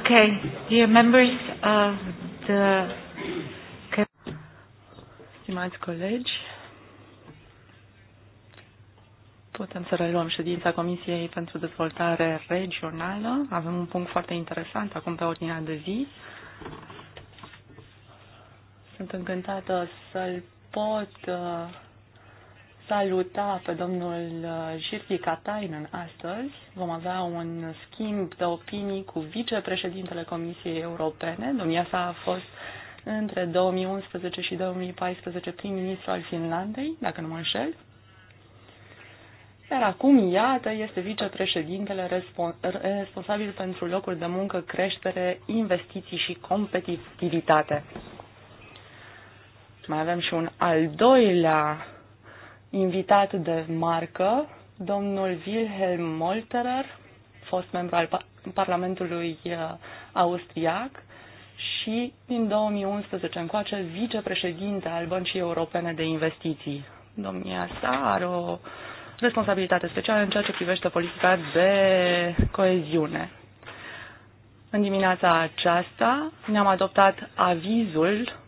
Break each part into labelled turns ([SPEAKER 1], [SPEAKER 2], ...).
[SPEAKER 1] Okay, dear members of the... Stimați colegi, putem
[SPEAKER 2] să reluăm ședința Comisiei pentru Dezvoltare Regională. Avem un punct foarte interesant acum pe ordinea de zi. Sunt încântată să-l pot uh, saluta pe domnul Jirki uh, Katainen astăzi. Vom avea un schimb de opinii cu vicepreședintele Comisiei Europene. Domnia sa a fost între 2011 și 2014 prim-ministru al Finlandei, dacă nu mă înșel. Iar acum, iată, este vicepreședintele respons responsabil pentru locuri de muncă, creștere, investiții și competitivitate. Mai avem și un al doilea invitat de marcă, domnul Wilhelm Molterer, fost membru al Parlamentului uh, austriac și din 2011 încoace vicepreședinte al Băncii Europene de Investiții. Domnia sa are o responsabilitate specială în ceea ce privește politica de coeziune. În dimineața aceasta ne-am adoptat avizul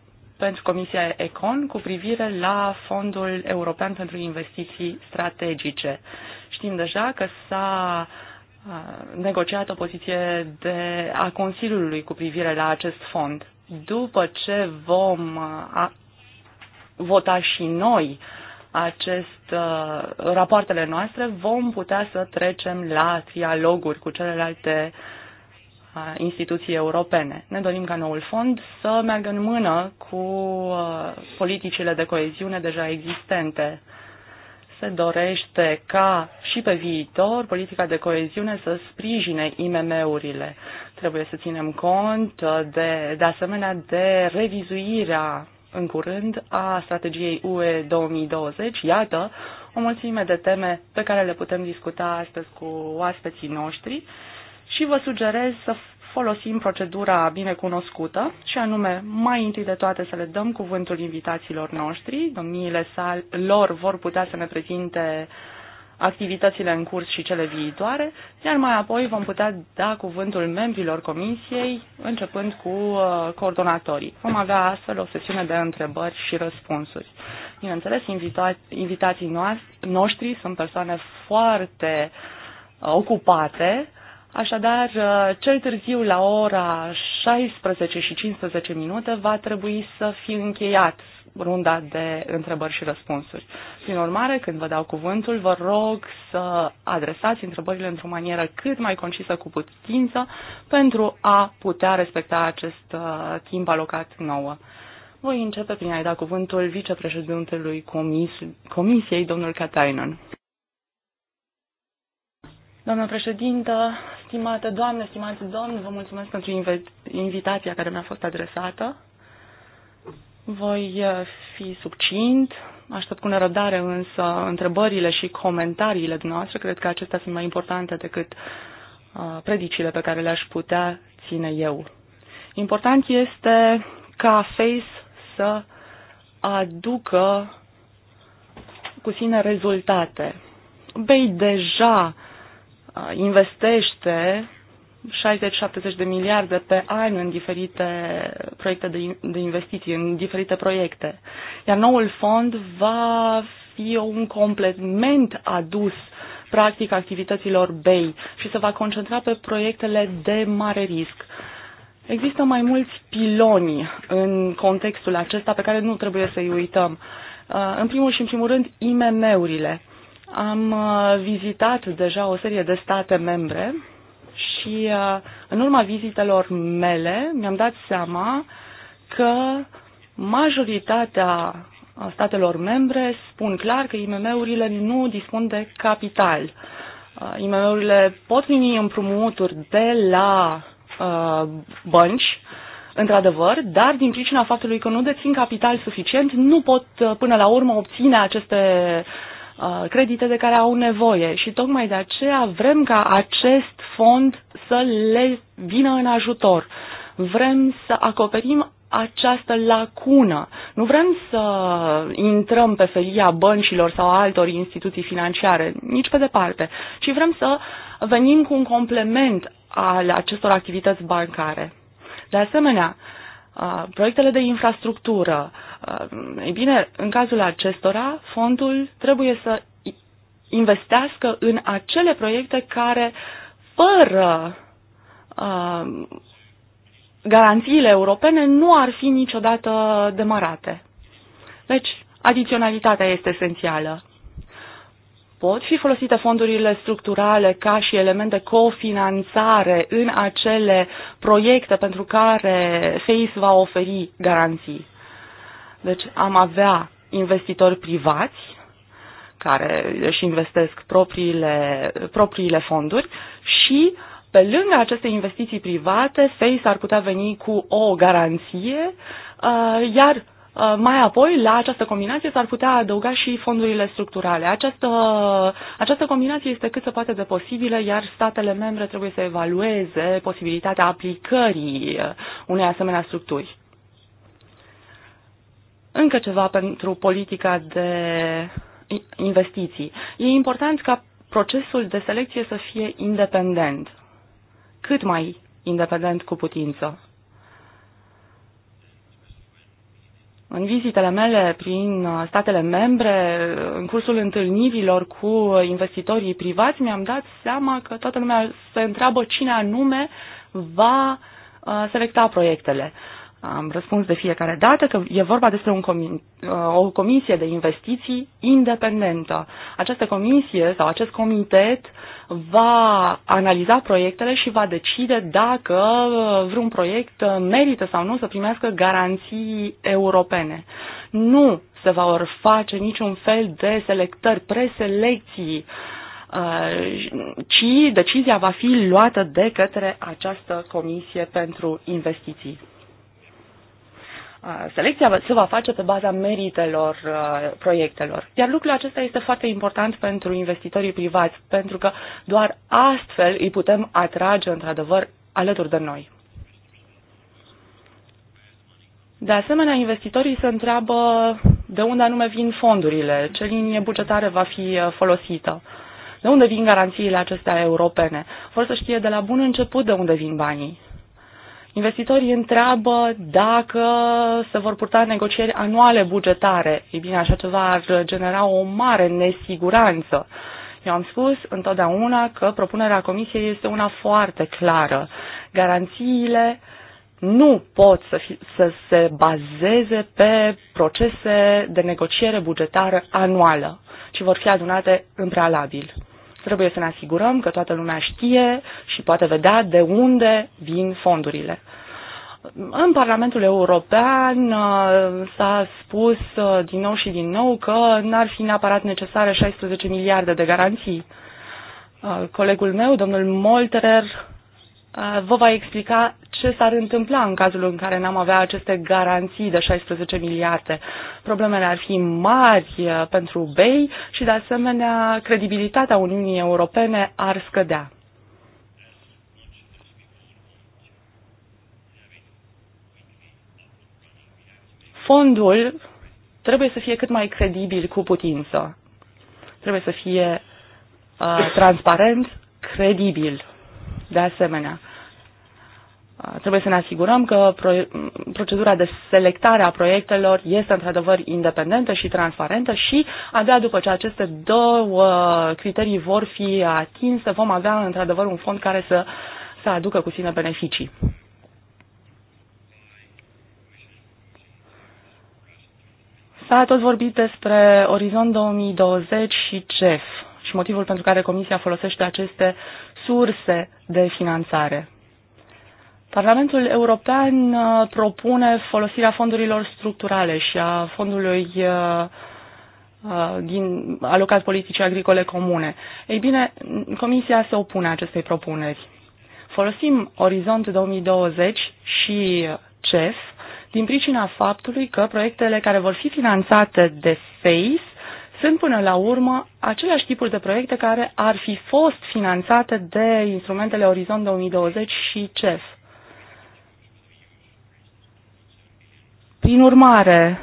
[SPEAKER 2] pentru Comisia Econ cu privire la Fondul European pentru Investiții Strategice. Știm deja că s-a negociat o poziție de, a Consiliului cu privire la acest fond. După ce vom a, vota și noi acest uh, rapoartele noastre, vom putea să trecem la trialoguri cu celelalte uh, instituții europene. Ne dorim ca noul fond să meargă în mână cu uh, politicile de coeziune deja existente. Se dorește ca și pe viitor politica de coeziune să sprijine IMM-urile. Trebuie să ținem cont uh, de, de asemenea de revizuirea în curând a strategiei UE 2020. Iată o mulțime de teme pe care le putem discuta astăzi cu oaspeții noștri și vă sugerez să folosim procedura binecunoscută și anume mai întâi de toate să le dăm cuvântul invitațiilor noștri, domniile sal, lor vor putea să ne prezinte activitățile în curs și cele viitoare, iar mai apoi vom putea da cuvântul membrilor comisiei, începând cu uh, coordonatorii. Vom avea astfel o sesiune de întrebări și răspunsuri. Bineînțeles, invita- invitații noștri sunt persoane foarte uh, ocupate, Așadar, uh, cel târziu la ora 16 și 15 minute va trebui să fi încheiat runda de întrebări și răspunsuri. Prin urmare, când vă dau cuvântul, vă rog să adresați întrebările într-o manieră cât mai concisă cu putință pentru a putea respecta acest uh, timp alocat nouă. Voi începe prin a-i da cuvântul vicepreședintelui comis- Comisiei, domnul Katainen. Doamna președintă, stimată doamnă, stimați domn, vă mulțumesc pentru invitația care mi-a fost adresată. Voi uh, fi subcint, aștept cu nerăbdare însă întrebările și comentariile dumneavoastră. Cred că acestea sunt mai importante decât uh, predicile pe care le-aș putea ține eu. Important este ca Face să aducă cu sine rezultate. Bei deja investește 60-70 de miliarde pe an în diferite proiecte de, de investiții, în diferite proiecte. Iar noul fond va fi un complement adus practic activităților BEI și se va concentra pe proiectele de mare risc. Există mai mulți piloni în contextul acesta pe care nu trebuie să-i uităm. Uh, în primul și în primul rând, IMM-urile am uh, vizitat deja o serie de state membre și uh, în urma vizitelor mele mi-am dat seama că majoritatea statelor membre spun clar că IMM-urile nu dispun de capital. Uh, IMM-urile pot primi împrumuturi de la bănci, într-adevăr, dar din pricina faptului că nu dețin capital suficient, nu pot până la urmă obține aceste Uh, credite de care au nevoie și tocmai de aceea vrem ca acest fond să le vină în ajutor. Vrem să acoperim această lacună. Nu vrem să intrăm pe felia băncilor sau altor instituții financiare, nici pe departe, ci vrem să venim cu un complement al acestor activități bancare. De asemenea, proiectele de infrastructură. Ei bine, în cazul acestora, fondul trebuie să investească în acele proiecte care, fără uh, garanțiile europene, nu ar fi niciodată demarate. Deci, adiționalitatea este esențială pot fi folosite fondurile structurale ca și elemente cofinanțare în acele proiecte pentru care Face va oferi garanții. Deci am avea investitori privați care își investesc propriile, propriile fonduri și pe lângă aceste investiții private, FACE ar putea veni cu o garanție, uh, iar Uh, mai apoi, la această combinație s-ar putea adăuga și fondurile structurale. Această, această combinație este cât se poate de posibilă, iar statele membre trebuie să evalueze posibilitatea aplicării uh, unei asemenea structuri. Încă ceva pentru politica de investiții. E important ca procesul de selecție să fie independent, cât mai independent cu putință. În vizitele mele prin uh, statele membre, în cursul întâlnirilor cu investitorii privați, mi-am dat seama că toată lumea se întreabă cine anume va uh, selecta proiectele. Am răspuns de fiecare dată că e vorba despre un comi- uh, o comisie de investiții independentă. Această comisie sau acest comitet va analiza proiectele și va decide dacă vreun proiect merită sau nu să primească garanții europene. Nu se va face niciun fel de selectări, preselecții uh, ci decizia va fi luată de către această comisie pentru investiții. Uh, selecția se va face pe baza meritelor uh, proiectelor. Iar lucrul acesta este foarte important pentru investitorii privați, pentru că doar astfel îi putem atrage, într-adevăr, alături de noi. De asemenea, investitorii se întreabă de unde anume vin fondurile, ce linie bugetară va fi uh, folosită, de unde vin garanțiile acestea europene. Vor să știe de la bun început de unde vin banii. Investitorii întreabă dacă se vor purta negocieri anuale bugetare. Ei bine, așa ceva ar genera o mare nesiguranță. Eu am spus întotdeauna că propunerea Comisiei este una foarte clară. Garanțiile nu pot să, fi, să se bazeze pe procese de negociere bugetară anuală, ci vor fi adunate în prealabil. Trebuie să ne asigurăm că toată lumea știe și poate vedea de unde vin fondurile. În Parlamentul European uh, s-a spus uh, din nou și din nou că n-ar fi neapărat necesare 16 miliarde de garanții. Uh, colegul meu, domnul Molterer, Uh, vă va explica ce s-ar întâmpla în cazul în care n-am avea aceste garanții de 16 miliarde. Problemele ar fi mari uh, pentru BEI și, de asemenea, credibilitatea Uniunii Europene ar scădea. Fondul trebuie să fie cât mai credibil cu putință. Trebuie să fie uh, transparent, credibil de asemenea, trebuie să ne asigurăm că procedura de selectare a proiectelor este într-adevăr independentă și transparentă și abia după ce aceste două criterii vor fi atinse, vom avea într-adevăr un fond care să, să aducă cu sine beneficii. S-a tot vorbit despre Orizont 2020 și CEF și motivul pentru care Comisia folosește aceste surse de finanțare. Parlamentul European uh, propune folosirea fondurilor structurale și a fondului uh, uh, din alocat politicii agricole comune. Ei bine, Comisia se opune acestei propuneri. Folosim Orizont 2020 și CEF din pricina faptului că proiectele care vor fi finanțate de FACE sunt până la urmă aceleași tipuri de proiecte care ar fi fost finanțate de instrumentele Orizont 2020 și CEF. Prin urmare,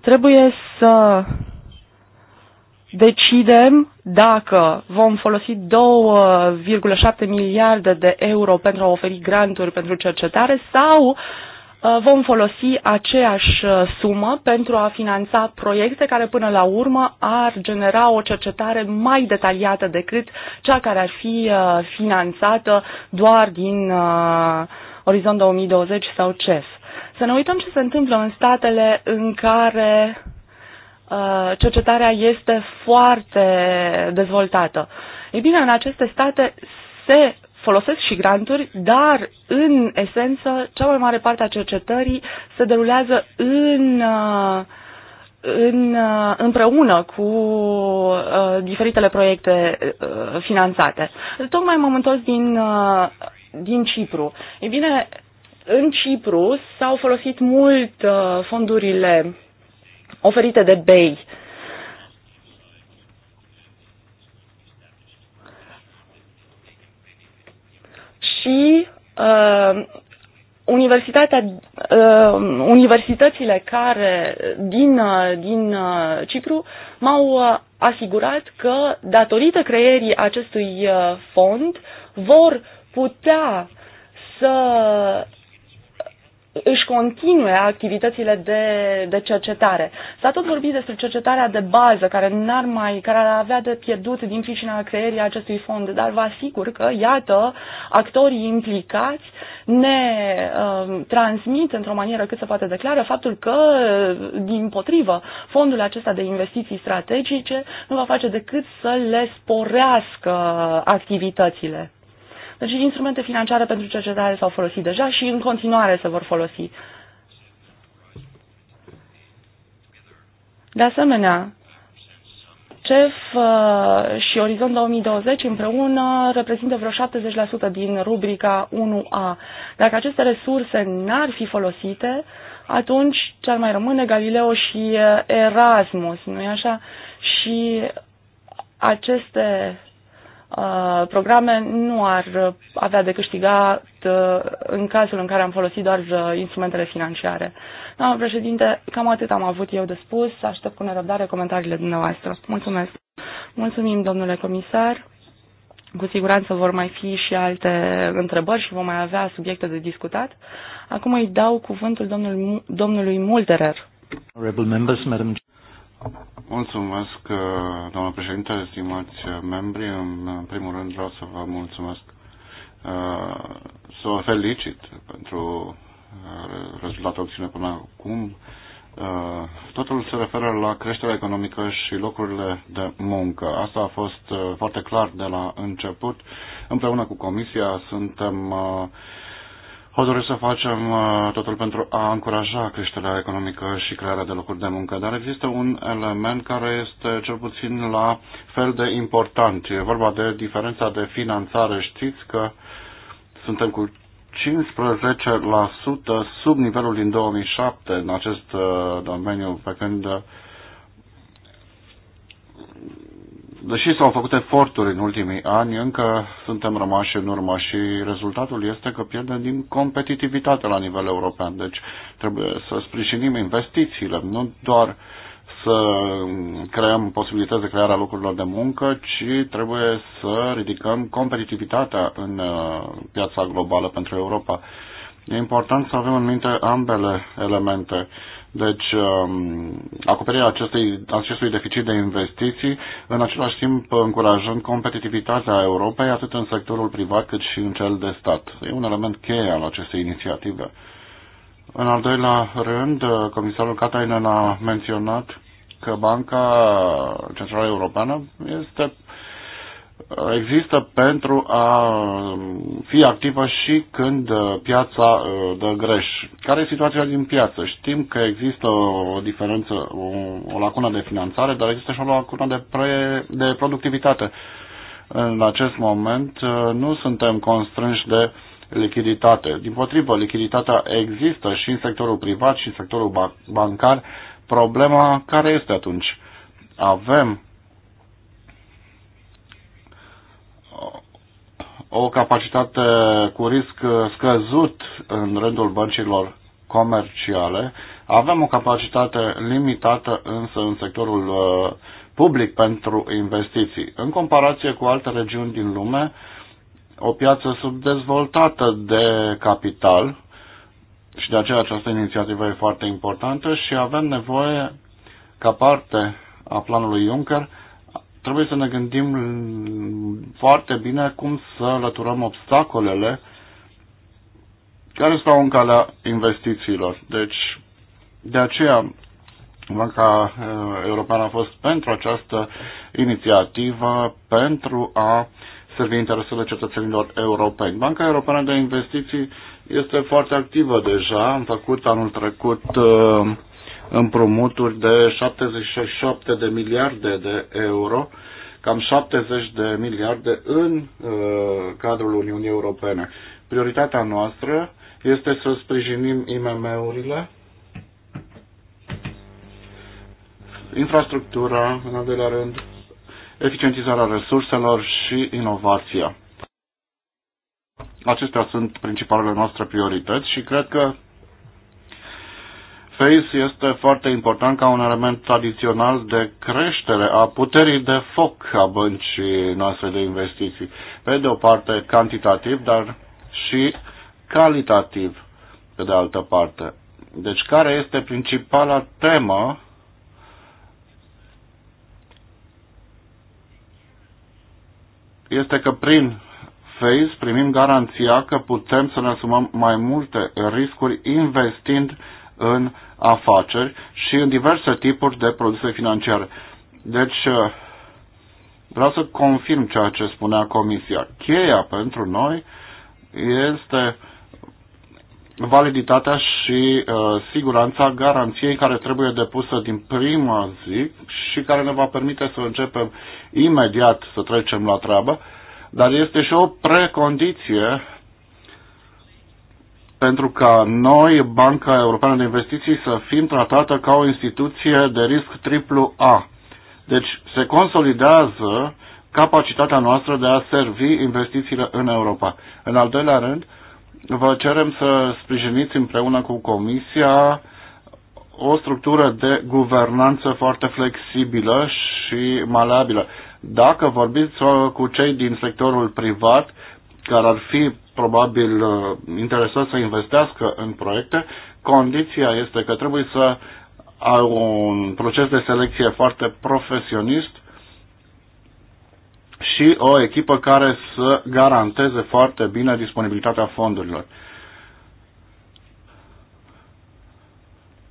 [SPEAKER 2] trebuie să decidem dacă vom folosi 2,7 miliarde de euro pentru a oferi granturi pentru cercetare sau Uh, vom folosi aceeași uh, sumă pentru a finanța proiecte care până la urmă ar genera o cercetare mai detaliată decât cea care ar fi uh, finanțată doar din Orizont 2020 sau CES. Să ne uităm ce se întâmplă în statele în care cercetarea este foarte dezvoltată. Ei bine, în aceste state se folosesc și granturi, dar în esență cea mai mare parte a cercetării se derulează în uh, în, uh, împreună cu uh, diferitele proiecte uh, finanțate. Tocmai m-am întors din, uh, din Cipru. Ei bine, în Cipru s-au folosit mult uh, fondurile oferite de BEI și uh, universitatea, uh, universitățile care din, uh, din uh, Cipru m-au uh, asigurat că, datorită creierii acestui uh, fond, vor putea să își continue activitățile de, de cercetare. S-a tot vorbit despre cercetarea de bază care n-ar mai, care ar avea de pierdut din pricina creierii acestui fond, dar vă asigur că, iată, actorii implicați ne uh, transmit într-o manieră cât se poate declară faptul că, din potrivă, fondul acesta de investiții strategice nu va face decât să le sporească activitățile. Deci instrumente financiare pentru cercetare s-au folosit deja și în continuare se vor folosi. De asemenea, CEF uh, și Orizont 2020 împreună reprezintă vreo 70% din rubrica 1A. Dacă aceste resurse n-ar fi folosite, atunci ce ar mai rămâne Galileo și uh, Erasmus, nu-i așa? Și aceste Uh, programe nu ar avea de câștigat uh, în cazul în care am folosit doar uh, instrumentele financiare. Doamna președinte, cam atât am avut eu de spus. Aștept cu nerăbdare comentariile dumneavoastră. Mulțumesc. Mulțumim, domnule comisar. Cu siguranță vor mai fi și alte întrebări și vom mai avea subiecte de discutat. Acum îi dau cuvântul domnului, domnului Mulderer.
[SPEAKER 3] Mulțumesc, uh, doamnă președinte, estimați uh, membri. În primul rând vreau să vă mulțumesc, uh, să vă felicit pentru rezultatul obținut până acum. Totul se referă la creșterea economică și locurile de muncă. Asta a fost foarte clar de la început. Împreună cu Comisia suntem doresc să facem uh, totul pentru a încuraja creșterea economică și crearea de locuri de muncă, dar există un element care este cel puțin la fel de important. E vorba de diferența de finanțare. Știți că suntem cu 15% sub nivelul din 2007 în acest uh, domeniu, pe când uh, deși s-au făcut eforturi în ultimii ani, încă suntem rămași în urmă și rezultatul este că pierdem din competitivitate la nivel european. Deci trebuie să sprijinim investițiile, nu doar să creăm posibilități de crearea locurilor de muncă, ci trebuie să ridicăm competitivitatea în uh, piața globală pentru Europa. E important să avem în minte ambele elemente deci, um, acoperirea acestui, acestui deficit de investiții, în același timp încurajând competitivitatea Europei, atât în sectorul privat cât și în cel de stat. E un element cheie al acestei inițiative. În al doilea rând, comisarul Katainen a menționat că Banca Centrală Europeană este există pentru a fi activă și când uh, piața uh, dă greș. Care e situația din piață? Știm că există o diferență, o, o lacună de finanțare, dar există și o lacună de, pre, de productivitate. În acest moment uh, nu suntem constrânși de lichiditate. Din potrivă, lichiditatea există și în sectorul privat și în sectorul bancar. Problema care este atunci? Avem o capacitate cu risc scăzut în rândul băncilor comerciale. Avem o capacitate limitată însă în sectorul uh, public pentru investiții. În comparație cu alte regiuni din lume, o piață subdezvoltată de capital și de aceea această inițiativă e foarte importantă și avem nevoie ca parte a planului Juncker trebuie să ne gândim foarte bine cum să lăturăm obstacolele care stau în calea investițiilor. Deci, de aceea, Banca eh, Europeană a fost pentru această inițiativă, pentru a servi interesele cetățenilor europeni. Banca Europeană de Investiții este foarte activă deja. Am făcut anul trecut uh, împrumuturi de 77 de miliarde de euro, cam 70 de miliarde în uh, cadrul Uniunii Europene. Prioritatea noastră este să sprijinim IMM-urile, infrastructura, în al doilea rând, eficientizarea resurselor și inovația. Acestea sunt principalele noastre priorități și cred că FACE este foarte important ca un element tradițional de creștere a puterii de foc a băncii noastre de investiții. Pe de o parte cantitativ, dar și calitativ pe de altă parte. Deci care este principala temă este că prin FACE primim garanția că putem să ne asumăm mai multe riscuri investind în afaceri și în diverse tipuri de produse financiare. Deci, uh, vreau să confirm ceea ce spunea Comisia. Cheia pentru noi este validitatea și uh, siguranța garanției care trebuie depusă din prima zi și care ne va permite să începem imediat să trecem la treabă, dar este și o precondiție pentru ca noi, Banca Europeană de Investiții, să fim tratată ca o instituție de risc triplu A. Deci se consolidează capacitatea noastră de a servi investițiile în Europa. În al doilea rând, vă cerem să sprijiniți împreună cu Comisia o structură de guvernanță foarte flexibilă și malabilă. Dacă vorbiți uh, cu cei din sectorul privat, care ar fi probabil uh, interesat să investească în proiecte, condiția este că trebuie să au un proces de selecție foarte profesionist și o echipă care să garanteze foarte bine disponibilitatea fondurilor.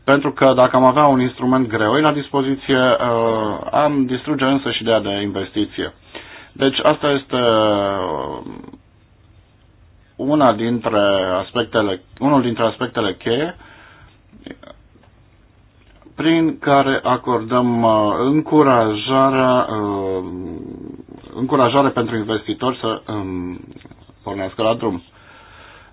[SPEAKER 3] Pentru că dacă am avea un instrument greu la dispoziție, uh, am distruge însă și ideea de investiție. Deci asta este uh, una dintre aspectele, unul dintre aspectele cheie prin care acordăm uh, încurajarea, uh, încurajare pentru investitori să um, pornească la drum.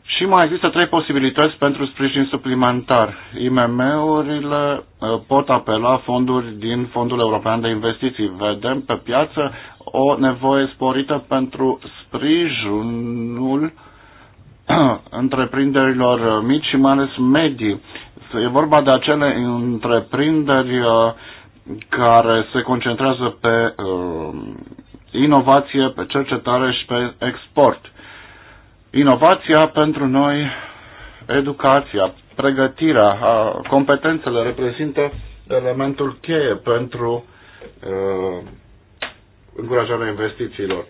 [SPEAKER 3] Și mai există trei posibilități pentru sprijin suplimentar. IMM-urile uh, pot apela fonduri din Fondul European de Investiții. Vedem pe piață o nevoie sporită pentru sprijinul întreprinderilor mici și mai ales medii. E vorba de acele întreprinderi uh, care se concentrează pe uh, inovație, pe cercetare și pe export. Inovația pentru noi, educația, pregătirea, competențele reprezintă elementul cheie pentru uh, încurajarea investițiilor.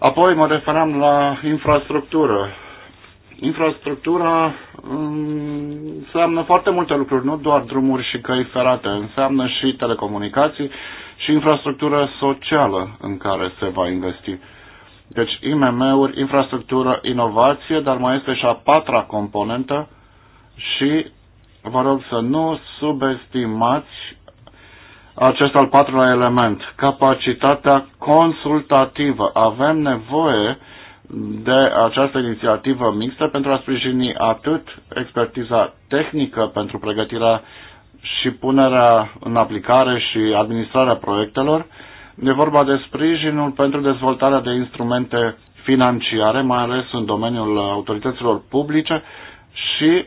[SPEAKER 3] Apoi mă referam la infrastructură. Infrastructura mm, înseamnă foarte multe lucruri, nu doar drumuri și căi ferate, înseamnă și telecomunicații și infrastructură socială în care se va investi. Deci IMM-uri, infrastructură, inovație, dar mai este și a patra componentă și vă rog să nu subestimați acest al patrulea element, capacitatea consultativă. Avem nevoie de această inițiativă mixtă pentru a sprijini atât expertiza tehnică pentru pregătirea și punerea în aplicare și administrarea proiectelor, E vorba de sprijinul pentru dezvoltarea de instrumente financiare, mai ales în domeniul autorităților publice și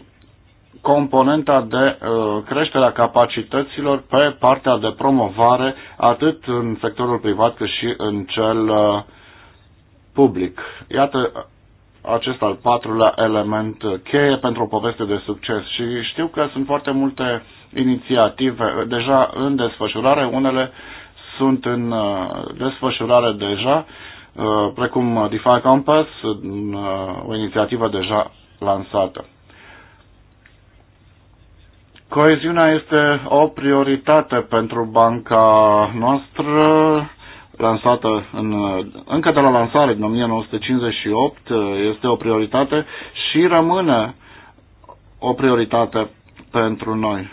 [SPEAKER 3] componenta de uh, creșterea capacităților pe partea de promovare, atât în sectorul privat cât și în cel uh, public. Iată acest al patrulea element cheie pentru o poveste de succes și știu că sunt foarte multe inițiative uh, deja în desfășurare, unele sunt în desfășurare deja, precum Defy Compass, o inițiativă deja lansată. Coeziunea este o prioritate pentru banca noastră, lansată în, încă de la lansare din 1958, este o prioritate și rămâne o prioritate pentru noi.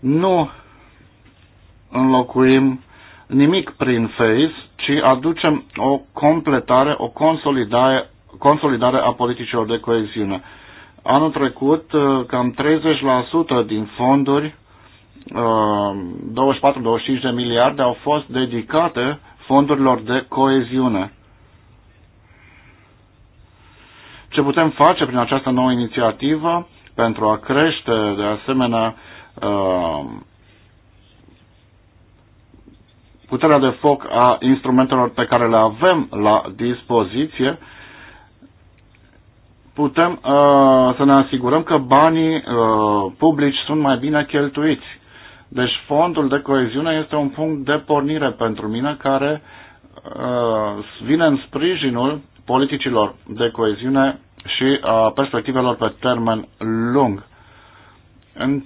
[SPEAKER 3] Nu înlocuim nimic prin face, ci aducem o completare, o consolidare, consolidare a politicilor de coeziune. Anul trecut, uh, cam 30% din fonduri, 24-25 uh, de miliarde, au fost dedicate fondurilor de coeziune. Ce putem face prin această nouă inițiativă pentru a crește, de asemenea, uh, puterea de foc a instrumentelor pe care le avem la dispoziție putem uh, să ne asigurăm că banii uh, publici sunt mai bine cheltuiți. Deci fondul de coeziune este un punct de pornire pentru mine care uh, vine în sprijinul politicilor de coeziune și a perspectivelor pe termen lung. În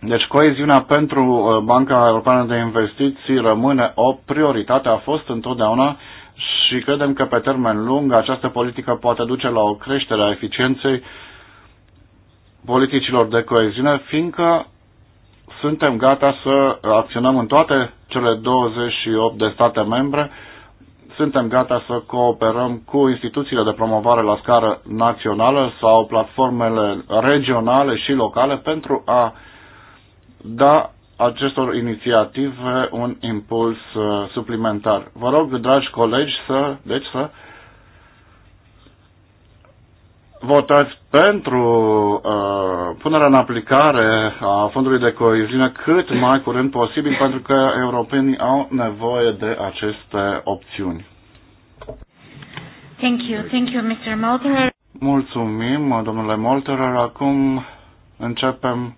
[SPEAKER 3] Deci coeziunea pentru uh, Banca Europeană de Investiții rămâne o prioritate, a fost întotdeauna și credem că pe termen lung această politică poate duce la o creștere a eficienței politicilor de coeziune, fiindcă suntem gata să acționăm în toate cele 28 de state membre, suntem gata să cooperăm cu instituțiile de promovare la scară națională sau platformele regionale și locale pentru a da acestor inițiative un impuls uh, suplimentar. Vă rog, dragi colegi, să, deci să votați pentru uh, punerea în aplicare a fondului de coeziune cât mai curând posibil, pentru că europenii au nevoie de aceste opțiuni.
[SPEAKER 1] Thank you. Thank you, Mr.
[SPEAKER 3] Mulțumim, domnule Molterer. Acum începem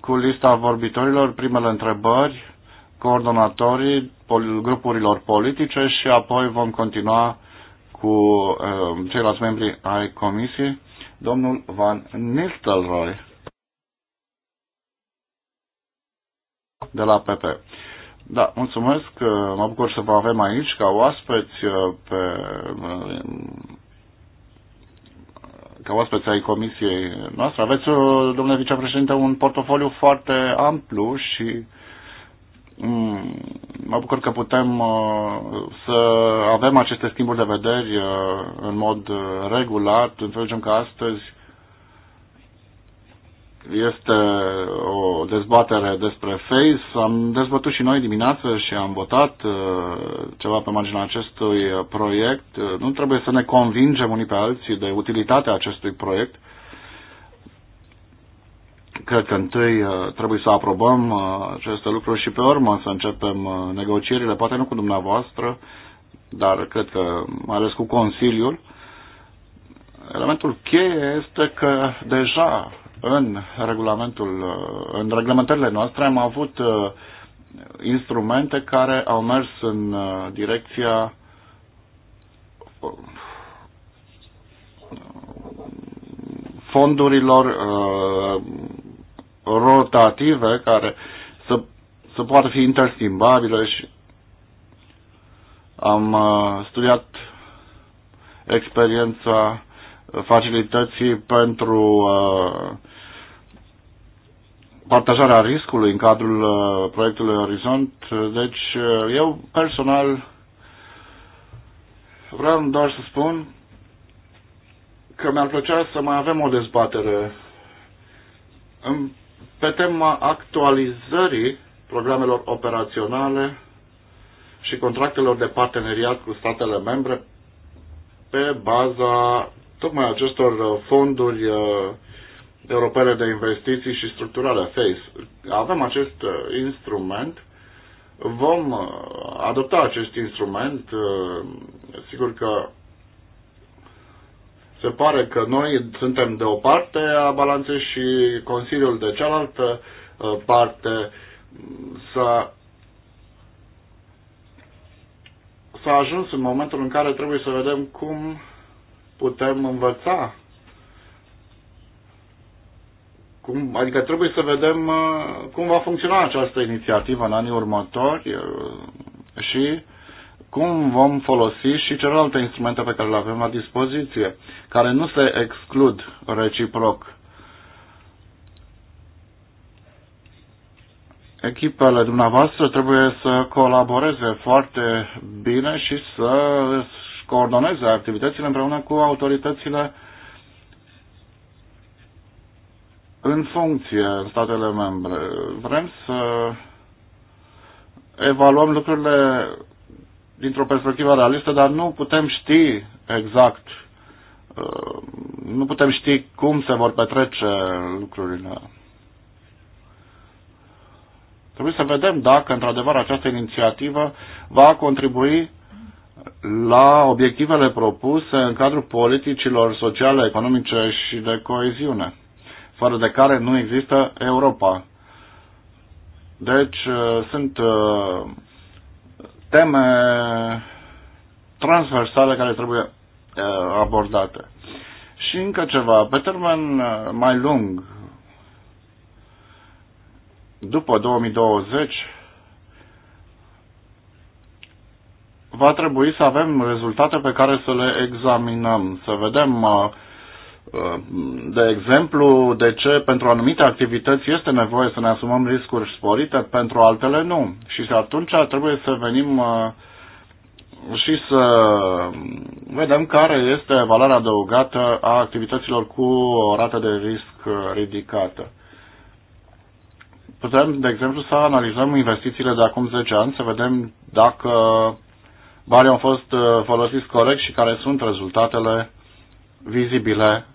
[SPEAKER 3] cu lista vorbitorilor, primele întrebări, coordonatorii pol, grupurilor politice și apoi vom continua cu uh, ceilalți membri ai comisiei. Domnul Van Nistelrooy de la PP. Da, mulțumesc, uh, mă bucur să vă avem aici ca oaspeți uh, pe uh, ca oaspeți ai comisiei noastre. Aveți, uh, domnule vicepreședinte, un portofoliu foarte amplu și mm, mă bucur că putem uh, să avem aceste schimburi de vederi uh, în mod regulat. Înțelegem că astăzi este o dezbatere despre FACE. Am dezbătut și noi dimineață și am votat uh, ceva pe marginea acestui proiect. Uh, nu trebuie să ne convingem unii pe alții de utilitatea acestui proiect. Cred că întâi uh, trebuie să aprobăm aceste lucruri și pe urmă să începem negocierile, poate nu cu dumneavoastră, dar cred că mai ales cu Consiliul. Elementul cheie este că deja în regulamentul, în reglementările noastre am avut uh, instrumente care au mers în uh, direcția fondurilor uh, rotative care să, să poată fi interschimbabile și am studiat experiența facilității pentru uh, partajarea riscului în cadrul uh, proiectului Orizont. Deci, uh, eu personal vreau doar să spun că mi-ar plăcea să mai avem o dezbatere pe tema actualizării programelor operaționale și contractelor de parteneriat cu statele membre pe baza tocmai acestor uh, fonduri uh, europene de investiții și structurale, FACE. Avem acest uh, instrument, vom adopta acest instrument, sigur că se pare că noi suntem de o parte a balanței și Consiliul de cealaltă parte să s-a ajuns în momentul în care trebuie să vedem cum putem învăța. Cum, adică trebuie să vedem uh, cum va funcționa această inițiativă în anii următori uh, și cum vom folosi și celelalte instrumente pe care le avem la dispoziție, care nu se exclud reciproc. Echipele dumneavoastră trebuie să colaboreze foarte bine și să coordoneze activitățile împreună cu autoritățile în funcție în statele membre. Vrem să evaluăm lucrurile dintr-o perspectivă realistă, dar nu putem ști exact, uh, nu putem ști cum se vor petrece lucrurile. Trebuie să vedem dacă, într-adevăr, această inițiativă va contribui la obiectivele propuse în cadrul politicilor sociale, economice și de coeziune, fără de care nu există Europa. Deci uh, sunt uh, teme transversale care trebuie uh, abordate. Și încă ceva, pe termen mai lung, după 2020, va trebui să avem rezultate pe care să le examinăm, să vedem, uh, uh, de exemplu, de ce pentru anumite activități este nevoie să ne asumăm riscuri sporite, pentru altele nu. Și atunci trebuie să venim uh, și să vedem care este valoarea adăugată a activităților cu o rată de risc ridicată. Putem, de exemplu, să analizăm investițiile de acum 10 ani, să vedem dacă banii au fost uh, folosiți corect și care sunt rezultatele vizibile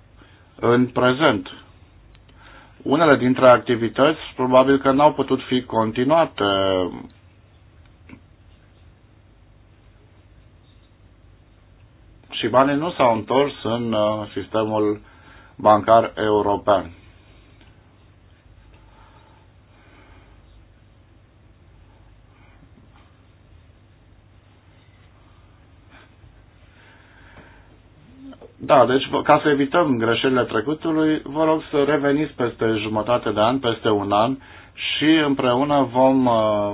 [SPEAKER 3] în prezent. Unele dintre activități probabil că n-au putut fi continuate și banii nu s-au întors în uh, sistemul bancar european. Da, deci ca să evităm greșelile trecutului, vă rog să reveniți peste jumătate de an, peste un an și împreună vom uh,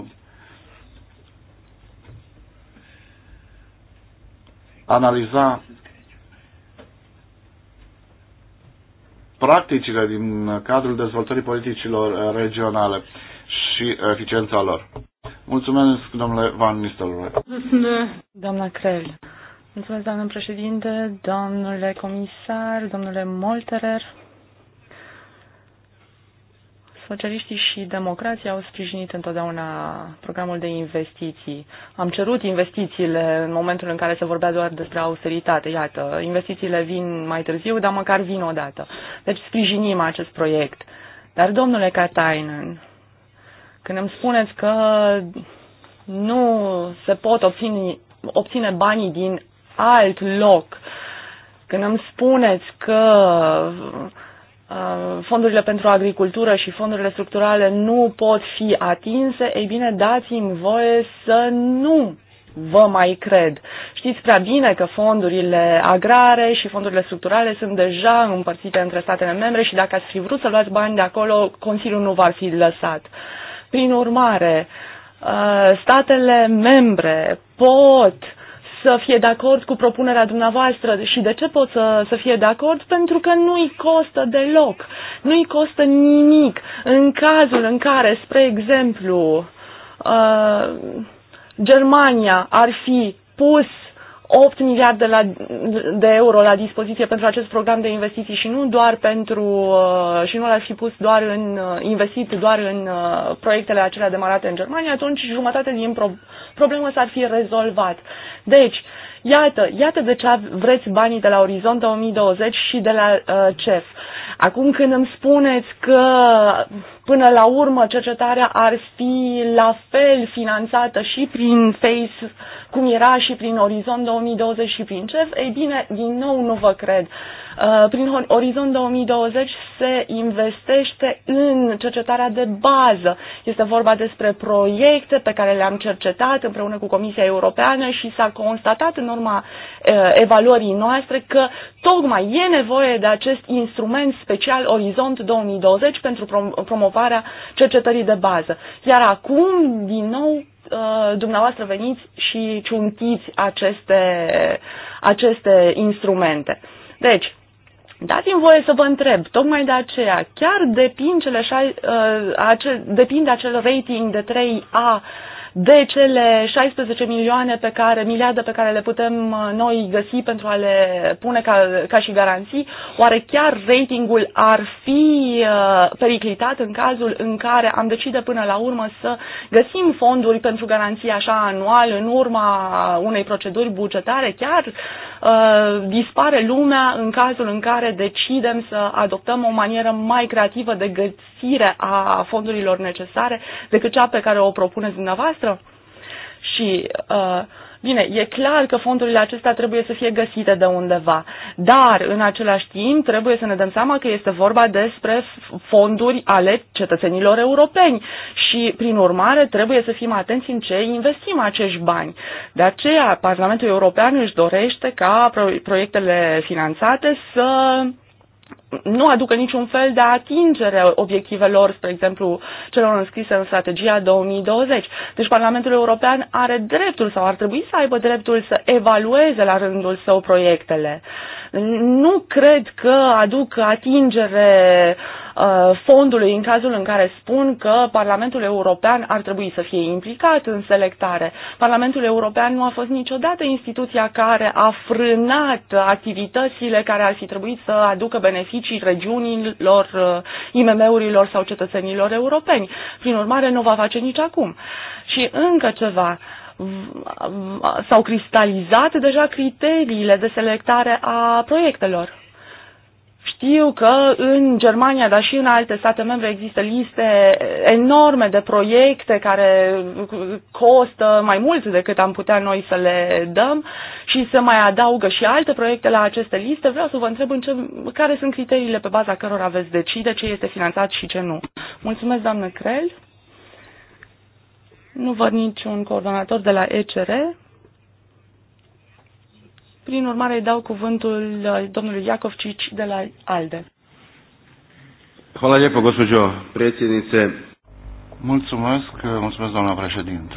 [SPEAKER 3] analiza practicile din cadrul dezvoltării politicilor regionale și eficiența lor. Mulțumesc, domnule Van Nistelrooy.
[SPEAKER 2] Doamna Crel. Mulțumesc, doamnă președinte, domnule comisar, domnule Molterer. Socialiștii și democrații au sprijinit întotdeauna programul de investiții. Am cerut investițiile în momentul în care se vorbea doar despre austeritate. Iată, investițiile vin mai târziu, dar măcar vin odată. Deci sprijinim acest proiect. Dar, domnule Katainen, când îmi spuneți că nu se pot obține, obține banii din alt loc. Când îmi spuneți că uh, fondurile pentru agricultură și fondurile structurale nu pot fi atinse, ei bine, dați-mi voie să nu vă mai cred. Știți prea bine că fondurile agrare și fondurile structurale sunt deja împărțite între statele membre și dacă ați fi vrut să luați bani de acolo, Consiliul nu v-ar fi lăsat. Prin urmare, uh, statele membre pot să fie de acord cu propunerea dumneavoastră. Și de ce pot să, să fie de acord? Pentru că nu-i costă deloc. Nu-i costă nimic. În cazul în care, spre exemplu, uh, Germania ar fi pus 8 miliarde la, de euro la dispoziție pentru acest program de investiții și nu doar pentru uh, și nu l-ar fi pus doar în uh, investit doar în uh, proiectele acelea demarate în Germania, atunci jumătate din pro, problemă s-ar fi rezolvat. Deci, Iată, iată de ce vreți banii de la Orizont 2020 și de la uh, CEF. Acum când îmi spuneți că Până la urmă, cercetarea ar fi la fel finanțată și prin FACE, cum era și prin Orizont 2020 și prin CEF. Ei bine, din nou nu vă cred. Uh, prin Orizont 2020 se investește în cercetarea de bază. Este vorba despre proiecte pe care le-am cercetat împreună cu Comisia Europeană și s-a constatat în urma uh, evaluării noastre că tocmai e nevoie de acest instrument special Orizont 2020 pentru promovarea promovarea cercetării de bază. Iar acum, din nou, uh, dumneavoastră veniți și ciuntiți aceste, aceste instrumente. Deci, Dați-mi voie să vă întreb, tocmai de aceea, chiar depinde, cele șai, uh, acel rating de 3A de cele 16 milioane pe care, miliarde pe care le putem uh, noi găsi pentru a le pune ca, ca și garanții, oare chiar ratingul ar fi uh, periclitat în cazul în care am decide până la urmă să găsim fonduri pentru garanții așa anual în urma unei proceduri bugetare, chiar uh, dispare lumea în cazul în care decidem să adoptăm o manieră mai creativă de găsire a fondurilor necesare decât cea pe care o propuneți dumneavoastră? noastră. Și uh, Bine, e clar că fondurile acestea trebuie să fie găsite de undeva, dar în același timp trebuie să ne dăm seama că este vorba despre fonduri ale cetățenilor europeni și, prin urmare, trebuie să fim atenți în ce investim acești bani. De aceea, Parlamentul European își dorește ca proiectele finanțate să nu aducă niciun fel de atingere obiectivelor, spre exemplu, celor înscrise în strategia 2020. Deci Parlamentul European are dreptul sau ar trebui să aibă dreptul să evalueze la rândul său proiectele. Uh, nu cred că aduc atingere uh, fondului în cazul în care spun că Parlamentul European ar trebui să fie implicat în selectare. Parlamentul European nu a fost niciodată instituția care a frânat activitățile care ar fi trebuit să aducă beneficii regiunilor, uh, IMM-urilor sau cetățenilor europeni. Prin urmare, nu va face nici acum. Și încă ceva. Uh, s-au cristalizat deja criteriile de selectare a proiectelor. Știu că în Germania, dar și în alte state membre există liste enorme de proiecte care costă mai mult decât am putea noi să le dăm și se mai adaugă și alte proiecte la aceste liste. Vreau să vă întreb în ce, care sunt criteriile pe baza cărora veți decide ce este finanțat și ce nu. Mulțumesc, doamnă Crel. Nu văd niciun coordonator de la ECR. Prin urmare, îi dau cuvântul uh, domnului Iacovcici de la ALDE.
[SPEAKER 3] Hvala lijepo, Mulțumesc, uh, mulțumesc, doamna președinte.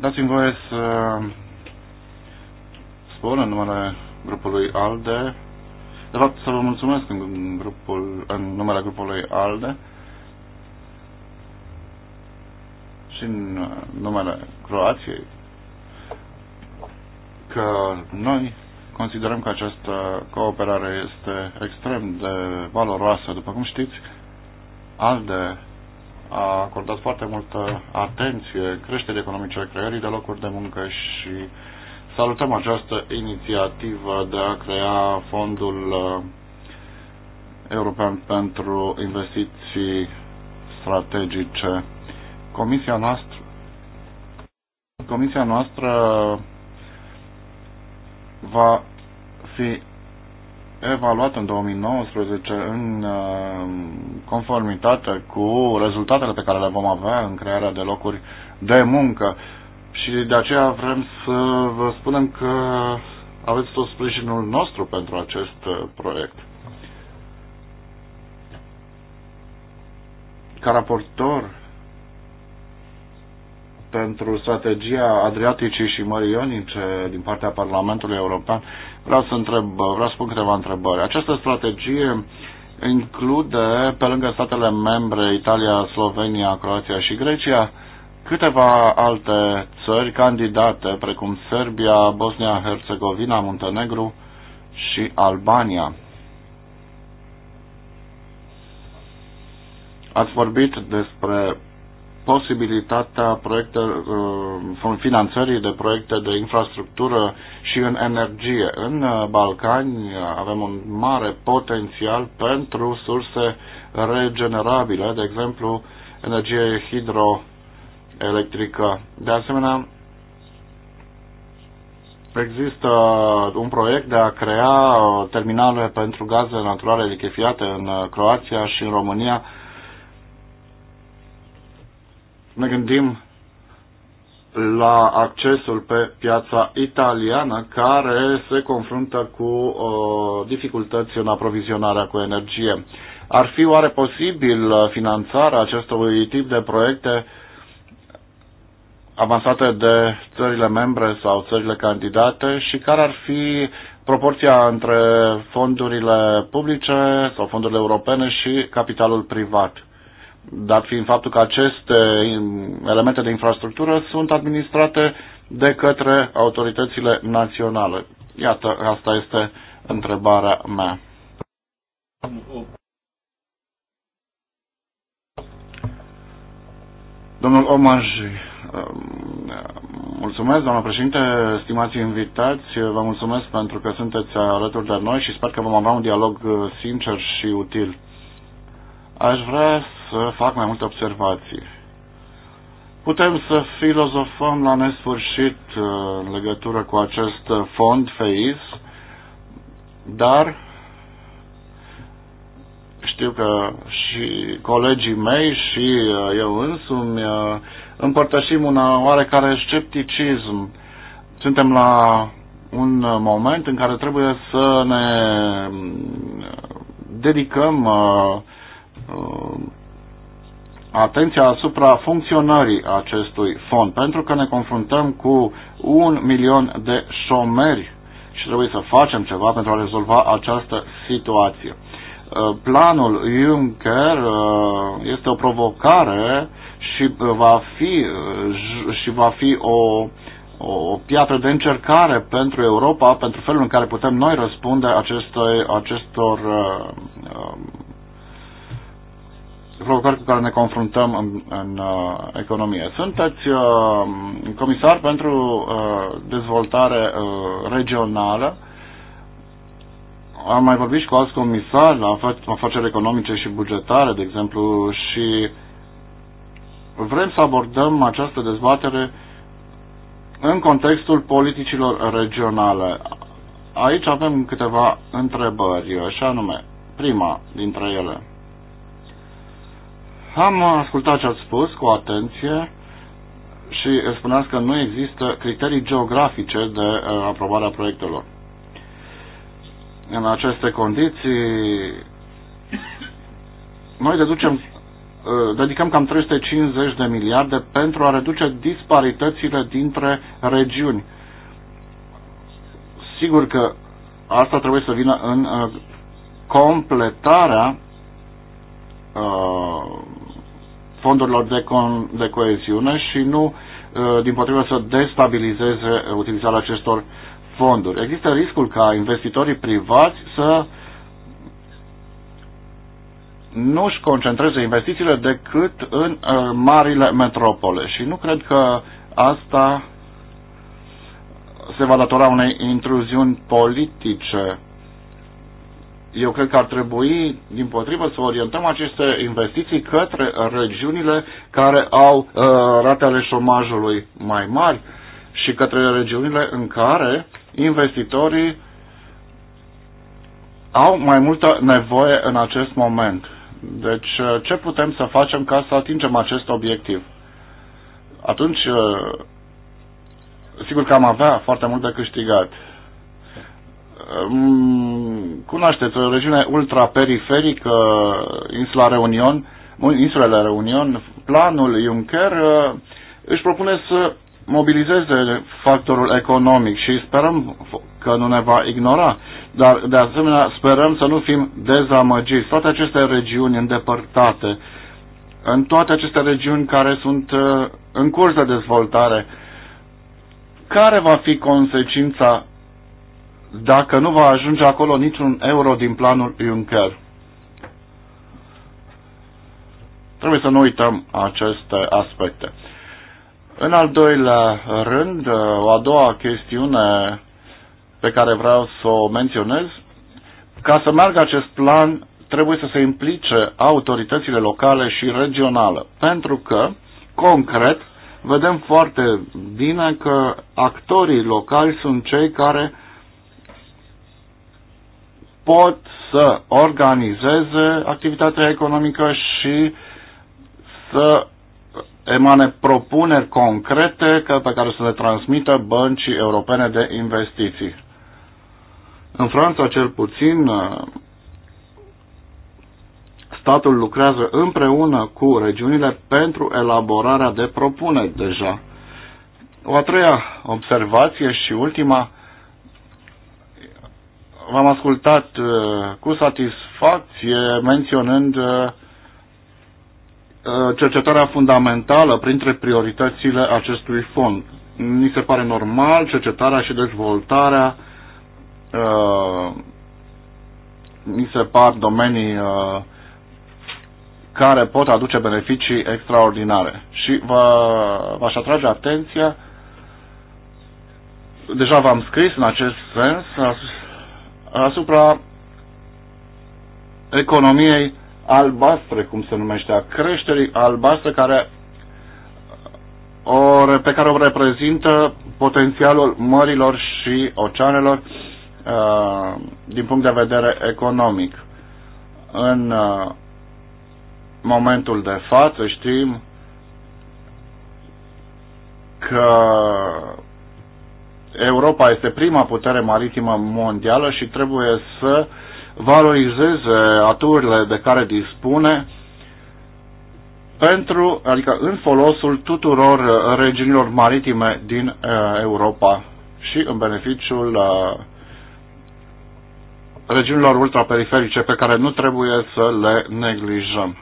[SPEAKER 3] Dați-mi voie să spun în numele grupului ALDE de fapt, să vă mulțumesc în, grupul, în numele grupului ALDE și în numele Croației că noi considerăm că această cooperare este extrem de valoroasă. După cum știți, ALDE a acordat foarte multă atenție creșterii economice, creării de locuri de muncă și Salutăm această inițiativă de a crea fondul uh, european pentru investiții strategice. Comisia noastră, comisia noastră va fi evaluat în 2019 în uh, conformitate cu rezultatele pe care le vom avea în crearea de locuri de muncă. Și de aceea vrem să vă spunem că aveți tot sprijinul nostru pentru acest uh, proiect. Ca raportor pentru strategia Adriaticii și Mării Ionice din partea Parlamentului European, vreau să, întreb, vreau să pun câteva întrebări. Această strategie include, pe lângă statele membre, Italia, Slovenia, Croația și Grecia, Câteva alte țări candidate, precum Serbia, Bosnia-Herzegovina, Muntenegru și Albania. Ați vorbit despre posibilitatea proiecte, uh, finanțării de proiecte de infrastructură și în energie. În uh, Balcani avem un mare potențial pentru surse regenerabile, de exemplu energie hidro electrică. De asemenea, există un proiect de a crea uh, terminale pentru gaze naturale lichefiate în uh, Croația și în România. Ne gândim la accesul pe piața italiană care se confruntă cu uh, dificultăți în aprovizionarea cu energie. Ar fi oare posibil uh, finanțarea acestui tip de proiecte avansate de țările membre sau țările candidate și care ar fi proporția între fondurile publice sau fondurile europene și capitalul privat. Dar fiind faptul că aceste elemente de infrastructură sunt administrate de către autoritățile naționale. Iată, asta este întrebarea mea. Domnul Omanji. Mulțumesc, doamnă președinte, stimați invitați, vă mulțumesc pentru că sunteți alături de noi și sper că vom avea un dialog uh, sincer și util. Aș vrea să fac mai multe observații. Putem să filozofăm la nesfârșit uh, în legătură cu acest fond FEIS, dar știu că și colegii mei și uh, eu însumi împărtășim un oarecare scepticism. Suntem la un moment în care trebuie să ne mm, dedicăm uh, uh, atenția asupra funcționării acestui fond, pentru că ne confruntăm cu un milion de șomeri și trebuie să facem ceva pentru a rezolva această situație. Uh, planul Juncker este o provocare Uh, uh, și va fi, și va fi o, o piatră de încercare pentru Europa, pentru felul în care putem noi răspunde aceste, acestor uh, um, provocări cu care ne confruntăm în, în uh, economie. Sunteți uh, comisar pentru uh, dezvoltare uh, regională. Am mai vorbit și cu alți comisari la afaceri economice și bugetare, de exemplu, și uh, vrem să abordăm această dezbatere în contextul politicilor regionale. Aici avem câteva întrebări, și anume, prima dintre ele. Am ascultat ce ați spus cu atenție și spuneați că nu există criterii geografice de uh, aprobare a proiectelor. În aceste condiții, noi deducem Eh, dedicăm cam 350 de miliarde pentru a reduce disparitățile dintre regiuni. Sigur că asta trebuie să vină în eh, completarea eh, fondurilor de, con- de coeziune și nu, din potrivă, să destabilizeze utilizarea acestor fonduri. Există riscul ca investitorii privați să uh, nu își concentreze investițiile decât în uh, marile metropole și nu cred că asta se va datora unei intruziuni politice. Eu cred că ar trebui, din potrivă, să orientăm aceste investiții către regiunile care au uh, ratele șomajului mai mari și către regiunile în care investitorii au mai multă nevoie în acest moment. Deci, uh, ce putem să facem ca să atingem acest obiectiv? Atunci, uh, sigur că am avea foarte mult de câștigat. Um, cunoașteți o regiune ultraperiferică, insula Reunion, insulele Reunion, planul Juncker uh, își propune să mobilizeze factorul economic și sperăm că nu ne va ignora dar de asemenea sperăm să nu fim dezamăgiți. Toate aceste regiuni îndepărtate, în toate aceste regiuni care sunt uh, în curs de dezvoltare, care va fi consecința dacă nu va ajunge acolo niciun euro din planul Juncker? Trebuie să nu uităm aceste aspecte. În al doilea rând, uh, o a doua chestiune pe care vreau să o menționez. Ca să meargă acest plan, trebuie să se implice autoritățile locale și regionale, pentru că, concret, vedem foarte bine că actorii locali sunt cei care pot să organizeze activitatea economică și să emane propuneri concrete pe care să le transmită băncii europene de investiții. În Franța, cel puțin, uh, statul lucrează împreună cu regiunile pentru elaborarea de propuneri deja. O a treia observație și ultima, v-am ascultat uh, cu satisfacție menționând uh, cercetarea fundamentală printre prioritățile acestui fond. Mi se pare normal cercetarea și dezvoltarea Uh, mi se par domenii uh, care pot aduce beneficii extraordinare. Și vă, v-aș atrage atenția, deja v-am scris în acest sens, asupra economiei albastre, cum se numește, a creșterii albastre care o, pe care o reprezintă potențialul mărilor și oceanelor Uh, din punct de vedere economic. În uh, momentul de față știm că Europa este prima putere maritimă mondială și trebuie să valorizeze aturile de care dispune pentru, adică în folosul tuturor regiunilor maritime din uh, Europa și în beneficiul uh, regiunilor ultraperiferice pe care nu trebuie să le neglijăm.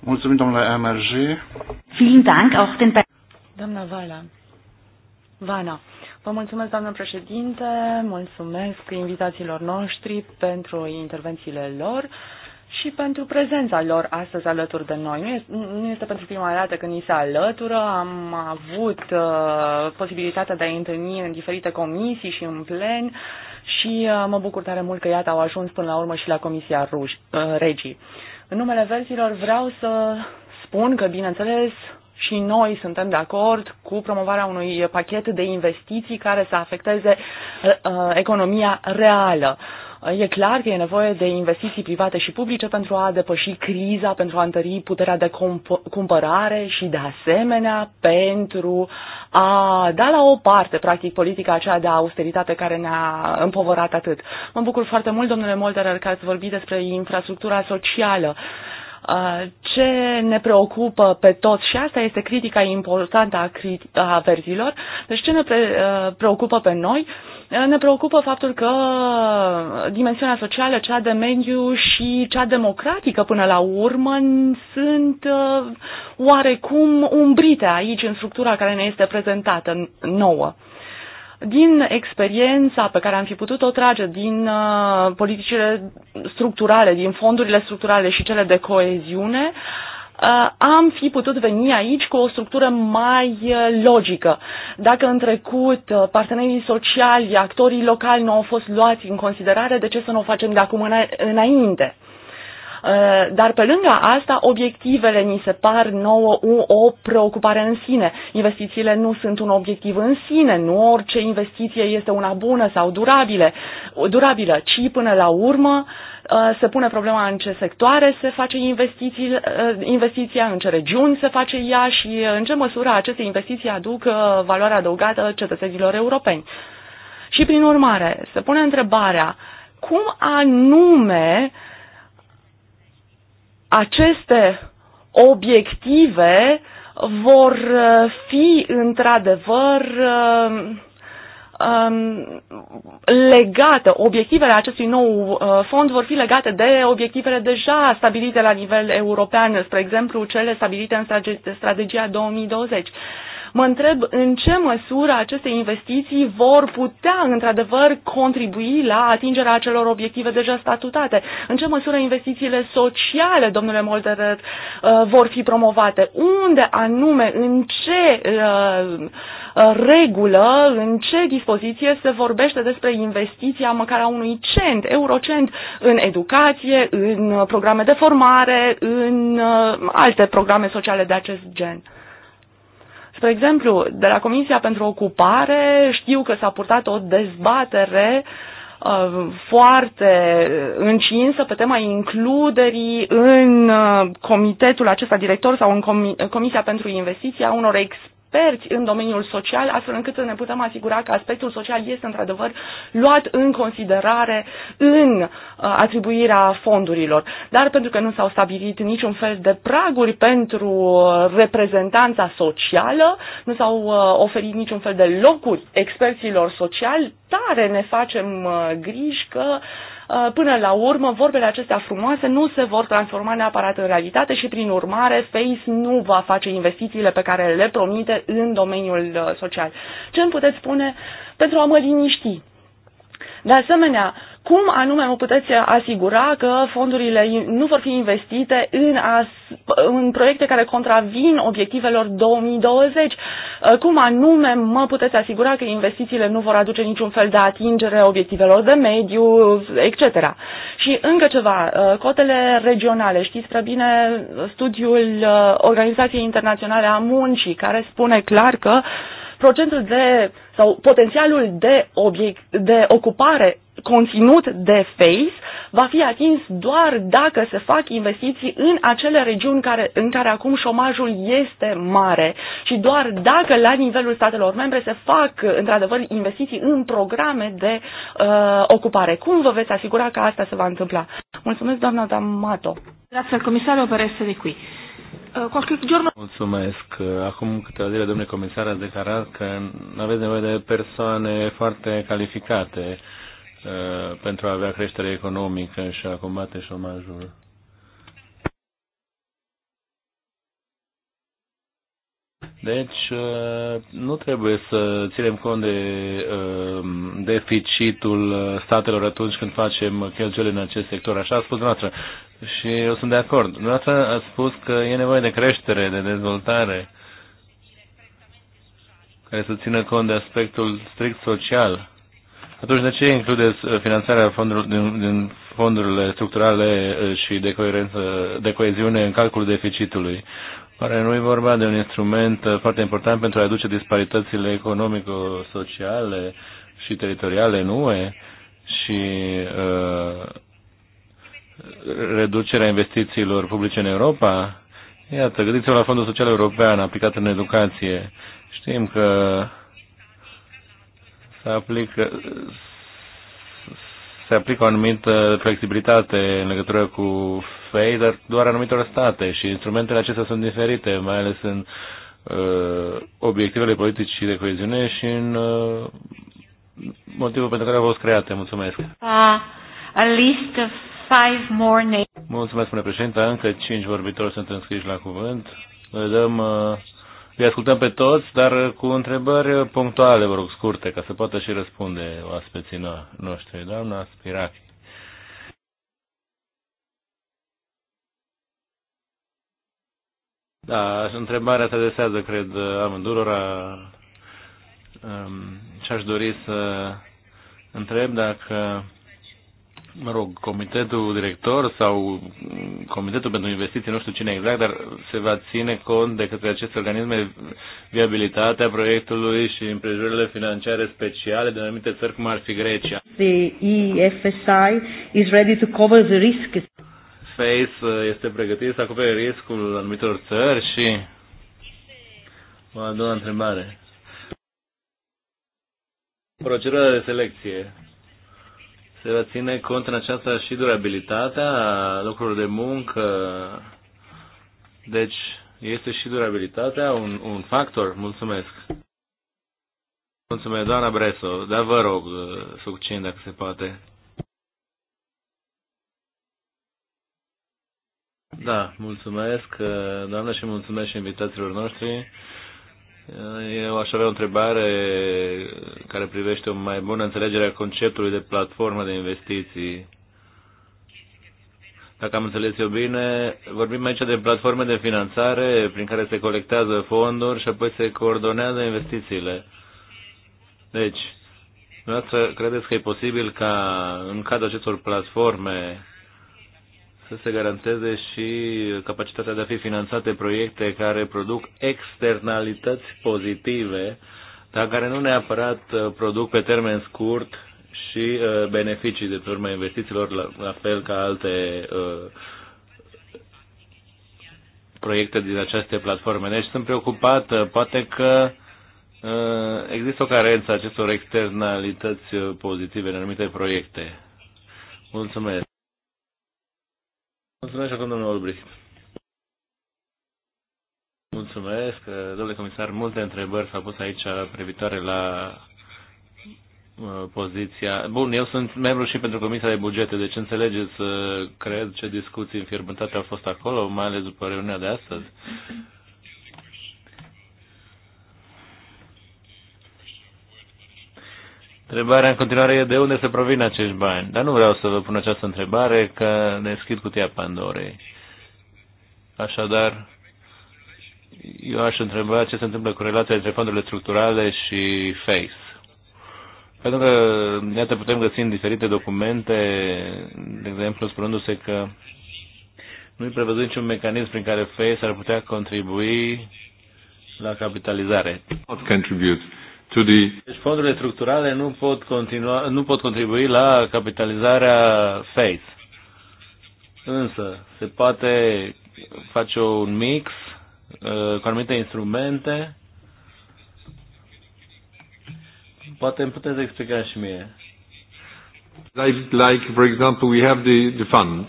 [SPEAKER 3] Mulțumim, domnule MRG. Vielen Dank auch den
[SPEAKER 1] Doamna Vala.
[SPEAKER 2] Vana. Vă mulțumesc, doamnă președinte, mulțumesc invitațiilor noștri pentru intervențiile lor și pentru prezența lor astăzi alături de noi. Nu este, nu este pentru prima dată când ni se alătură, am avut uh, posibilitatea de a întâlni în diferite comisii și în plen. Uh, și uh, mă bucur tare mult că iată au ajuns până la urmă și la Comisia Ruj, uh, Regii. În numele verzilor vreau să spun că, bineînțeles, și noi suntem de acord cu promovarea unui pachet de investiții care să afecteze uh, economia reală. E clar că e nevoie de investiții private și publice pentru a depăși criza, pentru a întări puterea de cumpărare și, de asemenea, pentru a da la o parte, practic, politica aceea de austeritate care ne-a împovărat atât. Mă bucur foarte mult, domnule Molterer, că ați vorbit despre infrastructura socială ce ne preocupă pe toți și asta este critica importantă a, crit- a verzilor, deci ce ne pre- preocupă pe noi ne preocupă faptul că dimensiunea socială, cea de mediu și cea democratică până la urmă sunt uh, oarecum umbrite aici în structura care ne este prezentată nouă din experiența pe care am fi putut o trage din uh, politicile structurale, din fondurile structurale și cele de coeziune, Uh, am fi putut veni aici cu o structură mai uh, logică. Dacă în trecut uh, partenerii sociali, actorii locali nu au fost luați în considerare, de ce să nu o facem de acum înainte? Dar pe lângă asta, obiectivele ni se par nouă o preocupare în sine. Investițiile nu sunt un obiectiv în sine, nu orice investiție este una bună sau durabilă. durabilă, ci până la urmă uh, Uh, se pune problema în ce sectoare se face uh, investiția, în ce regiuni se face ea și uh, în ce măsură aceste investiții aduc valoarea adăugată cetățenilor europeni. Și prin urmare, se pune întrebarea cum anume aceste obiective vor fi într-adevăr Um, legată, obiectivele acestui nou uh, fond vor fi legate de obiectivele deja stabilite la nivel european, spre exemplu cele stabilite în strategia 2020. Mă întreb în ce măsură aceste investiții vor putea, într-adevăr, contribui la atingerea acelor obiective deja statutate. În ce măsură investițiile sociale, domnule Molteret, uh, vor fi promovate? Unde anume, în ce uh, uh, regulă, în ce dispoziție se vorbește despre investiția măcar a unui cent, eurocent, în educație, în programe de formare, în alte programe sociale de acest gen? Spre exemplu, de la Comisia pentru Ocupare știu că s-a purtat o dezbatere uh, foarte încinsă pe tema includerii în uh, comitetul acesta director sau în Comisia pentru Investiții a unor experți experți în domeniul social, astfel încât să ne putem asigura că aspectul social este într-adevăr luat în considerare în uh, atribuirea fondurilor. Dar pentru că nu s-au stabilit niciun fel de praguri pentru uh, reprezentanța socială, nu s-au uh, oferit niciun fel de locuri experților sociali, tare ne facem griji că uh, Uh, până la urmă, vorbele acestea frumoase nu se vor transforma neapărat în realitate și, prin urmare, Face nu va face investițiile pe care le promite în domeniul uh, social. Ce îmi puteți spune pentru a mă liniști? De asemenea, cum anume vă puteți asigura că fondurile nu vor fi investite în, as, în proiecte care contravin obiectivelor 2020? Uh, cum anume mă puteți asigura că investițiile nu vor aduce niciun fel de atingere obiectivelor de mediu, etc. Și încă ceva, uh, cotele regionale. Știți prea bine studiul uh, Organizației Internaționale a Muncii, care spune clar că procentul de sau potențialul de, obiect, de ocupare conținut de face va fi atins doar dacă se fac investiții în acele regiuni care, în care acum șomajul este mare și doar dacă la nivelul statelor membre se fac într-adevăr investiții în programe de uh, ocupare. Cum vă veți asigura că asta se va întâmpla? Mulțumesc, doamna D'Amato. Grazie al comisarul per essere Eh,
[SPEAKER 4] Mulțumesc. Acum câteva zile, domnule comisar, a declarat că aveți nevoie de persoane foarte calificate eh, pentru a avea creștere economică și a combate șomajul. Deci, uh, nu trebuie să ținem cont de uh, deficitul uh, statelor atunci când facem cheltuieli în acest sector. Așa a spus dumneavoastră. Și eu sunt de acord. Dumneavoastră a spus că e nevoie de creștere, de dezvoltare, care să țină cont de aspectul strict social. Atunci, de ce includeți finanțarea fondurilor, din fondurile structurale și de, coerență, de coeziune în calculul deficitului? Pare nu e vorba de un instrument uh, foarte important pentru a reduce disparitățile economico-sociale și teritoriale în UE și uh, reducerea investițiilor publice în Europa? Iată, gândiți-vă la Fondul Social European aplicat în educație. Știm că se aplică, se aplică o anumită flexibilitate în legătură cu FEI, dar doar anumitor state și instrumentele acestea sunt diferite, mai ales în uh, obiectivele politicii de coeziune și în uh, motivul pentru care au fost create. Mulțumesc. Uh,
[SPEAKER 1] a list of five more names.
[SPEAKER 4] Mulțumesc, domnule președinte. Încă cinci vorbitori sunt înscriși la cuvânt. Le dăm, uh, îi ascultăm pe toți, dar cu întrebări punctuale, vă rog, scurte, ca să poată și răspunde oaspeții noștri. Doamna Spirachi. Da, întrebarea se adesează, cred, amândurora um, și aș dori să întreb dacă, mă rog, comitetul director sau comitetul pentru investiții, nu știu cine exact, dar se va ține cont de către aceste organisme viabilitatea proiectului și împrejurile financiare speciale de anumite țări, cum ar fi Grecia.
[SPEAKER 2] The EFSI is ready to cover the risks.
[SPEAKER 4] Face uh, este pregătit să acopere riscul anumitor țări și o a doua întrebare. Procedura de selecție. Se va ține cont în aceasta și durabilitatea locurilor de muncă. Deci, este și durabilitatea un, un factor. Mulțumesc. Mulțumesc, doamna Breso. Dar vă rog, uh, succint dacă se poate. Da, mulțumesc, uh, doamne, și mulțumesc și invitațiilor noștri. Uh, eu aș avea o întrebare care privește o mai bună înțelegere a conceptului de platformă de investiții. Dacă am înțeles eu bine, vorbim aici de platforme de finanțare prin care se colectează fonduri și apoi se coordonează investițiile. Deci, dumneavoastră credeți că e posibil ca în cadrul acestor platforme să se garanteze și capacitatea de a fi finanțate proiecte care produc externalități pozitive, dar care nu neapărat uh, produc pe termen scurt și uh, beneficii de pe urma investițiilor, la, la fel ca alte uh, proiecte din aceste platforme. Deci sunt preocupat, poate că uh, există o carență acestor externalități uh, pozitive în anumite proiecte. Mulțumesc. Mulțumesc acum, domnul Olbricht. Mulțumesc, domnule comisar. Multe întrebări s-au pus aici privitoare la uh, poziția. Bun, eu sunt membru și pentru Comisia de Bugete, deci înțelegeți, uh, cred, ce discuții înfierbântate au fost acolo, mai ales după reuniunea de astăzi. Întrebarea în continuare e de unde se provin acești bani. Dar nu vreau să vă pun această întrebare, că deschid cutia Pandorei. Așadar, eu aș întreba ce se întâmplă cu relația între fondurile structurale și FACE. Pentru că, iată, putem găsi în diferite documente, de exemplu, spunându-se că nu-i prevăzut niciun mecanism prin care FACE ar putea contribui la capitalizare. Not contribute to the... Deci fondurile structurale nu pot, continua, nu pot contribui la capitalizarea FACE. Însă, se poate face un mix uh, cu anumite instrumente. Poate îmi puteți explica și mie. Like, like for example, we have the, the fund.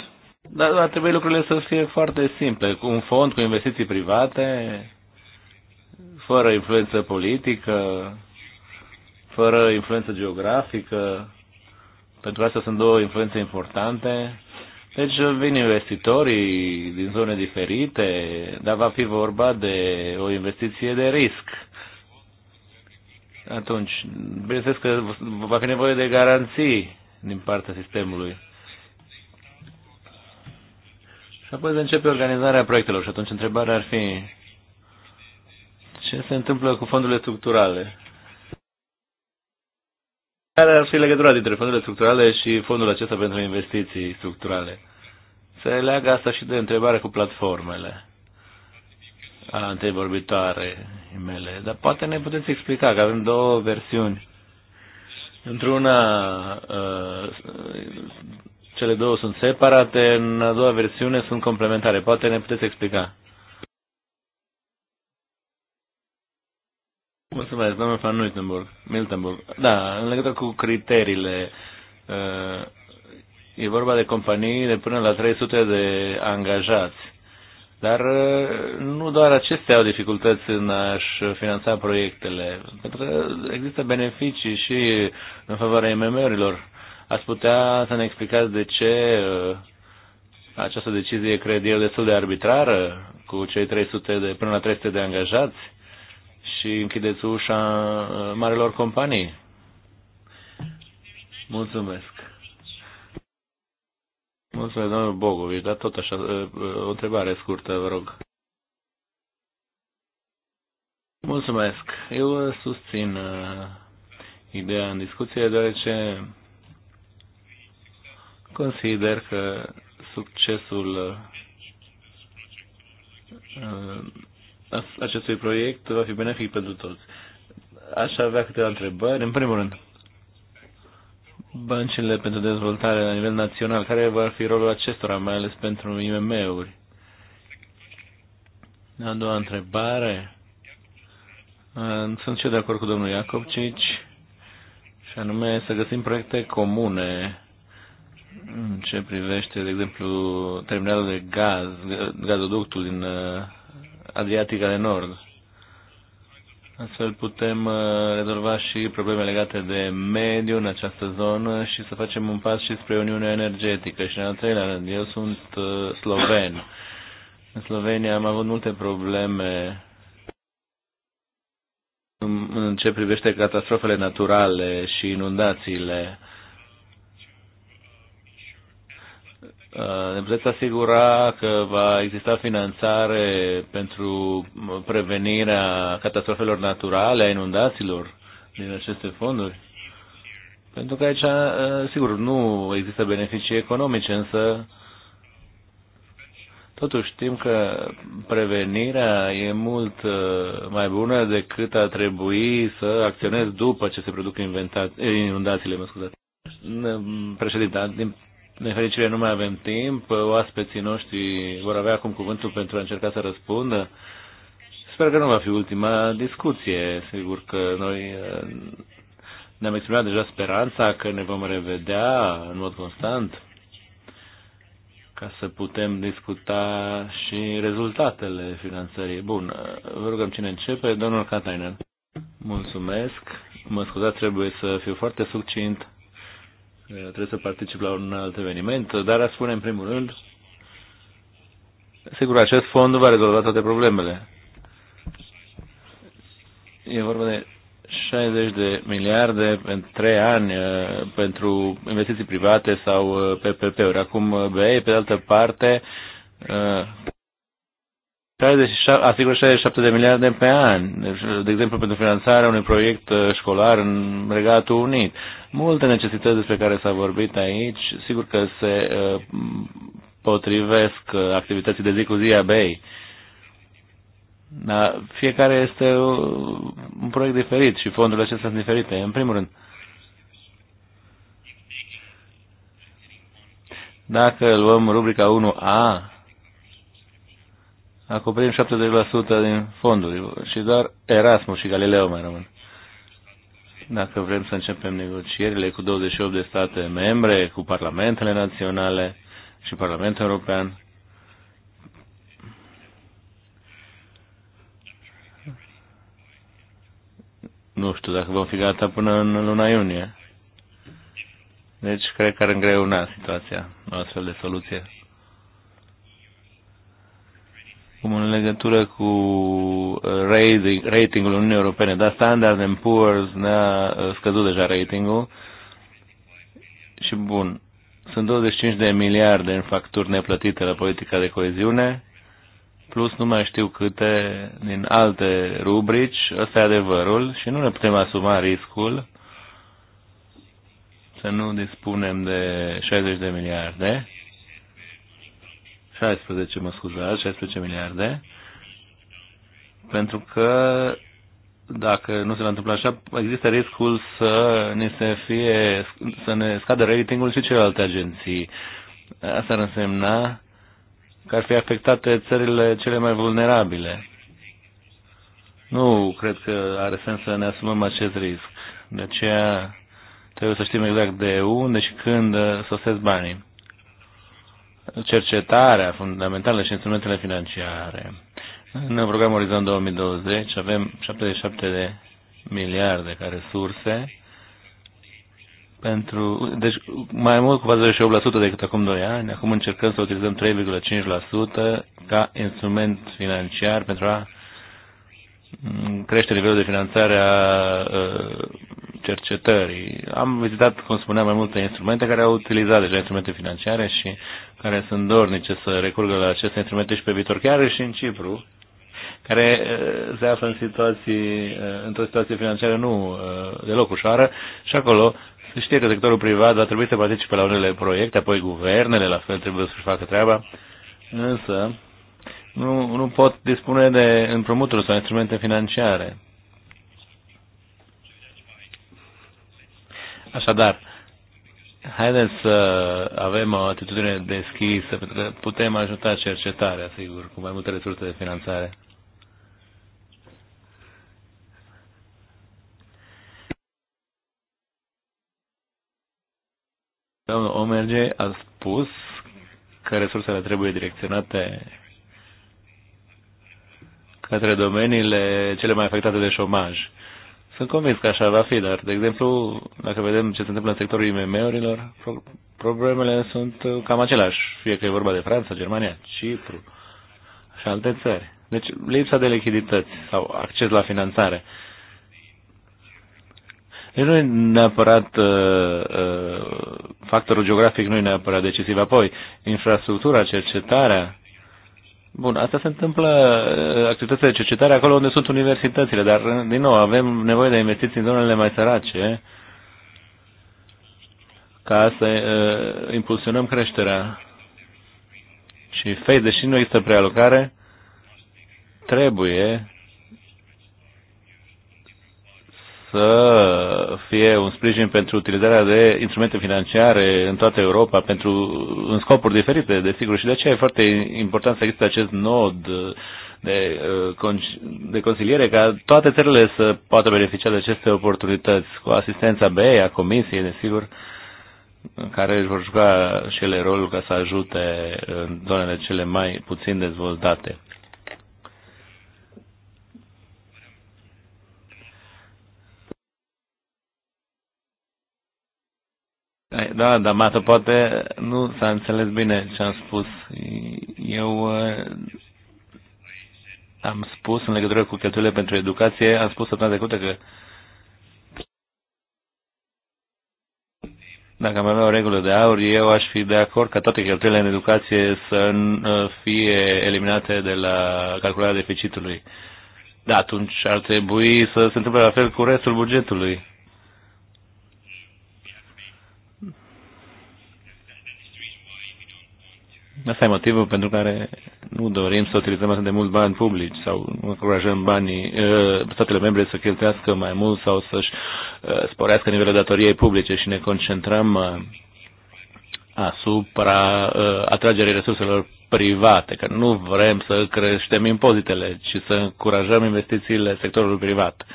[SPEAKER 4] Dar ar da, trebui lucrurile să fie foarte simple. Un fond cu investiții private, fără influență politică, fără influență geografică. Pentru asta sunt două influențe importante. Deci vin investitorii din zone diferite, dar va fi vorba de o investiție de risc. Atunci, bineînțeles că va fi nevoie de garanții din partea sistemului. Și apoi se începe organizarea proiectelor și atunci întrebarea ar fi ce se întâmplă cu fondurile structurale? Care ar fi legătura dintre fondurile structurale și fondul acesta pentru investiții structurale? Se leagă asta și de întrebare cu platformele a întrevorbitoare mele. Dar poate ne puteți explica că avem două versiuni. Într-una, uh, cele două sunt separate, în a doua versiune sunt complementare. Poate ne puteți explica. Mulțumesc, domnul Van Miltenburg. Miltenburg. Da, în legătură cu criteriile, uh, e vorba de companii de până la 300 de angajați. Dar uh, nu doar acestea au dificultăți în a-și finanța proiectele, pentru că există beneficii și în favoarea IMM-urilor. Ați putea să ne explicați de ce uh, această decizie, cred eu, destul de arbitrară cu cei 300 de, până la 300 de angajați? și închideți ușa uh, marelor companii. Mulțumesc. Mulțumesc, domnul Bogovici, dar tot așa, uh, uh, o întrebare scurtă, vă rog. Mulțumesc. Eu susțin ideea în discuție, deoarece consider că succesul acestui proiect va fi benefic pentru toți. Aș avea câteva întrebări. În primul rând, băncile pentru dezvoltare la nivel național, care va fi rolul acestora, mai ales pentru IMM-uri? A doua întrebare. Sunt și eu de acord cu domnul Iacobcici și anume să găsim proiecte comune în ce privește, de exemplu, terminalul de gaz, gazoductul din uh, Adriatică de Nord. Astfel putem uh, rezolva și probleme legate de mediu în această zonă și să facem un pas și spre Uniunea Energetică. Și în al treilea rând, eu sunt uh, sloven. În Slovenia am avut multe probleme în ce privește catastrofele naturale și inundațiile. Uh, ne puteți asigura că va exista finanțare pentru uh, prevenirea catastrofelor naturale, a inundațiilor din aceste fonduri? Pentru că aici, uh, sigur, nu există beneficii economice, însă totuși știm că prevenirea e mult mai bună decât a trebui să acționezi după ce se produc inundațiile, mă scuzați. Președinte, din nefericire nu mai avem timp, oaspeții noștri vor avea acum cuvântul pentru a încerca să răspundă. Sper că nu va fi ultima discuție. Sigur că noi uh, ne-am exprimat deja speranța că ne vom revedea în mod constant ca să putem discuta și rezultatele finanțării. Bun, uh, vă rugăm cine începe, domnul Katainen. Mulțumesc, mă scuzați, trebuie să fiu foarte succint Eh, trebuie să particip la un alt eveniment, dar a spune în primul rând, sigur, acest fond nu va rezolva toate problemele. E vorba de 60 de miliarde în 3 ani eh, pentru investiții private sau eh, PPP-uri. Acum BEI, pe de altă parte, asigură 67 de miliarde pe an, deci, de exemplu pentru finanțarea unui proiect școlar în Regatul Unit. Multe necesități despre care s-a vorbit aici, sigur că se uh, potrivesc uh, activității de zi cu zi a BEI. Dar fiecare este uh, un proiect diferit și fondurile acestea sunt diferite. În primul rând, dacă luăm rubrica 1A, acoperim 70% din fonduri și doar Erasmus și Galileo mai rămân. Și dacă vrem să începem negocierile cu 28 de state membre, cu parlamentele naționale și Parlamentul European, nu știu dacă vom fi gata până în luna iunie. Deci cred că ar îngreuna situația o astfel de soluție. Cum în legătură cu uh, ratingul Uniunii Europene, dar Standard Poor's ne-a uh, scăzut deja ratingul și bun, sunt 25 de miliarde în facturi neplătite la politica de coeziune, plus nu mai știu câte din alte rubrici, ăsta e adevărul și nu ne putem asuma riscul să nu dispunem de 60 de miliarde 16, mă scuzați, 16 miliarde, pentru că dacă nu se va întâmpla așa, există riscul să ne, se fie, să ne scadă ratingul și celelalte agenții. Asta ar însemna că ar fi afectate țările cele mai vulnerabile. Nu cred că are sens să ne asumăm acest risc. De aceea trebuie să știm exact de unde și când uh, sosesc banii cercetarea fundamentală și instrumentele financiare. În programul Orizont 2020 avem 77 de miliarde ca resurse pentru, deci mai mult cu 48% decât acum 2 ani. Acum încercăm să utilizăm 3,5% ca instrument financiar pentru a mm, crește nivelul de finanțare a ă, cercetării. Am vizitat, cum spuneam, mai multe instrumente care au utilizat deja instrumente financiare și care sunt dornice să recurgă la aceste instrumente și pe viitor, chiar și în Cipru, care uh, se află în situații, uh, într-o situație financiară nu uh, deloc ușoară și acolo se știe că sectorul privat va trebui să participe la unele proiecte, apoi guvernele la fel trebuie să-și facă treaba, însă nu, nu pot dispune de împrumuturi sau instrumente financiare. Așadar, haideți să avem o atitudine deschisă, pentru că putem ajuta cercetarea, sigur, cu mai multe resurse de finanțare. Domnul Omerge a spus că resursele trebuie direcționate către domeniile cele mai afectate de șomaj. Sunt convins că așa va fi, dar, de exemplu, dacă vedem ce se întâmplă în sectorul IMM-urilor, problemele sunt uh, cam aceleași, fie că e vorba de Franța, Germania, Cipru și alte țări. Deci, lipsa de lichidități sau acces la finanțare. Deci nu e neapărat uh, uh, factorul geografic, nu e neapărat decisiv. Apoi, infrastructura, cercetarea, Bun, asta se întâmplă uh, activitățile de cercetare acolo unde sunt universitățile, dar, uh, din nou, avem nevoie de investiții în zonele mai sărace ca să uh, impulsionăm creșterea. Și FEI, deși nu există prealocare, trebuie să fie un sprijin pentru utilizarea de instrumente financiare în toată Europa pentru, în scopuri diferite, desigur, și de aceea e foarte important să existe acest nod de, uh, de consiliere ca toate țările să poată beneficia de aceste oportunități cu asistența BEI, a Comisiei, desigur, care își vor juca și ele rolul ca să ajute în zonele cele mai puțin dezvoltate. Da, dar Mata poate nu s-a înțeles bine ce am spus. Eu uh, am spus în legătură cu cheltuielile pentru educație, am spus săptămâna trecută că dacă am avea o regulă de aur, eu aș fi de acord ca toate cheltuielile în educație să uh, fie eliminate de la calcularea deficitului. Da, atunci ar trebui să se întâmple la fel cu restul bugetului. Asta e motivul pentru care nu dorim să utilizăm atât de mult bani publici sau nu încurajăm banii, uh, statele membre să cheltuiască mai mult sau să-și uh, sporească nivelul datoriei publice și ne concentrăm uh, asupra atragerii resurselor private, că nu vrem să creștem impozitele, ci să încurajăm investițiile sectorului privat.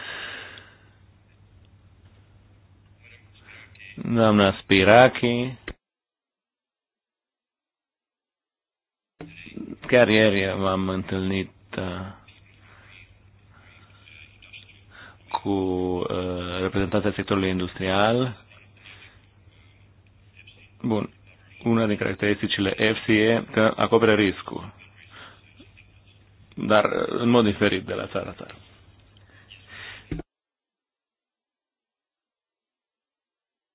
[SPEAKER 4] Doamna Spirachi. Chiar ieri m-am întâlnit uh, cu uh, reprezentanții sectorului industrial. Bun. Una din caracteristicile EFSI e că acoperă riscul, dar uh, în mod diferit de la țara la țară.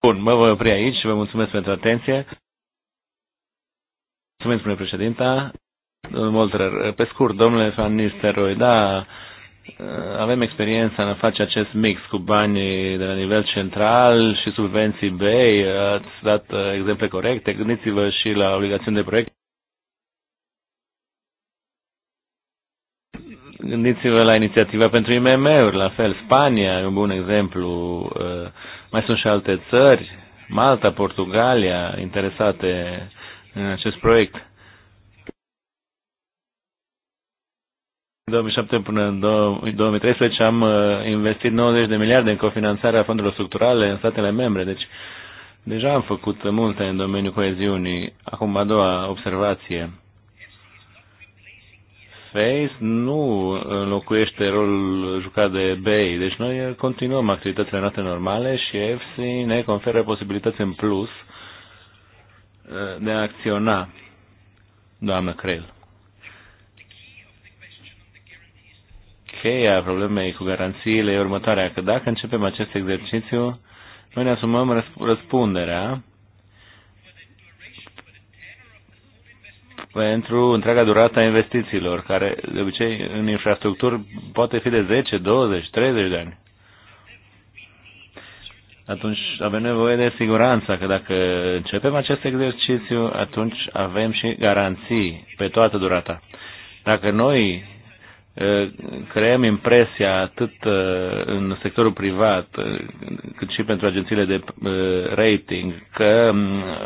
[SPEAKER 4] Bun, mă voi opri aici. Vă mulțumesc pentru atenție. Mulțumesc, spune președinta. Domnul Molterer, pe scurt, domnule Van Nistelrooy, da, avem experiența în a face acest mix cu banii de la nivel central și subvenții BEI, ați dat uh, exemple corecte, gândiți-vă și la obligațiuni de proiect. Gândiți-vă la inițiativa pentru IMM-uri, la fel, Spania e un bun exemplu, uh, mai sunt și alte țări, Malta, Portugalia, interesate în acest proiect. 2007 până în 2013 am uh, investit 90 de miliarde în cofinanțarea fondurilor structurale în statele membre, deci deja am făcut multe în domeniul coeziunii. Acum a doua observație. Face nu înlocuiește rolul jucat de BEI, deci noi continuăm activitățile noastre normale și EFSI ne conferă posibilități în plus uh, de a acționa, doamnă Creel. cheia problemei cu garanțiile e următoarea, că dacă începem acest exercițiu, noi ne asumăm răspunderea pentru întreaga durată a investițiilor, care de obicei în infrastructuri poate fi de 10, 20, 30 de ani. Atunci avem nevoie de siguranță că dacă începem acest exercițiu, atunci avem și garanții pe toată durata. Dacă noi creăm impresia atât în sectorul privat cât și pentru agențiile de rating că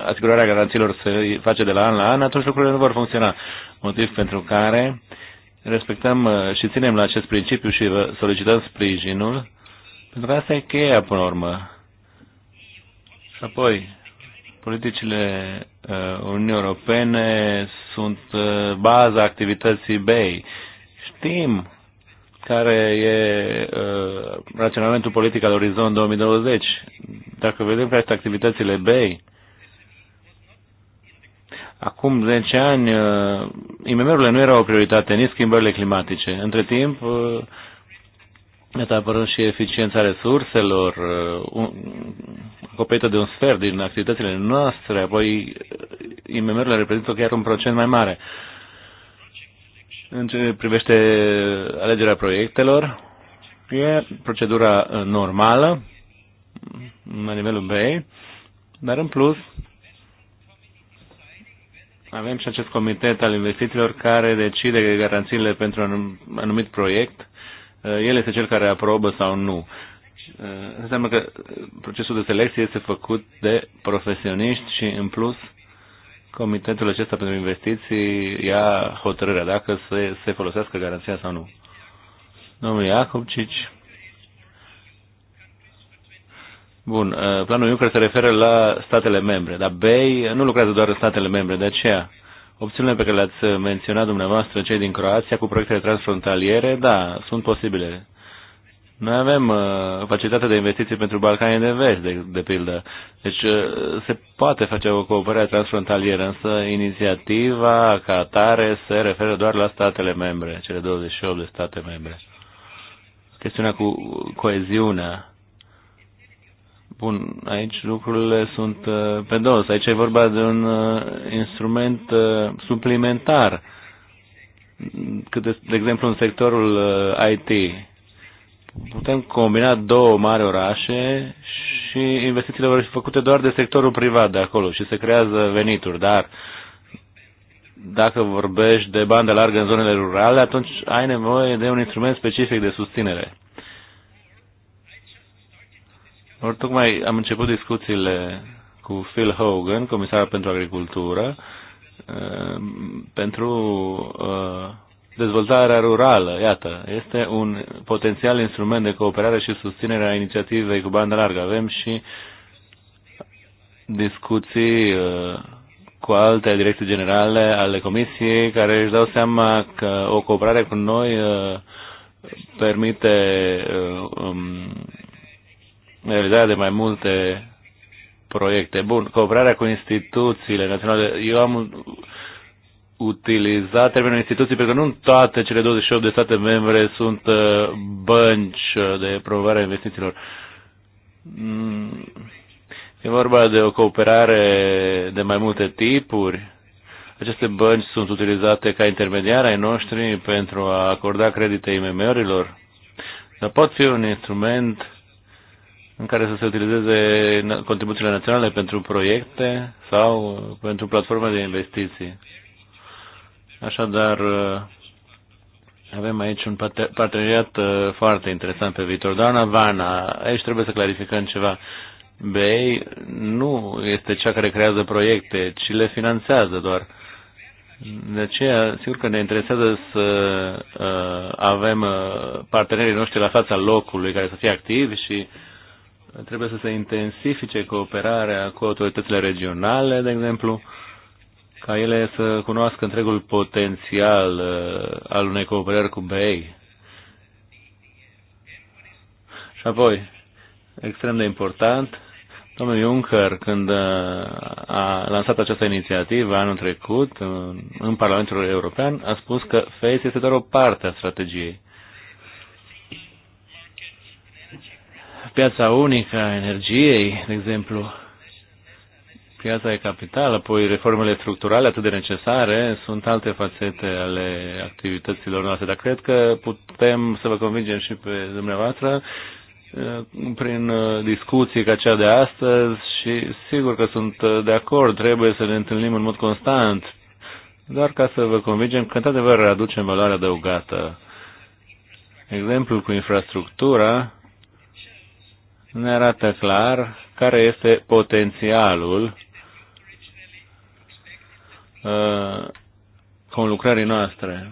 [SPEAKER 4] asigurarea garanțiilor se face de la an la an, atunci lucrurile nu vor funcționa. Motiv pentru care respectăm și ținem la acest principiu și solicităm sprijinul, pentru că asta e cheia până la urmă. Și apoi, politicile Uniunii Europene sunt baza activității BEI știm care e uh, raționamentul politic al Orizont 2020. Dacă vedem pe activitățile BEI, acum 10 ani uh, IMM-urile nu erau o prioritate, nici schimbările climatice. Între timp, uh, a apărut și eficiența resurselor, uh, acoperită de un sfert din activitățile noastre, apoi uh, IMM-urile reprezintă chiar un procent mai mare. Uh, în ce privește alegerea proiectelor, e procedura uh, normală, mm, la nivelul B, dar în plus avem și acest comitet al investițiilor care decide garanțiile pentru un anumit proiect. Uh, el este cel care aprobă sau nu. Uh, înseamnă că procesul de selecție este făcut de profesioniști și în plus Comitetul acesta pentru investiții ia hotărârea dacă se, se folosească garanția sau nu. Domnul Iacobcic. Bun, uh, planul Juncker se referă la statele membre, dar BEI nu lucrează doar în statele membre, de aceea opțiunile pe care le-ați menționat dumneavoastră, cei din Croația, cu proiectele transfrontaliere, da, sunt posibile. Noi avem uh, facilitatea de investiții pentru Balcanii de Vest, de, de pildă. Deci uh, se poate face o cooperare transfrontalieră, însă inițiativa ca atare se referă doar la statele membre, cele 28 de state membre. Chestiunea cu coeziunea. Bun, aici lucrurile sunt uh, pe dos. Aici e vorba de un uh, instrument uh, suplimentar, cât de, de exemplu în sectorul uh, IT putem combina două mari orașe și investițiile vor fi făcute doar de sectorul privat de acolo și se creează venituri, dar dacă vorbești de bandă largă în zonele rurale, atunci ai nevoie de un instrument specific de susținere. Or, tocmai am început discuțiile cu Phil Hogan, comisar pentru agricultură, uh, pentru uh, dezvoltarea rurală, iată, este un potențial instrument de cooperare și susținere a inițiativei cu bandă largă. Avem și discuții uh, cu alte direcții generale ale Comisiei care își dau seama că o cooperare cu noi uh, permite uh, um, realizarea de mai multe proiecte. Bun, cooperarea cu instituțiile naționale. Eu am utiliza termenul instituții, pentru că nu toate cele 28 de state membre sunt uh, bănci uh, de promovare a investițiilor. Mm, e vorba de o cooperare de mai multe tipuri. Aceste bănci sunt utilizate ca intermediari ai noștri pentru a acorda credite IMM-urilor, dar pot fi un instrument în care să se utilizeze contribuțiile naționale pentru proiecte sau pentru platforme de investiții. Așadar, uh, avem aici un parteneriat uh, foarte interesant pe viitor. Doamna Vana, aici trebuie să clarificăm ceva. BEI nu este cea care creează proiecte, ci le finanțează doar. De aceea, sigur că ne interesează să uh, avem uh, partenerii noștri la fața locului care să fie activi și trebuie să se intensifice cooperarea cu autoritățile regionale, de exemplu, uh, ca ele să cunoască întregul potențial uh, al unei cooperări cu BEI. Și apoi, extrem de important, domnul Juncker, când uh, a lansat această inițiativă anul trecut uh, în Parlamentul European, a spus că FACE este doar o parte a strategiei. Piața unică a energiei, de exemplu, piața de capital, apoi reformele structurale atât de necesare, sunt alte fațete ale activităților noastre. Dar cred că putem să vă convingem și pe dumneavoastră uh, prin uh, discuții ca cea de astăzi și sigur că sunt uh, de acord, trebuie să ne întâlnim în mod constant, doar ca să vă convingem că într-adevăr aducem valoare adăugată. Exemplul cu infrastructura ne arată clar care este potențialul Uh, conlucrării noastre.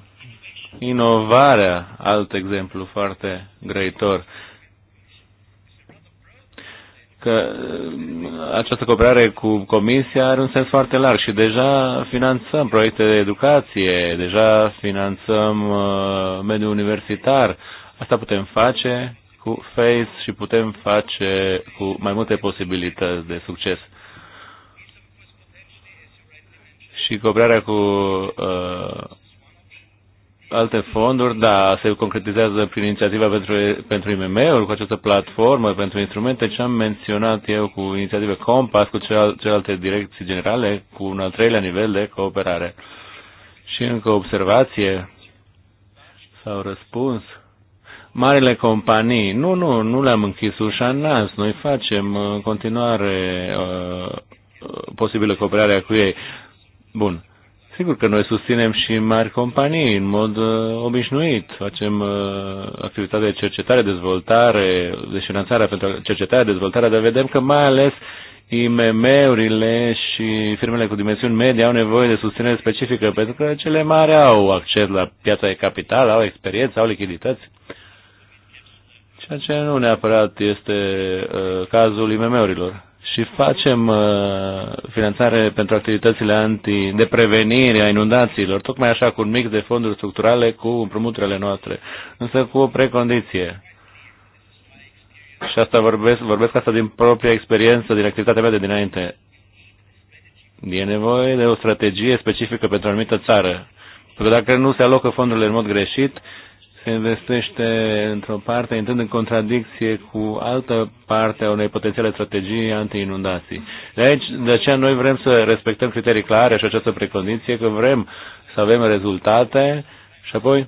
[SPEAKER 4] Inovarea, alt exemplu foarte grăitor. Că uh, această cooperare cu Comisia are un sens foarte larg și deja finanțăm proiecte de educație, deja finanțăm uh, mediul universitar. Asta putem face cu Face și putem face cu mai multe posibilități de succes și cooperarea cu uh, alte fonduri, da, se concretizează prin inițiativa pentru, pentru IMM-uri, cu această platformă, pentru instrumente, ce am menționat eu cu inițiative Compass, cu celelalte direcții generale, cu un al treilea nivel de cooperare. Și încă observație sau răspuns. Marile companii, nu, nu, nu le-am închis ușa în nas, noi facem în continuare uh, uh posibilă cooperarea cu ei. Bun. Sigur că noi susținem și mari companii în mod uh, obișnuit. Facem uh, activitate de cercetare, dezvoltare, de finanțare pentru cercetare, dezvoltare, dar vedem că mai ales IMM-urile și firmele cu dimensiuni medii au nevoie de susținere specifică, pentru că cele mari au acces la piața de capital, au experiență, au lichidități. Ceea ce nu neapărat este uh, cazul IMM-urilor și facem uh, finanțare pentru activitățile anti de prevenire a inundațiilor, tocmai așa cu un mix de fonduri structurale cu împrumuturile noastre, însă cu o precondiție. Și asta vorbesc, vorbesc asta din propria experiență, din activitatea mea de dinainte. E nevoie de o strategie specifică pentru o anumită țară. Pentru că dacă nu se alocă fondurile în mod greșit, se investește într-o parte, intrând în contradicție cu altă parte a unei potențiale strategii anti-inundații. De, aici, de aceea noi vrem să respectăm criterii clare și această precondiție, că vrem să avem rezultate și apoi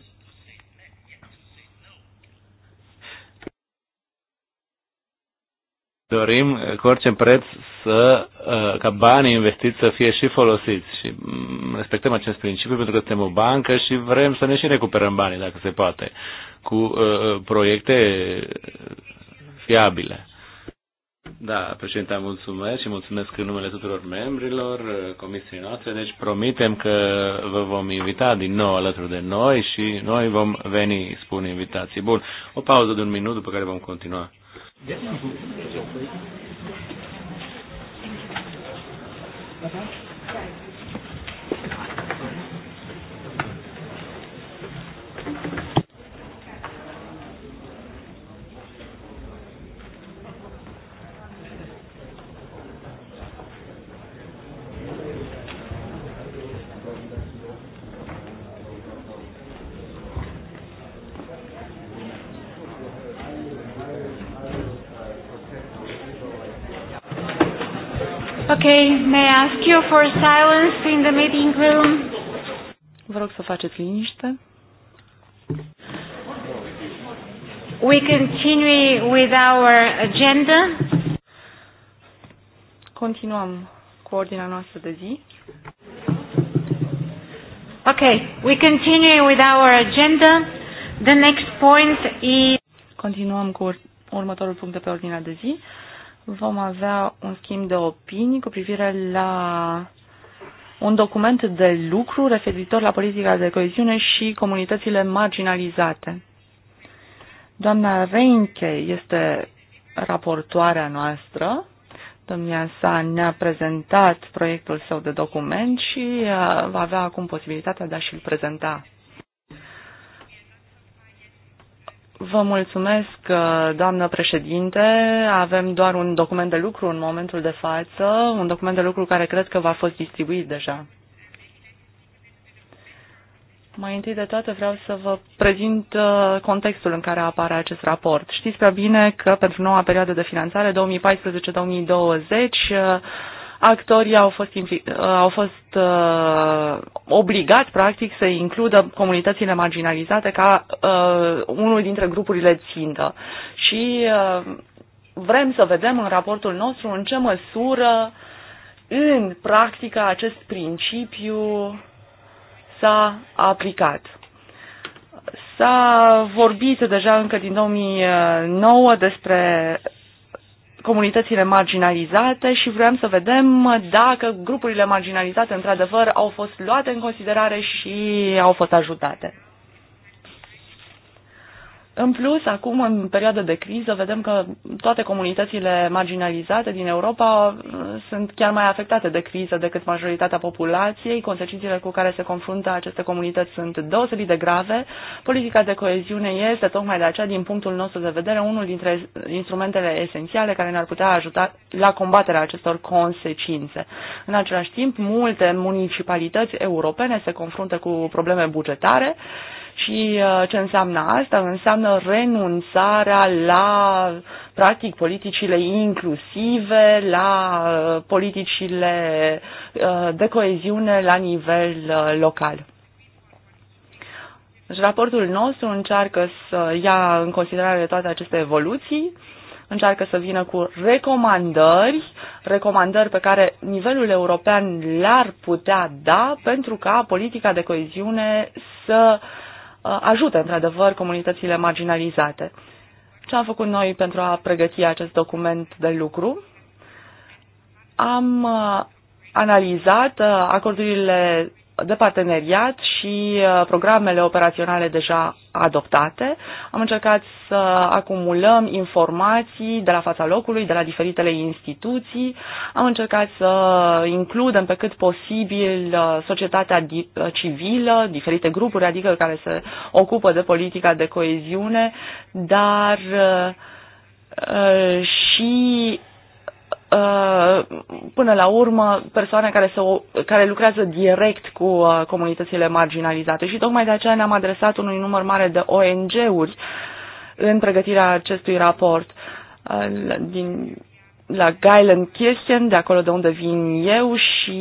[SPEAKER 4] dorim eh, cu orice preț să, eh, ca banii investiți să fie și folosiți și mm, respectăm acest principiu pentru că suntem o bancă și vrem să ne și recuperăm banii dacă se poate cu uh, proiecte fiabile. Da, președinte, mulțumesc și mulțumesc în numele tuturor membrilor comisiei noastre. Deci promitem că vă vom invita din nou alături de noi și noi vom veni, spun invitații. Bun, o pauză de un minut după care vom continua.
[SPEAKER 1] Yes, Okay, may I ask you for silence in the meeting room? Vă rog să faceți liniște. We continue with our agenda. Continuăm cu ordinea noastră de zi. Okay, we continue with our agenda. The next
[SPEAKER 2] point is Continuăm cu următorul punct de pe ordinea de zi vom avea un schimb de opinii cu privire la un document de lucru referitor la politica de coeziune și comunitățile marginalizate. Doamna Reinke este raportoarea noastră. Domnia sa ne-a prezentat proiectul său de document și uh, va avea acum posibilitatea de a și-l prezenta Vă mulțumesc, uh, doamnă președinte. Avem doar un document de lucru în momentul de față, un document de lucru care cred că va fost distribuit deja. Mai întâi de toate vreau să vă prezint uh, contextul în care apare acest raport. Știți prea bine că pentru noua perioadă de finanțare 2014-2020 actorii au fost, uh, au fost uh, obligați, practic, să includă comunitățile marginalizate ca uh, unul dintre grupurile țintă. Și uh, vrem să vedem în raportul nostru în ce măsură, în practică, acest principiu s-a aplicat. S-a vorbit deja încă din 2009 despre comunitățile marginalizate și vrem să vedem dacă grupurile marginalizate într-adevăr au fost luate în considerare și au fost ajutate. În plus, acum, în perioada de criză, vedem că toate comunitățile marginalizate din Europa uh, sunt chiar mai afectate de criză decât majoritatea populației. Consecințele cu care se confruntă aceste comunități sunt deosebit de grave. Politica de coeziune este tocmai de aceea, din punctul nostru de vedere, unul dintre instrumentele esențiale care ne-ar putea ajuta la combaterea acestor consecințe. În același timp, multe municipalități europene se confruntă cu probleme bugetare și uh, ce înseamnă asta? Înseamnă renunțarea la, practic, politicile inclusive, la uh, politicile uh, de coeziune la nivel local. Deci raportul nostru încearcă să ia în considerare toate aceste evoluții, încearcă să vină cu recomandări, recomandări pe care nivelul european le-ar putea da pentru ca politica de coeziune să uh, Uh, ajută într-adevăr comunitățile marginalizate. Ce am făcut noi pentru a pregăti acest document de lucru? Am uh, analizat uh, acordurile de parteneriat și uh, programele operaționale deja adoptate. Am încercat să acumulăm informații de la fața locului, de la diferitele instituții. Am încercat să includem pe cât posibil uh, societatea uh, civilă, diferite grupuri, adică care se ocupă de politica de coeziune, dar și Uh, până la urmă persoane care, se, care lucrează direct cu uh, comunitățile marginalizate și tocmai de aceea ne-am adresat unui număr mare de ONG-uri în pregătirea acestui raport. Uh, din la Kirsten, de acolo de unde vin eu și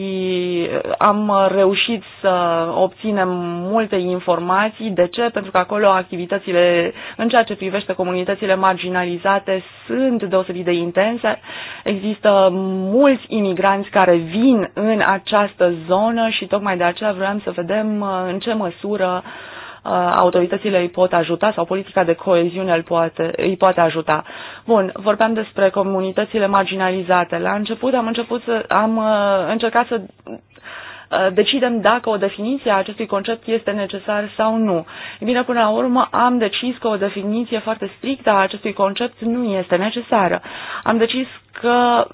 [SPEAKER 2] uh, am reușit să obținem multe informații. De ce? Pentru că acolo activitățile în ceea ce privește comunitățile marginalizate sunt deosebit de intense. Există mulți imigranți care vin în această zonă și tocmai de aceea vrem să vedem uh, în ce măsură uh, Uh, autoritățile îi pot ajuta sau politica de coeziune îl poate, îi poate ajuta. Bun, vorbeam despre comunitățile marginalizate. La început am, început să, am uh, încercat să Uh, decidem dacă o definiție a acestui concept este necesar sau nu. E bine, până la urmă am decis că o definiție foarte strictă a acestui concept nu este necesară. Am decis că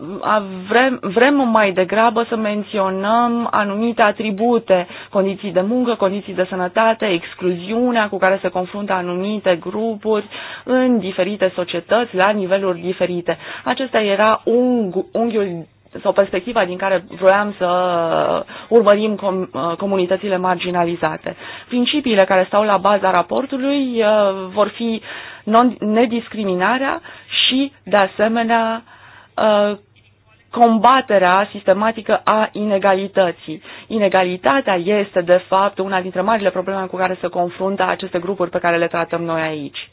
[SPEAKER 2] vrem, vrem mai degrabă să menționăm anumite atribute, condiții de muncă, condiții de sănătate, excluziunea cu care se confruntă anumite grupuri în diferite societăți, la niveluri diferite. Acesta era unghiul sau perspectiva din care vroiam să urmărim com, uh, comunitățile marginalizate. Principiile care stau la baza raportului uh, vor fi non, nediscriminarea și, de asemenea, uh, combaterea sistematică a inegalității. Inegalitatea este, de fapt, una dintre marile probleme cu care se confruntă aceste grupuri pe care le tratăm noi aici.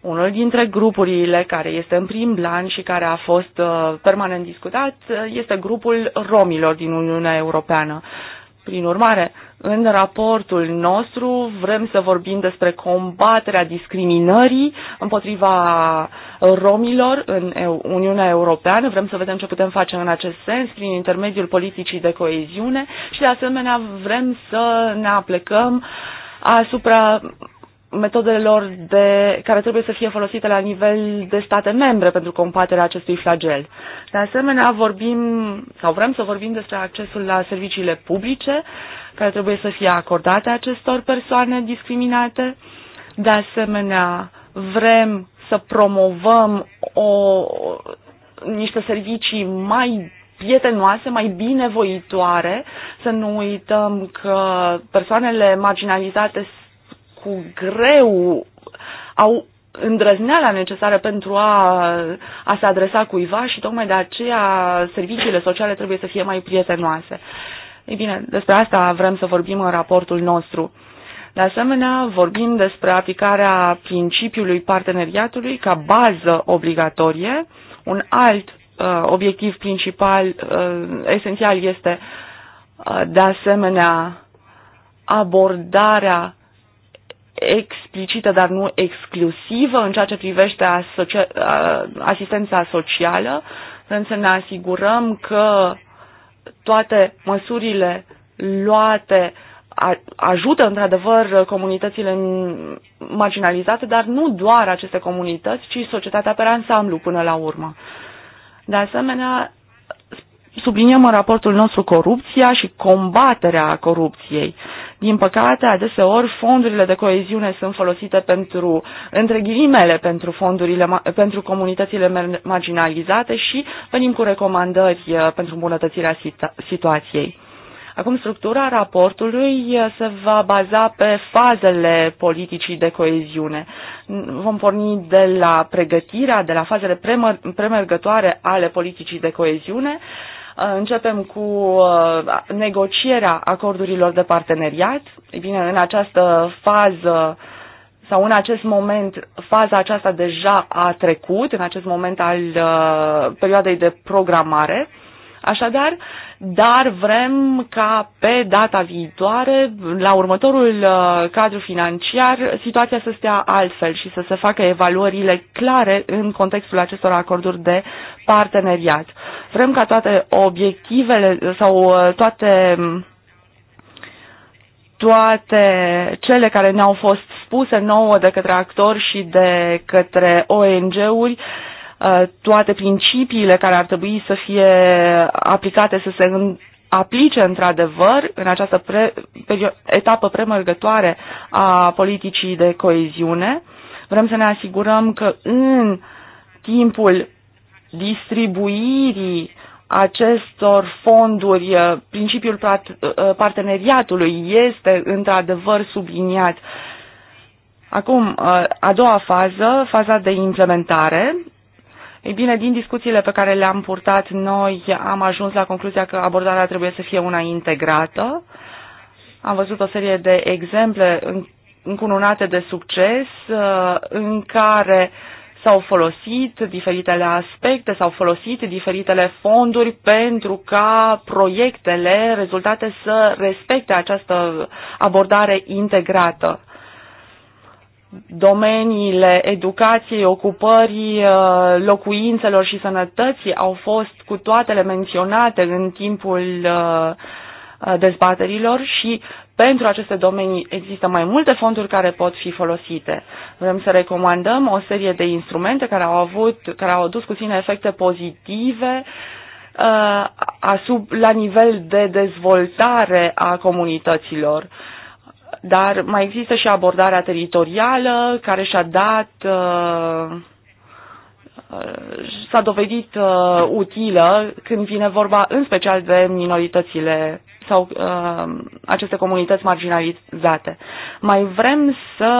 [SPEAKER 2] Unul dintre grupurile care este în prim plan și care a fost uh, permanent discutat uh, este grupul romilor din Uniunea Europeană. Prin urmare, în raportul nostru vrem să vorbim despre combaterea discriminării împotriva romilor în Uniunea Europeană. Vrem să vedem ce putem face în acest sens prin intermediul politicii de coeziune și, de asemenea, vrem să ne aplecăm asupra metodele lor de, care trebuie să fie folosite la nivel de state membre pentru combaterea acestui flagel. De asemenea, vorbim sau vrem să vorbim despre accesul la serviciile publice care trebuie să fie acordate acestor persoane discriminate. De asemenea, vrem să promovăm o, niște servicii mai prietenoase, mai binevoitoare, să nu uităm că persoanele marginalizate cu greu au îndrăzneala necesară pentru a, a se adresa cuiva și tocmai de aceea serviciile sociale trebuie să fie mai prietenoase. Ei bine, despre asta vrem să vorbim în raportul nostru. De asemenea, vorbim despre aplicarea principiului parteneriatului ca bază obligatorie. Un alt uh, obiectiv principal, uh, esențial, este uh, de asemenea abordarea explicită, dar nu exclusivă în ceea ce privește asocia- asistența socială. Vrem să ne asigurăm că toate măsurile luate ajută într-adevăr comunitățile marginalizate, dar nu doar aceste comunități, ci societatea pe ansamblu până la urmă. De asemenea, subliniem în raportul nostru corupția și combaterea corupției. Din păcate, adeseori fondurile de coeziune sunt folosite pentru, între ghilimele, pentru fondurile, pentru comunitățile marginalizate și venim cu recomandări uh, pentru îmbunătățirea situației. Acum, structura raportului uh, se va baza pe fazele politicii de coeziune. Vom porni de la pregătirea, de la fazele premergătoare ale politicii de coeziune, începem cu uh, negocierea acordurilor de parteneriat. Ei bine, în această fază sau în acest moment, faza aceasta deja a trecut, în acest moment al uh, perioadei de programare. Așadar, dar vrem ca pe data viitoare, la următorul uh, cadru financiar, situația să stea altfel și să se facă evaluările clare în contextul acestor acorduri de parteneriat. Vrem ca toate obiectivele sau uh, toate toate cele care ne-au fost spuse nouă de către actori și de către ONG-uri uh, Uh, toate principiile care ar trebui să fie aplicate să se aplice într-adevăr în această pre, etapă premergătoare a politicii de coeziune. Vrem să ne asigurăm că în timpul distribuirii acestor fonduri, uh, principiul uh, parteneriatului este într-adevăr subliniat. Acum, a doua fază, faza de implementare, ei bine, din discuțiile pe care le-am purtat noi, am ajuns la concluzia că abordarea trebuie să fie una integrată. Am văzut o serie de exemple încununate de succes uh, în care s-au folosit diferitele aspecte, s-au folosit diferitele fonduri pentru ca proiectele rezultate să respecte această abordare integrată domeniile educației, ocupării, uh, locuințelor și sănătății au fost cu toatele menționate în timpul uh, uh, dezbaterilor și pentru aceste domenii există mai multe fonduri care pot fi folosite. Vrem să recomandăm o serie de instrumente care au avut, care au adus cu sine efecte pozitive uh, asub, la nivel de dezvoltare a comunităților. Uh, dar mai există și abordarea teritorială care și-a dat uh, s-a dovedit uh, utilă când vine vorba în special de minoritățile sau uh, aceste comunități marginalizate. Mai vrem să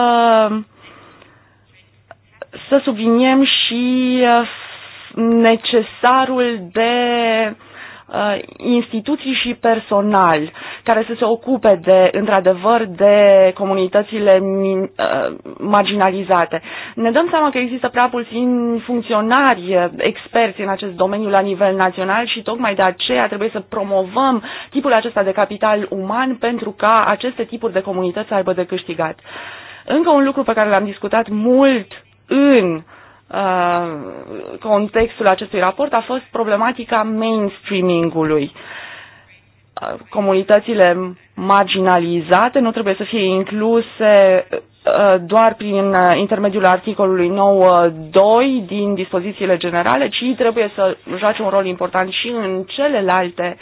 [SPEAKER 2] să subliniem și uh, necesarul de Uh, instituții și personal care să se ocupe de, într-adevăr, de comunitățile uh, marginalizate. Ne dăm seama că există prea puțini funcționari uh, experți în acest domeniu la nivel național și tocmai de aceea trebuie să promovăm tipul acesta de capital uman pentru ca aceste tipuri de comunități să aibă de câștigat. Încă un lucru pe care l-am discutat mult în uh, Uh, contextul acestui raport a fost problematica mainstreamingului. Uh, comunitățile marginalizate nu trebuie să fie incluse uh, doar prin intermediul articolului 9.2 din dispozițiile generale, ci trebuie să joace un rol important și în celelalte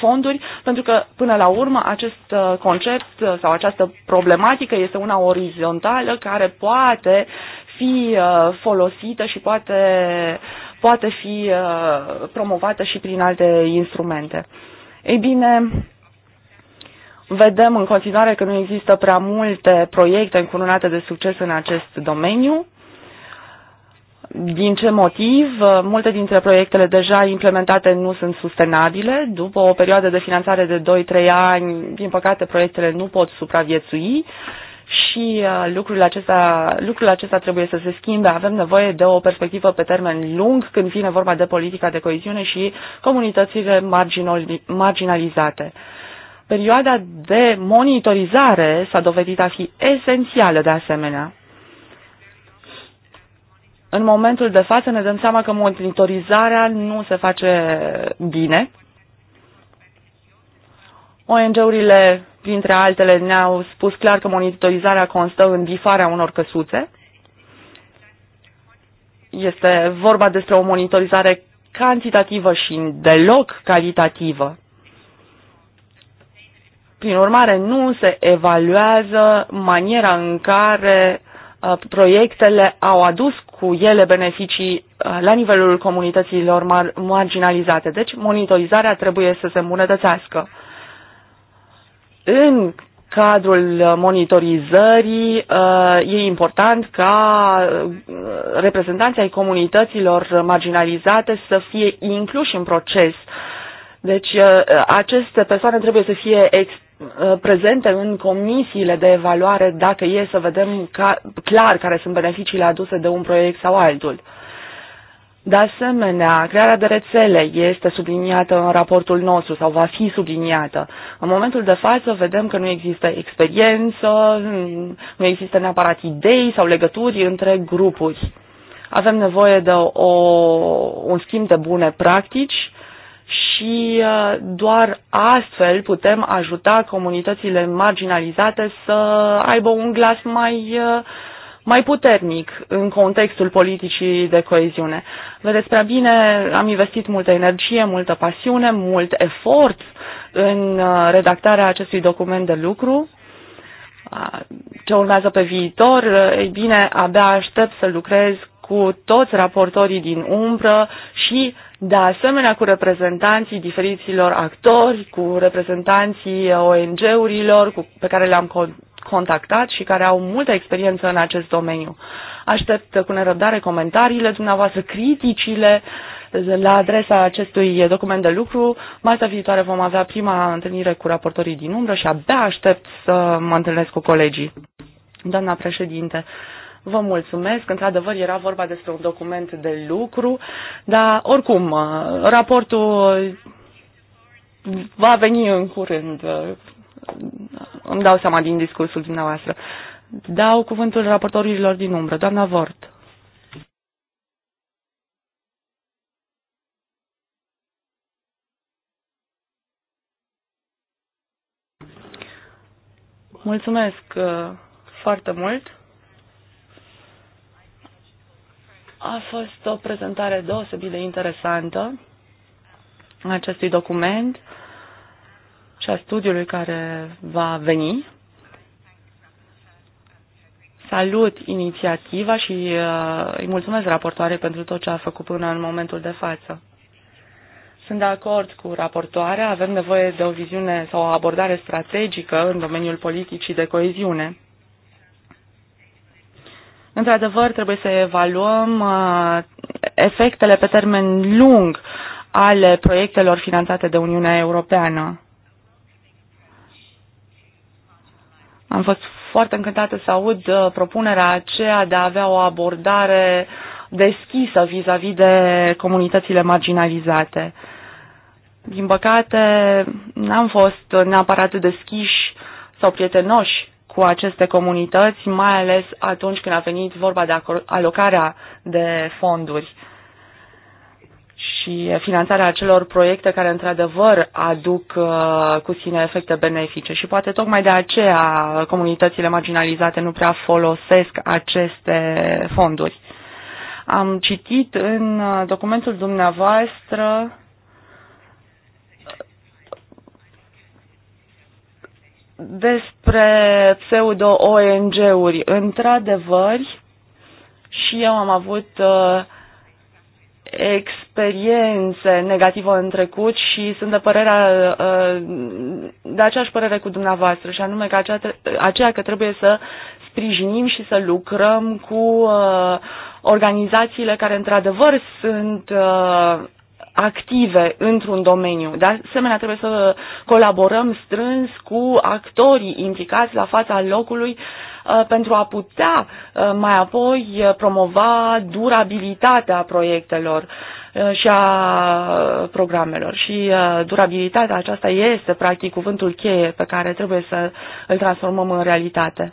[SPEAKER 2] fonduri, pentru că, până la urmă, acest concept sau această problematică este una orizontală care poate fi uh, folosită și poate, poate fi uh, promovată și prin alte instrumente. Ei bine, vedem în continuare că nu există prea multe proiecte încununate de succes în acest domeniu. Din ce motiv? Multe dintre proiectele deja implementate nu sunt sustenabile. După o perioadă de finanțare de 2-3 ani, din păcate, proiectele nu pot supraviețui și uh, lucrul acesta, lucrul acesta trebuie să se schimbe. Avem nevoie de o perspectivă pe termen lung când vine vorba de politica de coeziune și comunitățile marginalizate. Perioada de monitorizare s-a dovedit a fi esențială de asemenea. În momentul de față ne dăm seama că monitorizarea nu se face bine. ONG-urile printre altele, ne-au spus clar că monitorizarea constă în bifarea unor căsuțe. Este vorba despre o monitorizare cantitativă și deloc calitativă. Prin urmare, nu se evaluează maniera în care uh, proiectele au adus cu ele beneficii uh, la nivelul comunităților mar marginalizate. Deci, monitorizarea trebuie să se îmbunătățească în cadrul monitorizării uh, e important ca uh, reprezentanții ai comunităților marginalizate să fie incluși în proces. Deci uh, aceste persoane trebuie să fie prezente în comisiile de evaluare dacă e să vedem clar care sunt beneficiile aduse de un proiect sau altul. De asemenea, crearea de rețele este subliniată în raportul nostru sau va fi subliniată. În momentul de față vedem că nu există experiență, nu există neapărat idei sau legături între grupuri. Avem nevoie de o, un schimb de bune practici și uh, doar astfel putem ajuta comunitățile marginalizate să aibă un glas mai uh, mai puternic în contextul politicii de coeziune. Vedeți prea bine, am investit multă energie, multă pasiune, mult efort în uh, redactarea acestui document de lucru. Uh, ce urmează pe viitor? Ei bine, abia aștept să lucrez cu toți raportorii din umbră și, de asemenea, cu reprezentanții diferiților actori, cu reprezentanții ONG-urilor pe care le-am contactat și care au multă experiență în acest domeniu. Aștept cu nerăbdare comentariile dumneavoastră, criticile la adresa acestui document de lucru. Marta viitoare vom avea prima întâlnire cu raportorii din umbră și abia aștept să mă întâlnesc cu colegii. Doamna președinte, Vă mulțumesc, într-adevăr era vorba despre un document de lucru, dar oricum, raportul va veni în curând îmi dau seama din discursul dumneavoastră. Dau cuvântul raportorilor din umbră. Doamna Vort. Mulțumesc uh, foarte mult. A fost o prezentare deosebit de interesantă acestui document și a studiului care va veni. Salut inițiativa și uh, îi mulțumesc raportoare pentru tot ce a făcut până în momentul de față. Sunt de acord cu raportoarea, avem nevoie de o viziune sau o abordare strategică în domeniul politicii de coeziune. Într-adevăr, trebuie să evaluăm uh, efectele pe termen lung ale proiectelor finanțate de Uniunea Europeană. Am fost foarte încântată să aud uh, propunerea aceea de a avea o abordare deschisă vis-a-vis -vis de comunitățile marginalizate. Din păcate, n-am fost neapărat deschiși sau prietenoși cu aceste comunități, mai ales atunci când a venit vorba de alocarea de fonduri și finanțarea acelor proiecte care într-adevăr aduc uh, cu sine efecte benefice și poate tocmai de aceea comunitățile marginalizate nu prea folosesc aceste fonduri. Am citit în uh, documentul dumneavoastră despre pseudo-ONG-uri. Într-adevăr, și eu am avut uh, ex experiențe negative în trecut și sunt de părerea, uh, de aceeași părere cu dumneavoastră, și anume că aceea, aceea că trebuie să sprijinim și să lucrăm cu uh, organizațiile care într-adevăr sunt uh, active într-un domeniu. De asemenea, trebuie să colaborăm strâns cu actorii implicați la fața locului pentru a putea mai apoi promova durabilitatea proiectelor. Uh, și a programelor. Și uh, durabilitatea aceasta este, practic, cuvântul cheie pe care trebuie să îl transformăm în realitate.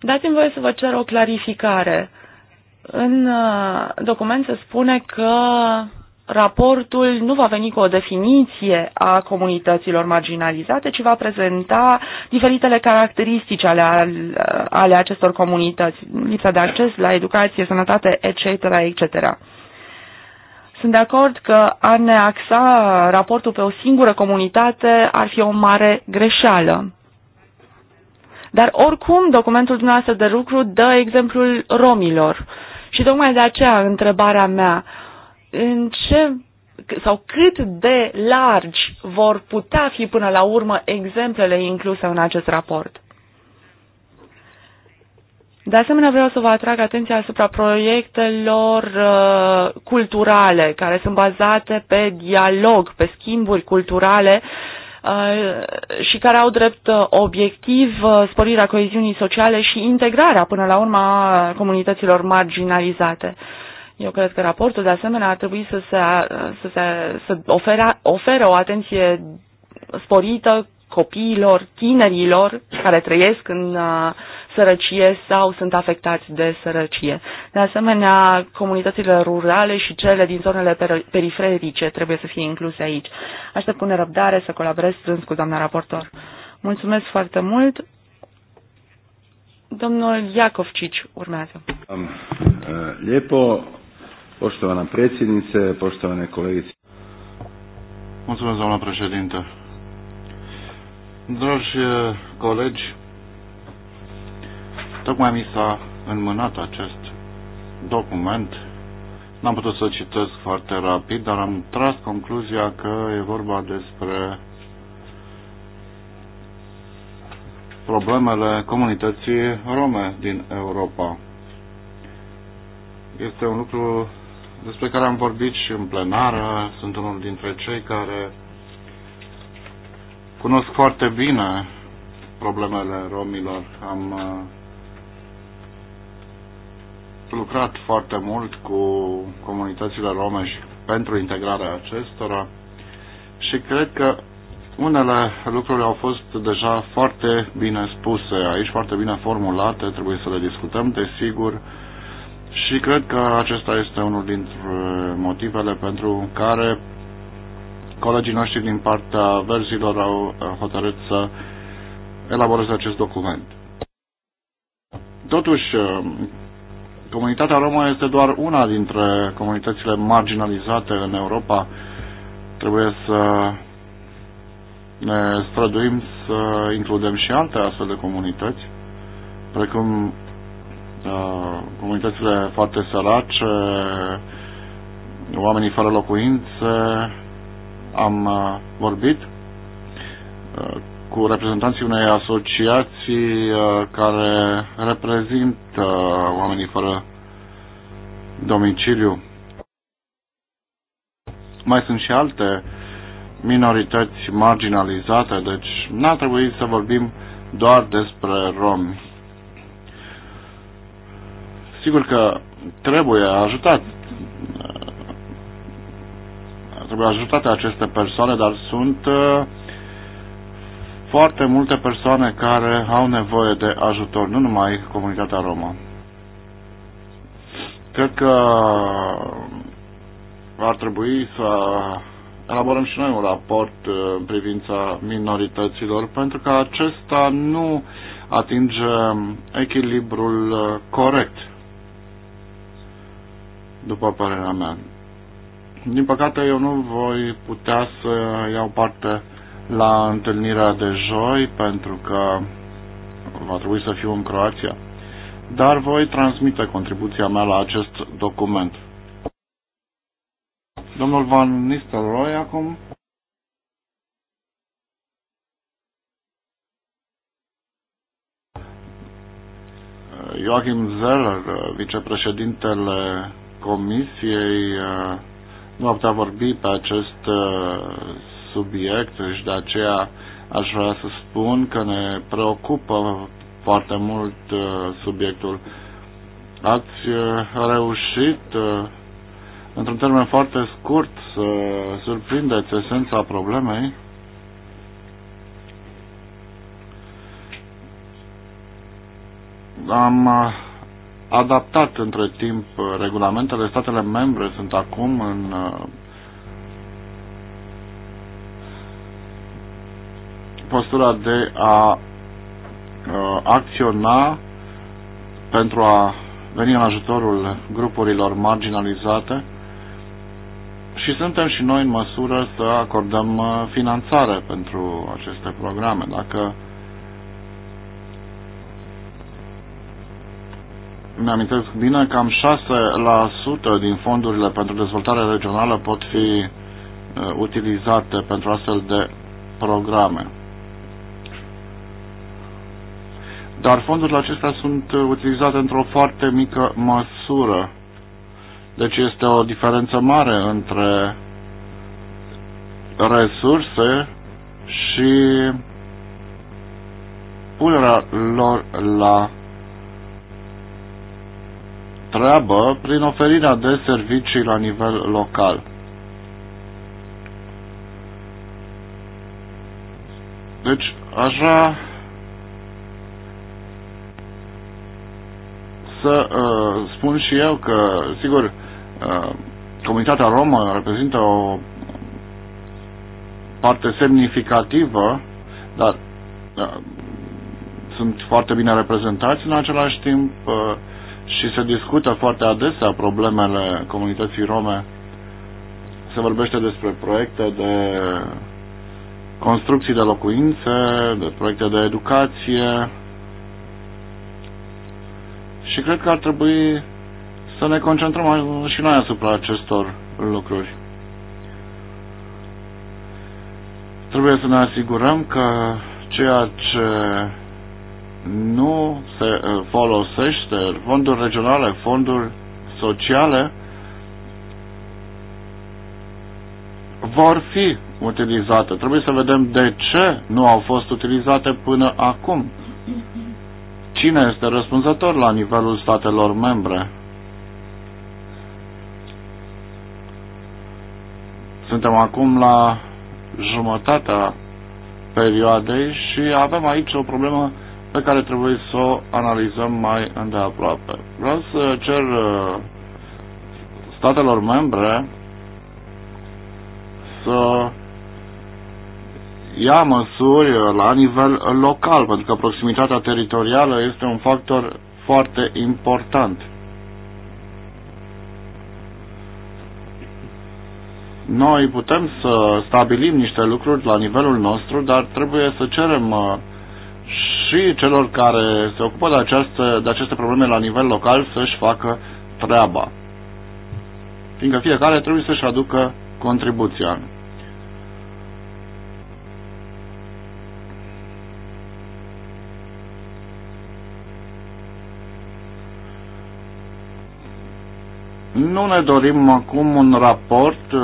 [SPEAKER 2] Dați-mi voie să vă cer o clarificare. În uh, document se spune că raportul nu va veni cu o definiție a comunităților marginalizate, ci va prezenta diferitele caracteristici ale, ale acestor comunități, lipsa de acces la educație, sănătate, etc., etc. Sunt de acord că a ne axa raportul pe o singură comunitate ar fi o mare greșeală. Dar oricum, documentul dumneavoastră de lucru dă exemplul romilor. Și tocmai de aceea întrebarea mea, uh, în ce sau cât de largi vor putea fi până la urmă exemplele incluse în acest raport. De asemenea, vreau să vă atrag atenția asupra proiectelor uh, culturale care sunt bazate pe dialog, pe schimburi culturale uh, și care au drept uh, obiectiv uh, sporirea coeziunii sociale și integrarea până la urma comunităților marginalizate. Uh, eu cred că raportul, de asemenea, ar trebui să, se, să, se, să ofere, ofere o atenție sporită copiilor, tinerilor care trăiesc în uh, sărăcie sau sunt afectați de sărăcie. De asemenea, comunitățile rurale și cele din zonele periferice trebuie să fie incluse aici. Aștept cu nerăbdare să colaborez strâns cu doamna raportor. Mulțumesc foarte mult. Domnul Iacovcici urmează.
[SPEAKER 3] Um, uh, lepo Poštovana predsjednice, poštovane kolegice. Mulțumesc, doamna președinte. Dragi eh, colegi, tocmai mi s-a înmânat acest document. N-am putut să citesc foarte rapid, dar am tras concluzia că e vorba despre problemele comunității rome din Europa. Este un lucru despre care am vorbit și în plenară. Sunt unul dintre cei care cunosc foarte bine problemele romilor. Am uh, lucrat foarte mult cu comunitățile rome și pentru integrarea acestora și cred că unele lucruri au fost deja foarte bine spuse aici, foarte bine formulate, trebuie să le discutăm, desigur, și cred că acesta este unul dintre motivele pentru care colegii noștri din partea verzilor au hotărât să elaboreze acest document. Totuși, um, comunitatea romă este doar una dintre comunitățile marginalizate în Europa. Trebuie să ne străduim să includem și alte astfel de comunități, precum Uh, comunitățile foarte sărace, oamenii fără locuințe, am uh, vorbit uh, cu reprezentanții unei asociații care reprezintă oamenii fără domiciliu. Mai sunt și alte minorități marginalizate, deci n a trebuit să vorbim doar despre romi. Sigur că trebuie ajutat trebuie ajutate aceste persoane, dar sunt uh, foarte multe persoane care au nevoie de ajutor, nu numai comunitatea romă. Cred că ar trebui să elaborăm și noi un raport uh, în privința minorităților, pentru că acesta nu atinge echilibrul uh, corect după părerea mea. Din păcate, eu nu voi putea să iau parte la întâlnirea de joi, pentru că va trebui să fiu în Croația, dar voi transmite contribuția mea la acest document. Domnul Van Nistelrooy acum. Joachim Zeller, vicepreședintele Comisiei uh, nu a putea vorbi pe acest uh, subiect și deci de aceea aș vrea să spun că ne preocupă foarte mult uh, subiectul. Ați reușit într-un termen foarte scurt să surprindeți esența problemei? Am adaptat între timp uh, regulamentele. Statele membre sunt acum în uh, postura de a uh, acționa pentru a veni în ajutorul grupurilor marginalizate și suntem și noi în măsură să acordăm finanțare pentru aceste programe. Dacă mi-amintesc bine, cam 6% din fondurile pentru dezvoltare regională pot fi uh, utilizate pentru astfel de programe. Dar fondurile acestea sunt uh, utilizate într-o foarte mică măsură. Deci este o diferență mare între resurse și punerea lor la treabă prin oferirea de servicii la nivel local. Deci, așa să uh, spun și eu că, sigur, uh, comunitatea romă reprezintă o parte semnificativă, dar uh, sunt foarte bine reprezentați în același timp. Uh, și se discută foarte adesea problemele comunității rome. Se vorbește despre proiecte de construcții de locuințe, de proiecte de educație și cred că ar trebui să ne concentrăm și noi asupra acestor lucruri. Trebuie să ne asigurăm că ceea ce nu se uh, folosește fonduri regionale, fonduri sociale, vor fi utilizate. Trebuie să vedem de ce nu au fost utilizate până acum. Cine este răspunzător la nivelul statelor membre? Suntem acum la jumătatea perioadei și avem aici o problemă pe care trebuie să o analizăm mai îndeaproape. Vreau să cer uh, statelor membre să ia măsuri uh, la nivel uh, local, pentru că proximitatea teritorială este un factor foarte important. Noi putem să stabilim niște lucruri la nivelul nostru, dar trebuie să cerem și celor care se ocupă de, această, de aceste probleme la nivel local să-și facă treaba. Fiindcă fiecare trebuie să-și aducă contribuția. Nu ne dorim acum un raport uh,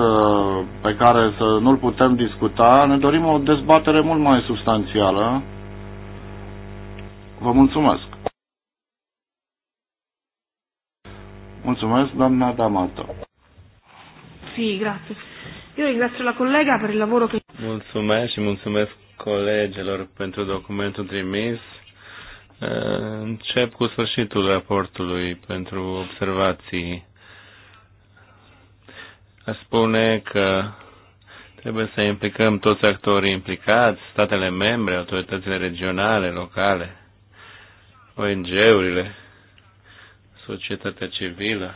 [SPEAKER 3] pe care să nu-l putem discuta, ne dorim o dezbatere mult mai substanțială Vă mulțumesc! Mulțumesc, doamna D'Amato.
[SPEAKER 2] Sì, grazie. Io ringrazio la collega per il lavoro che...
[SPEAKER 4] Mulțumesc și mulțumesc colegilor pentru documentul trimis. Eh, încep cu sfârșitul raportului pentru observații. A spune că trebuie să implicăm toți actorii implicați, statele membre, autoritățile regionale, locale. ONG-urile, societatea civilă.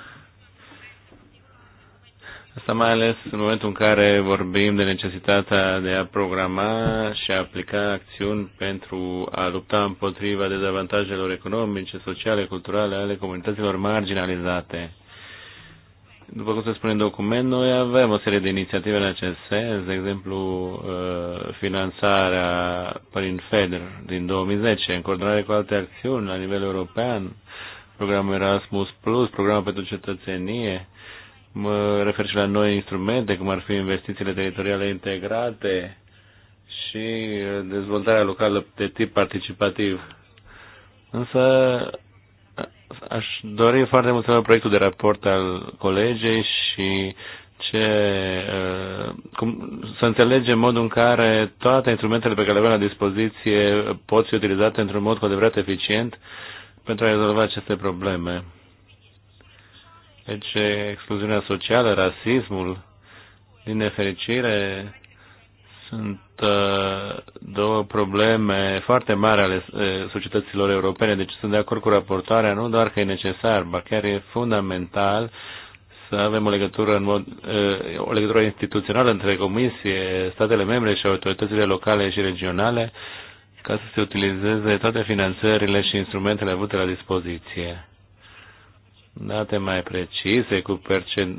[SPEAKER 4] Asta mai ales în momentul în care vorbim de necesitatea de a programa și a aplica acțiuni pentru a lupta împotriva dezavantajelor economice, sociale, culturale ale comunităților marginalizate. După cum se spune în document, noi avem o serie de inițiative în acest sens, de exemplu uh, finanțarea prin FEDER din 2010, în coordonare cu alte acțiuni la nivel european, programul Erasmus+, Plus, programul pentru cetățenie, mă refer și la noi instrumente, cum ar fi investițiile teritoriale integrate și dezvoltarea locală de tip participativ. Însă aș dori foarte mult să văd proiectul de raport al colegei și ce, uh, cum, să înțelegem modul în care toate instrumentele pe care le avem la dispoziție pot fi utilizate într-un mod cu adevărat eficient pentru a rezolva aceste probleme. Deci, excluziunea socială, rasismul, din nefericire, sunt două probleme foarte mari ale eh, societăților europene, deci sunt de acord cu raportarea, nu doar că e necesar, ba chiar e fundamental să avem o legătură, în mod, eh, o legătură instituțională între Comisie, statele membre și autoritățile locale și regionale ca să se utilizeze toate finanțările și instrumentele avute la dispoziție date mai precise cu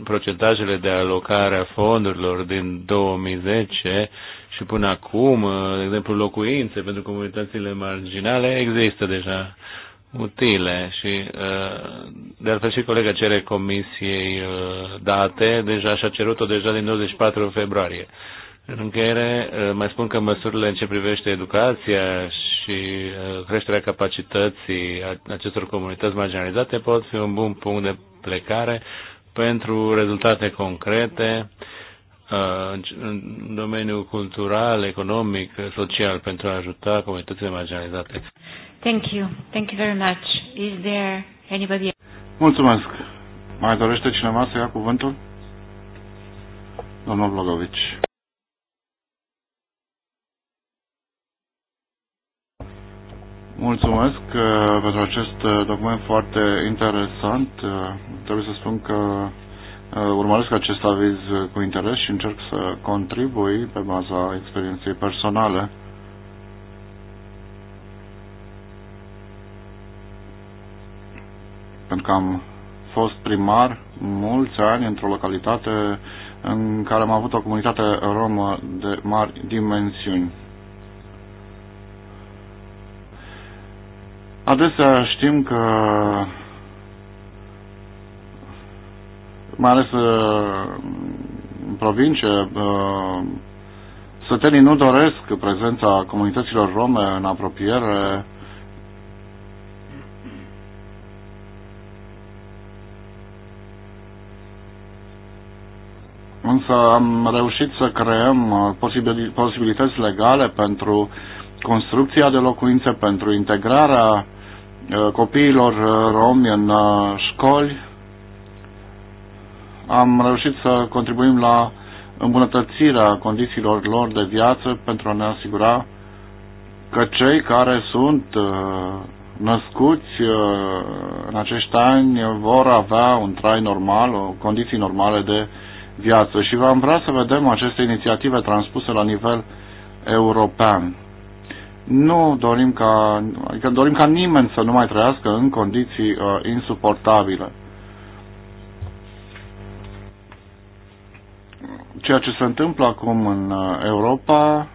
[SPEAKER 4] procentajele de alocare a fondurilor din 2010 și până acum, uh, de exemplu, locuințe pentru comunitățile marginale există deja utile și uh, de altfel și colega cere comisiei uh, date, deja și-a cerut-o deja din 24 februarie. În încheiere, eh, mai spun că măsurile în ce privește educația și eh, creșterea capacității acestor comunități marginalizate pot fi un bun punct de plecare pentru rezultate concrete eh, în domeniul cultural, economic, social,
[SPEAKER 3] pentru a ajuta comunitățile marginalizate.
[SPEAKER 1] Thank you. Thank you very much. Is there anybody else?
[SPEAKER 3] Mulțumesc. Mai dorește cineva să ia cuvântul? Domnul Vlogovici. Mulțumesc uh, pentru acest uh, document foarte interesant. Uh, trebuie să spun că urmăresc acest aviz cu interes și încerc să contribui pe baza experienței personale. Pentru că am fost primar mulți ani într-o localitate în care am avut o comunitate romă de mari dimensiuni. Adesea știm că mai ales uh, în provincie uh, sătenii nu doresc prezența comunităților rome în apropiere însă am reușit să creăm uh, posibilități legale pentru construcția de locuințe, pentru integrarea uh, copiilor uh, romi în uh, școli. Am reușit să contribuim la îmbunătățirea condițiilor lor de viață pentru a ne asigura că cei care sunt născuți în acești ani vor avea un trai normal, o condiții normale de viață și am vrea să vedem aceste inițiative transpuse la nivel european. Nu dorim ca, adică dorim ca nimeni să nu mai trăiască în condiții uh, insuportabile. Ceea ce se întâmplă acum în uh, Europa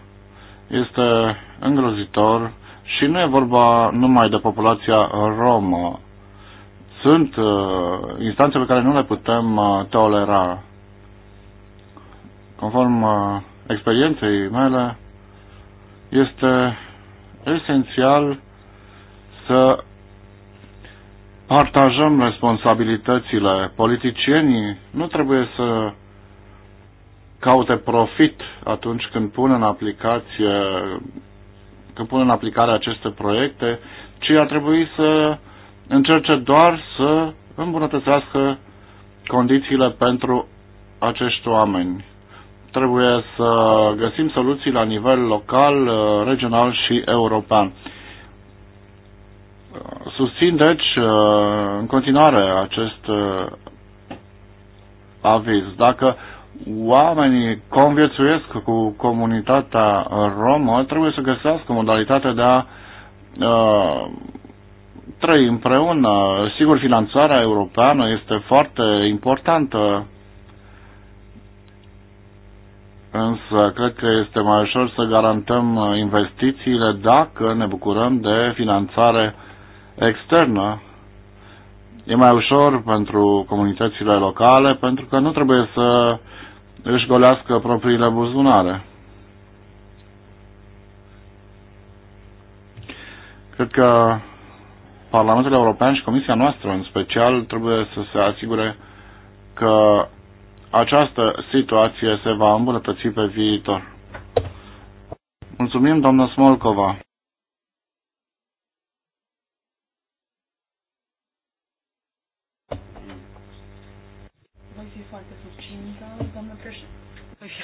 [SPEAKER 3] este îngrozitor și nu e vorba numai de populația romă. Sunt uh, instanțe pe care nu le putem uh, tolera. Conform uh, experienței mele, este esențial să partajăm responsabilitățile. Politicienii nu trebuie să caute profit atunci când pun în aplicație când pun în aplicare aceste proiecte, ci ar trebui să încerce doar să îmbunătățească condițiile pentru acești oameni trebuie să găsim soluții la nivel local, uh, regional și european. Uh, susțin, deci, uh, în continuare acest aviz. Dacă oamenii conviețuiesc cu comunitatea romă, trebuie să găsească modalitatea de a trăi împreună. Sigur, finanțarea europeană este foarte importantă Însă cred că este mai ușor să garantăm investițiile dacă ne bucurăm de finanțare externă. E mai ușor pentru comunitățile locale pentru că nu trebuie să își golească propriile buzunare. Cred că Parlamentul European și Comisia noastră în special trebuie să se asigure că această situație se va îmbunătăți pe viitor. Mulțumim, doamna Smolcova.
[SPEAKER 1] Voi fi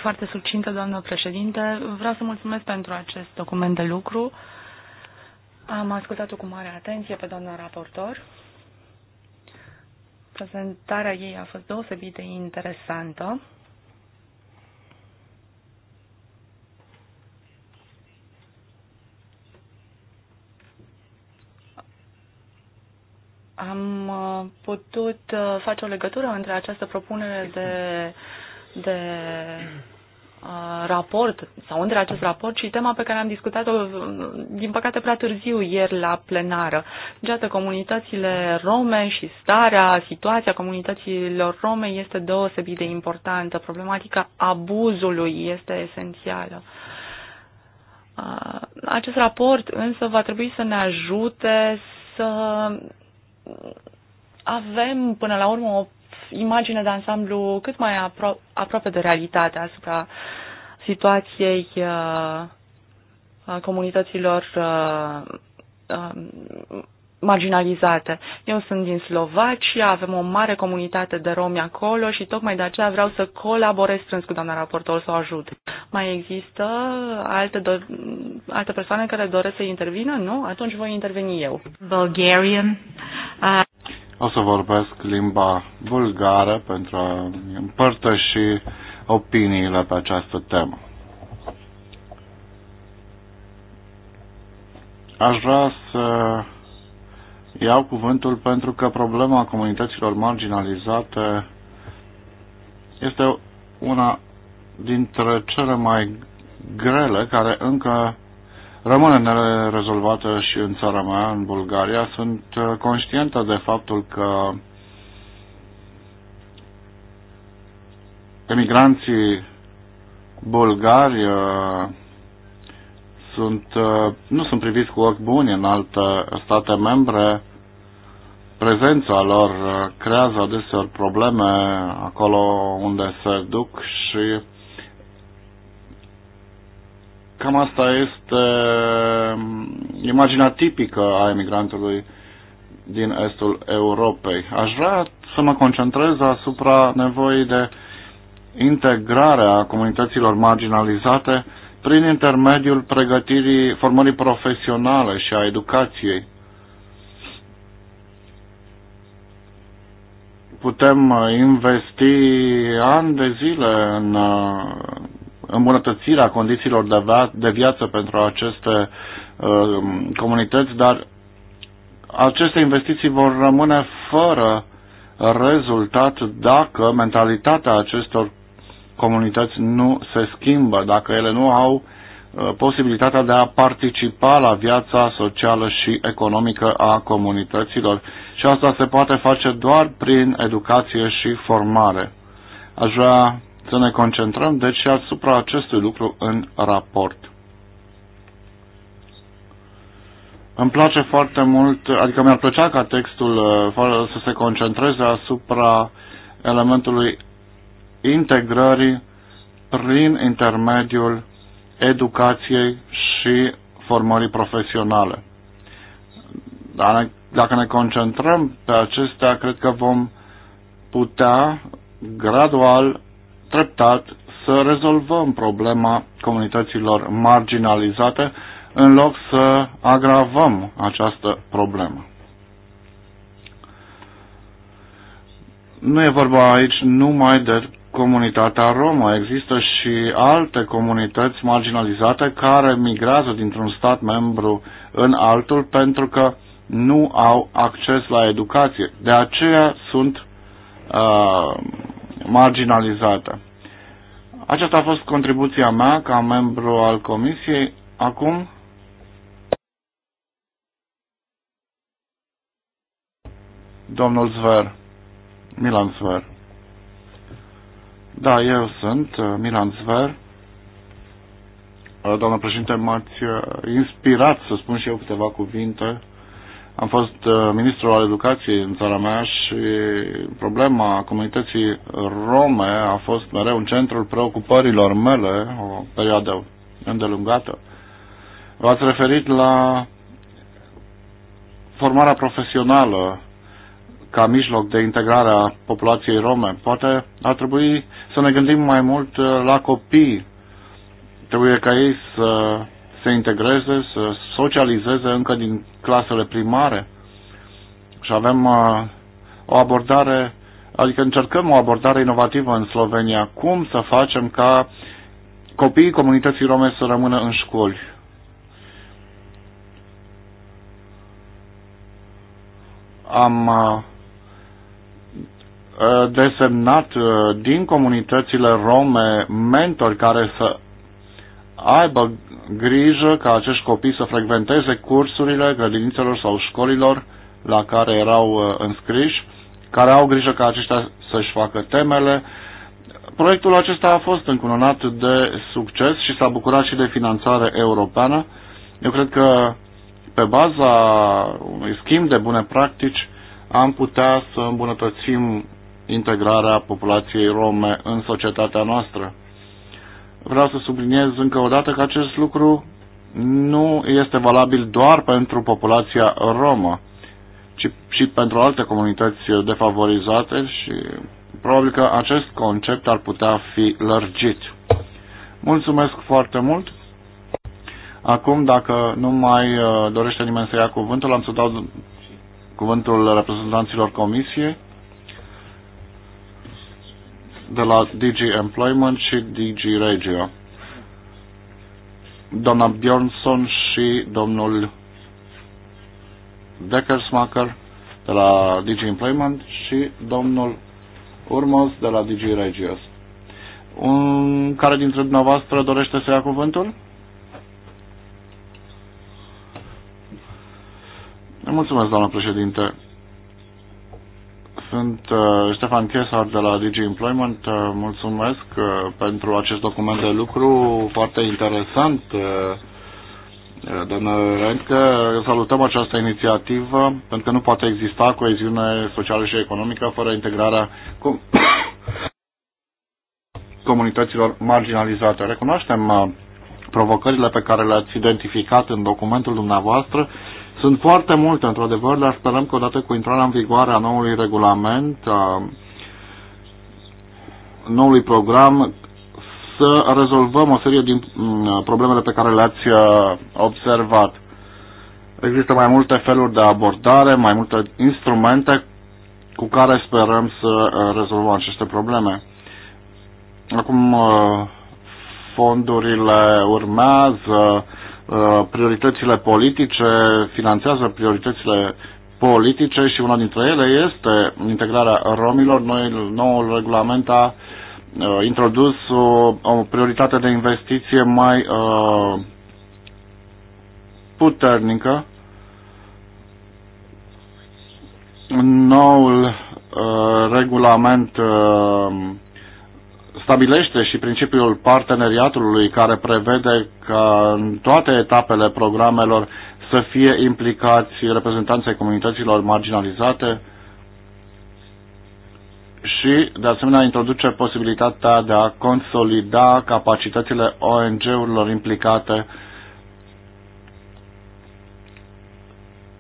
[SPEAKER 2] foarte succintă, doamnă președinte. Vreau să mulțumesc pentru acest document de lucru. Am ascultat-o cu mare atenție pe doamna raportor. Prezentarea ei a fost deosebit de interesantă. Am uh, putut uh, face o legătură între această propunere de, de Uh, raport sau între acest raport și tema pe care am discutat-o, uh, din păcate, prea târziu ieri la plenară. Iată, comunitățile rome și starea, situația comunităților rome este deosebit de importantă. Problematica abuzului este esențială. Uh, acest raport însă va trebui să ne ajute să avem până la urmă o imagine de ansamblu cât mai apro- aproape de realitate asupra situației uh, comunităților uh, um, marginalizate. Eu sunt din Slovacia, avem o mare comunitate de romi acolo și tocmai de aceea vreau să colaborez strâns cu doamna raportor, să o ajut. Mai există alte, do- alte persoane care doresc să intervină? Nu? Atunci voi interveni eu.
[SPEAKER 1] Bulgarian.
[SPEAKER 2] Uh...
[SPEAKER 3] O să vorbesc limba bulgară pentru a împărtăși opiniile pe această temă. Aș vrea să iau cuvântul pentru că problema comunităților marginalizate este una dintre cele mai grele care încă rămâne nerezolvată și în țara mea, în Bulgaria. Sunt uh, conștientă de faptul că emigranții bulgari uh, sunt, uh, nu sunt priviți cu ochi buni în alte state membre. Prezența lor creează adeseori probleme acolo unde se duc și Cam asta este um, imaginea tipică a emigrantului din estul Europei. Aș vrea să mă concentrez asupra nevoii de integrare a comunităților marginalizate prin intermediul pregătirii formării profesionale și a educației. Putem uh, investi ani de zile în uh, îmbunătățirea condițiilor de, de viață pentru aceste uh, comunități, dar aceste investiții vor rămâne fără rezultat dacă mentalitatea acestor comunități nu se schimbă, dacă ele nu au uh, posibilitatea de a participa la viața socială și economică a comunităților. Și asta se poate face doar prin educație și formare. Aș vrea să ne concentrăm deci și asupra acestui lucru în raport. Îmi place foarte mult, adică mi-ar plăcea ca textul uh, să se concentreze asupra elementului integrării prin intermediul educației și formării profesionale. Dar dacă ne concentrăm pe acestea, cred că vom putea gradual treptat să rezolvăm problema comunităților marginalizate în loc să agravăm această problemă. Nu e vorba aici numai de comunitatea romă. Există și alte comunități marginalizate care migrează dintr-un stat membru în altul pentru că nu au acces la educație. De aceea sunt uh, marginalizată. Aceasta a fost contribuția mea ca membru al comisiei. Acum domnul Zver, Milan Zver. Da, eu sunt uh, Milan Zver. Uh, Doamna președinte, m-ați uh, inspirat să spun și eu câteva cuvinte am fost uh, ministru al educației în țara mea și problema comunității rome a fost mereu în centrul preocupărilor mele, o perioadă îndelungată. V-ați referit la formarea profesională ca mijloc de integrare a populației rome. Poate ar trebui să ne gândim mai mult uh, la copii. Trebuie ca ei să se integreze, să socializeze încă din clasele primare și avem uh, o abordare, adică încercăm o abordare inovativă în Slovenia. Cum să facem ca copiii comunității rome să rămână în școli? Am uh, uh, desemnat din comunitățile rome mentori care să aibă grijă ca acești copii să frecventeze cursurile grădinițelor sau școlilor la care erau uh, înscriși, care au grijă ca aceștia să-și facă temele. Proiectul acesta a fost încununat de succes și s-a bucurat și de finanțare europeană. Eu cred că pe baza unui schimb de bune practici am putea să îmbunătățim integrarea populației rome în societatea noastră. Vreau să subliniez încă o dată că acest lucru nu este valabil doar pentru populația romă, ci și pentru alte comunități defavorizate și probabil că acest concept ar putea fi lărgit. Mulțumesc foarte mult! Acum, dacă nu mai uh, dorește nimeni să ia cuvântul, am să dau cuvântul reprezentanților comisiei de la DG Employment și DG Regio. Doamna Bjornson și domnul Deckersmacher de la DG Employment și domnul Urmos de la DG Regios. Un care dintre dumneavoastră dorește să ia cuvântul? Mulțumesc, doamnă președinte. Sunt uh, Ștefan Chesar de la Digi Employment. Uh, mulțumesc uh, pentru acest document de lucru foarte interesant. Uh, uh Doamnă Rencă, salutăm această inițiativă pentru că nu poate exista coeziune socială și economică fără integrarea cu comunităților marginalizate. Recunoaștem uh, provocările pe care le-ați identificat în documentul dumneavoastră sunt foarte multe, într-adevăr, dar sperăm că odată cu intrarea în vigoare a noului regulament, a noului program, să rezolvăm o serie din mm, problemele pe care le-ați uh, observat. Există mai multe feluri de abordare, mai multe instrumente cu care sperăm să uh, rezolvăm aceste probleme. Acum uh, fondurile urmează Uh, prioritățile politice, finanțează prioritățile politice și una dintre ele este integrarea romilor. Noi, noul regulament a uh, introdus o, o prioritate de investiție mai uh, puternică. Noul regulament stabilește și principiul parteneriatului care prevede că în toate etapele programelor să fie implicați reprezentanții comunităților marginalizate și, de asemenea, introduce posibilitatea de a consolida capacitățile ONG-urilor implicate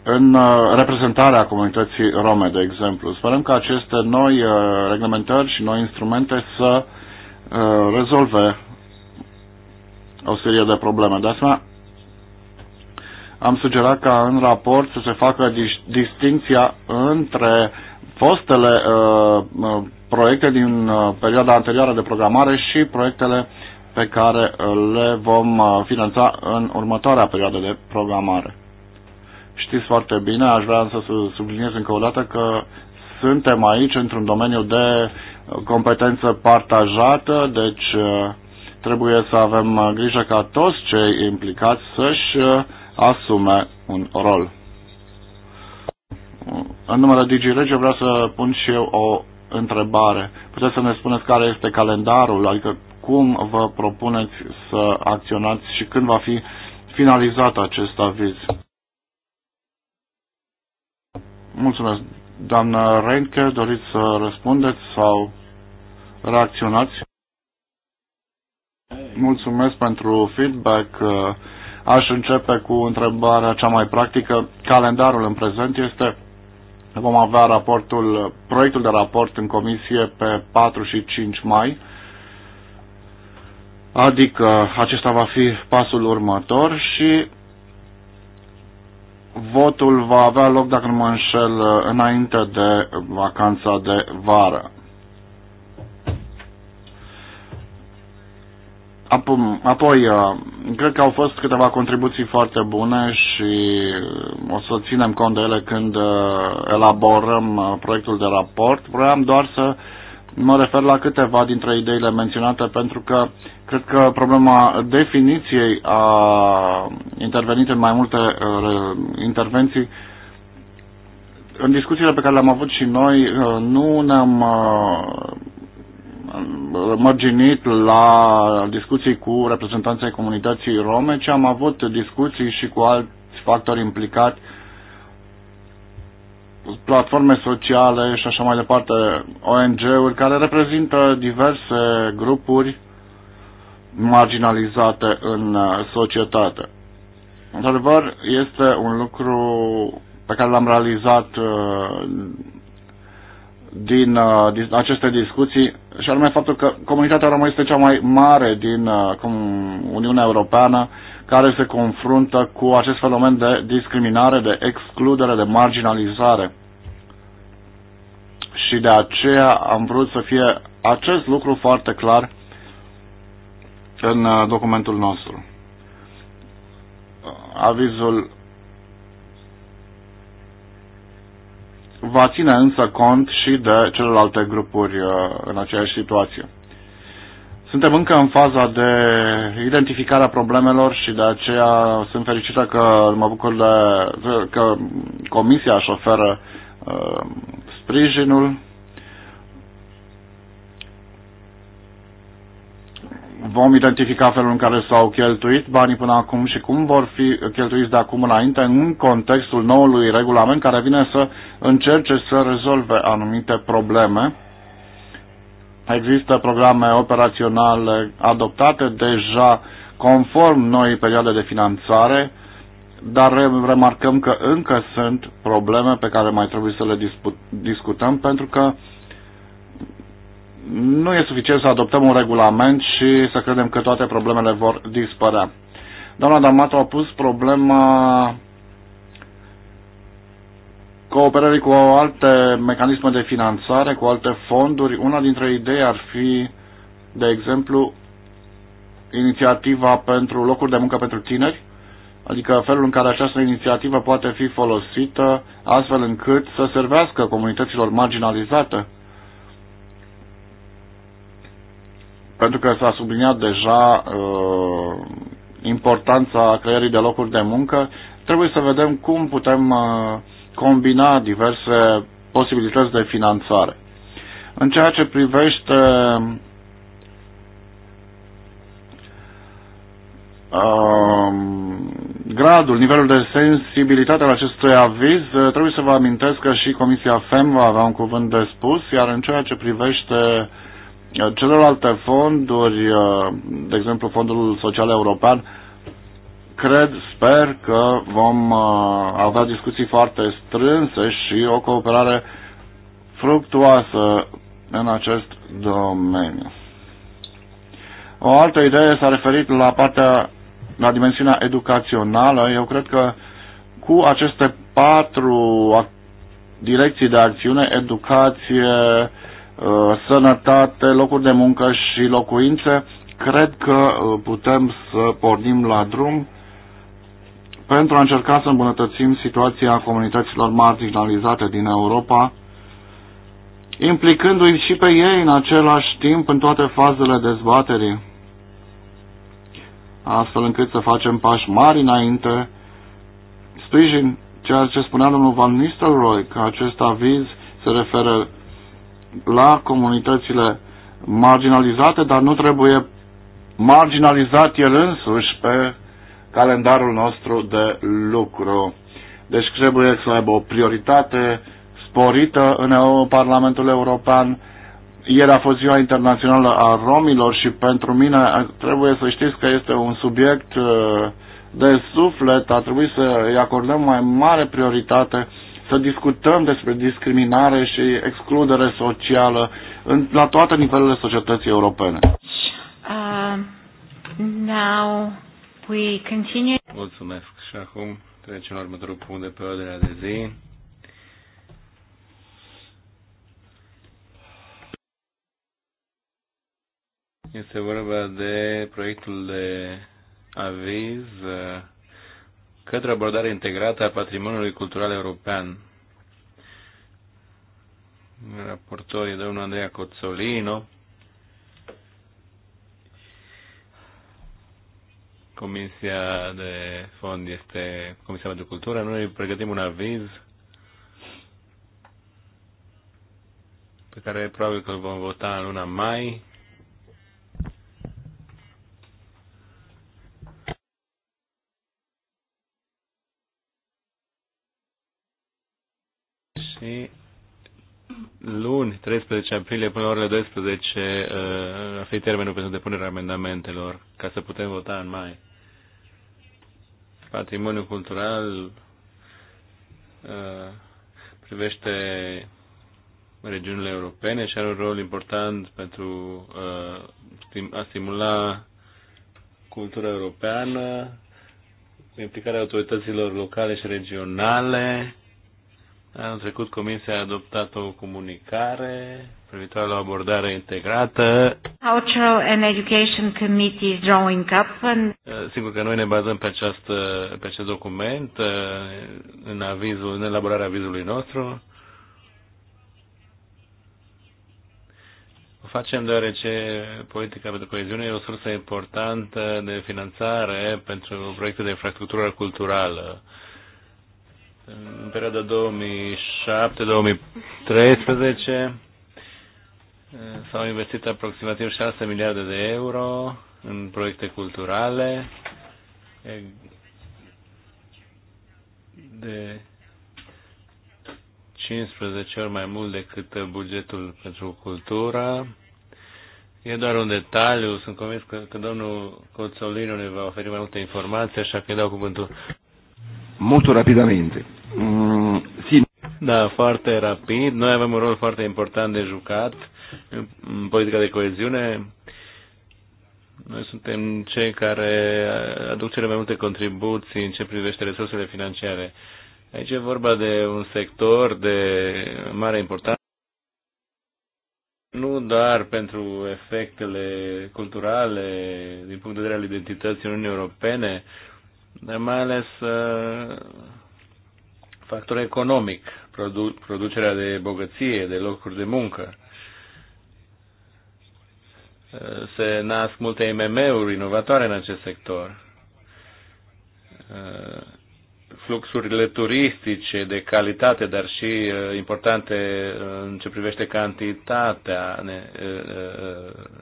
[SPEAKER 3] în uh, reprezentarea comunității rome, de exemplu. Sperăm că aceste noi uh, reglementări și noi instrumente să uh, Uh, rezolve o serie de probleme. De asemenea, am sugerat ca în raport să se facă distinția între fostele uh, uh proiecte din uh, perioada anterioară de programare și proiectele pe care le vom finanța în următoarea perioadă de programare. Știți foarte bine, aș vrea să subliniez încă o dată că suntem aici într-un domeniu de competență partajată, deci uh, trebuie să avem uh, grijă ca toți cei implicați să-și uh, asume un rol. În numele DigiRegio vreau să pun și eu o întrebare. Puteți să ne spuneți care este calendarul, adică cum vă propuneți să acționați și când va fi finalizat acest aviz? Mulțumesc, Doamna Renke, doriți să răspundeți sau reacționați? Mulțumesc pentru feedback. Aș începe cu întrebarea cea mai practică. Calendarul în prezent este vom avea raportul, proiectul de raport în comisie pe 4 și 5 mai. Adică acesta va fi pasul următor și Votul va avea loc, dacă nu mă înșel, înainte de vacanța de vară. Apoi, uh, cred că au fost câteva contribuții foarte bune și uh, o să ținem cont de ele când uh, elaborăm proiectul de raport. Vreau doar să Mă refer la câteva dintre ideile menționate pentru că cred că problema definiției a intervenit în mai multe uh, intervenții. În discuțiile pe care le-am avut și noi, uh, nu ne-am uh, mărginit la discuții cu reprezentanții comunității rome, ci am avut discuții și cu alți factori implicați platforme sociale și așa mai departe, ONG-uri care reprezintă diverse grupuri marginalizate în uh, societate. Într-adevăr, este un lucru pe care l-am realizat uh, din, uh, din aceste discuții și anume faptul că comunitatea română este cea mai mare din Uniunea Europeană care se confruntă cu acest fenomen de discriminare, de excludere, de marginalizare. Și de aceea am vrut să fie acest lucru foarte clar în uh, documentul nostru. Uh, avizul va ține însă cont și de celelalte grupuri uh, în aceeași situație. Suntem încă în faza de identificare a problemelor și de aceea sunt fericită că mă bucur de, că Comisia își oferă uh, sprijinul. Vom identifica felul în care s-au cheltuit banii până acum și cum vor fi cheltuiți de acum înainte în contextul noului regulament care vine să încerce să rezolve anumite probleme Există programe operaționale adoptate deja conform noii perioade de finanțare, dar remarcăm că încă sunt probleme pe care mai trebuie să le discutăm pentru că nu e suficient să adoptăm un regulament și să credem că toate problemele vor dispărea. Doamna D'Amato a pus problema cooperare cu alte mecanisme de finanțare, cu alte fonduri. Una dintre idei ar fi, de exemplu, inițiativa pentru locuri de muncă pentru tineri, adică felul în care această inițiativă poate fi folosită astfel încât să servească comunităților marginalizate. Pentru că s-a subliniat deja uh, importanța creării de locuri de muncă, trebuie să vedem cum putem uh, combina diverse posibilități de finanțare. În ceea ce privește um, gradul, nivelul de sensibilitate al acestui aviz, trebuie să vă amintesc că și Comisia FEM va avea un cuvânt de spus, iar în ceea ce privește uh, celelalte fonduri, uh, de exemplu Fondul Social European, cred, sper că vom uh, avea discuții foarte strânse și o cooperare fructuoasă în acest domeniu. O altă idee s-a referit la partea, la dimensiunea educațională. Eu cred că cu aceste patru direcții de acțiune, educație, uh, sănătate, locuri de muncă și locuințe, cred că uh, putem să pornim la drum pentru a încerca să îmbunătățim situația comunităților marginalizate din Europa, implicându-i și pe ei în același timp în toate fazele dezbaterii, astfel încât să facem pași mari înainte, sprijin ceea ce spunea domnul Van Nistelrooy, că acest aviz se referă la comunitățile marginalizate, dar nu trebuie marginalizat el însuși pe calendarul nostru de lucru. Deci trebuie să aibă o prioritate sporită în Parlamentul European. Ieri a fost ziua internațională a romilor și pentru mine trebuie să știți că este un subiect uh, de suflet, a trebuit să îi acordăm mai mare prioritate, să discutăm despre discriminare și excludere socială în, la toate nivelele societății europene.
[SPEAKER 1] Uh, now We continue.
[SPEAKER 3] Mulțumesc. Și acum
[SPEAKER 4] trecem la următorul punct de pe ordinea de zi. Este vorba de proiectul de aviz uh, către abordare integrată a patrimoniului cultural european. Raportor e domnul Andreea Cozzolino. Comisia de fond este Comisia pentru Cultură. Noi pregătim un aviz pe care probabil că îl vom vota în luna mai luni, 13 aprilie, până la orele 12, uh, a fi termenul pentru depunerea amendamentelor, ca să putem vota în mai. Patrimoniul cultural uh, privește regiunile europene și are un rol important pentru uh, a stimula cultura europeană, implicarea autorităților locale și regionale, Anul trecut Comisia a adoptat o comunicare privitoare la o abordare integrată.
[SPEAKER 1] Cultural and Education Committee is drawing up and...
[SPEAKER 4] Eh, sigur că noi ne bazăm pe, această, pe acest document eh, în, avizul, în elaborarea avizului nostru. O facem deoarece politica pentru coeziune e o sursă importantă de finanțare pentru proiecte de infrastructură culturală în perioada 2007-2013 eh, s-au investit aproximativ 6 miliarde de euro în proiecte culturale de 15 ori mai mult decât bugetul pentru cultură. E doar un detaliu, sunt convins că, că domnul Coțolino ne va oferi mai multe informații, așa că îi dau cuvântul
[SPEAKER 3] molto rapidamente. Mm,
[SPEAKER 4] sì. Da, foarte rapid. Noi avem un rol foarte important de jucat în politica de coeziune. Noi suntem cei care aduc cele mai multe contribuții în ce privește resursele financiare. Aici e vorba de un sector de mare importanță, nu doar pentru efectele culturale din punct de vedere al identității Uniunii Europene, dar mai ales uh, factor economic, produ- producerea de bogăție, de locuri de muncă. Uh, se nasc multe mm uri inovatoare în acest sector. Uh, fluxurile turistice de calitate, dar și importante în ce privește cantitatea, ne,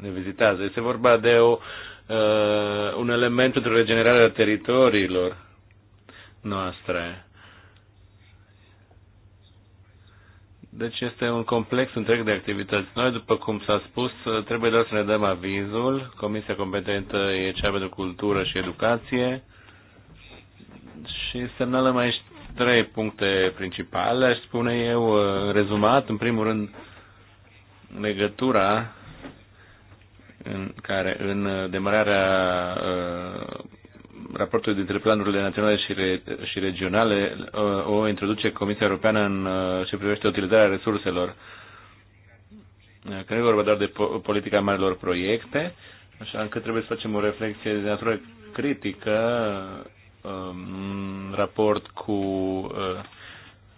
[SPEAKER 4] ne vizitează. Este vorba de o uh, un element pentru regenerarea teritoriilor noastre. Deci este un complex întreg de activități. Noi, după cum s-a spus, trebuie doar să ne dăm avizul. Comisia competentă e cea pentru cultură și educație. Și semnalăm aici trei puncte principale, aș spune eu, rezumat. În primul rând, legătura în care în demararea uh, raportului dintre planurile naționale și, re, și regionale uh, o introduce Comisia Europeană în uh, ce privește utilizarea resurselor. Că nu e vorba doar de politica marilor proiecte, așa încât trebuie să facem o reflexie de natură critică în raport cu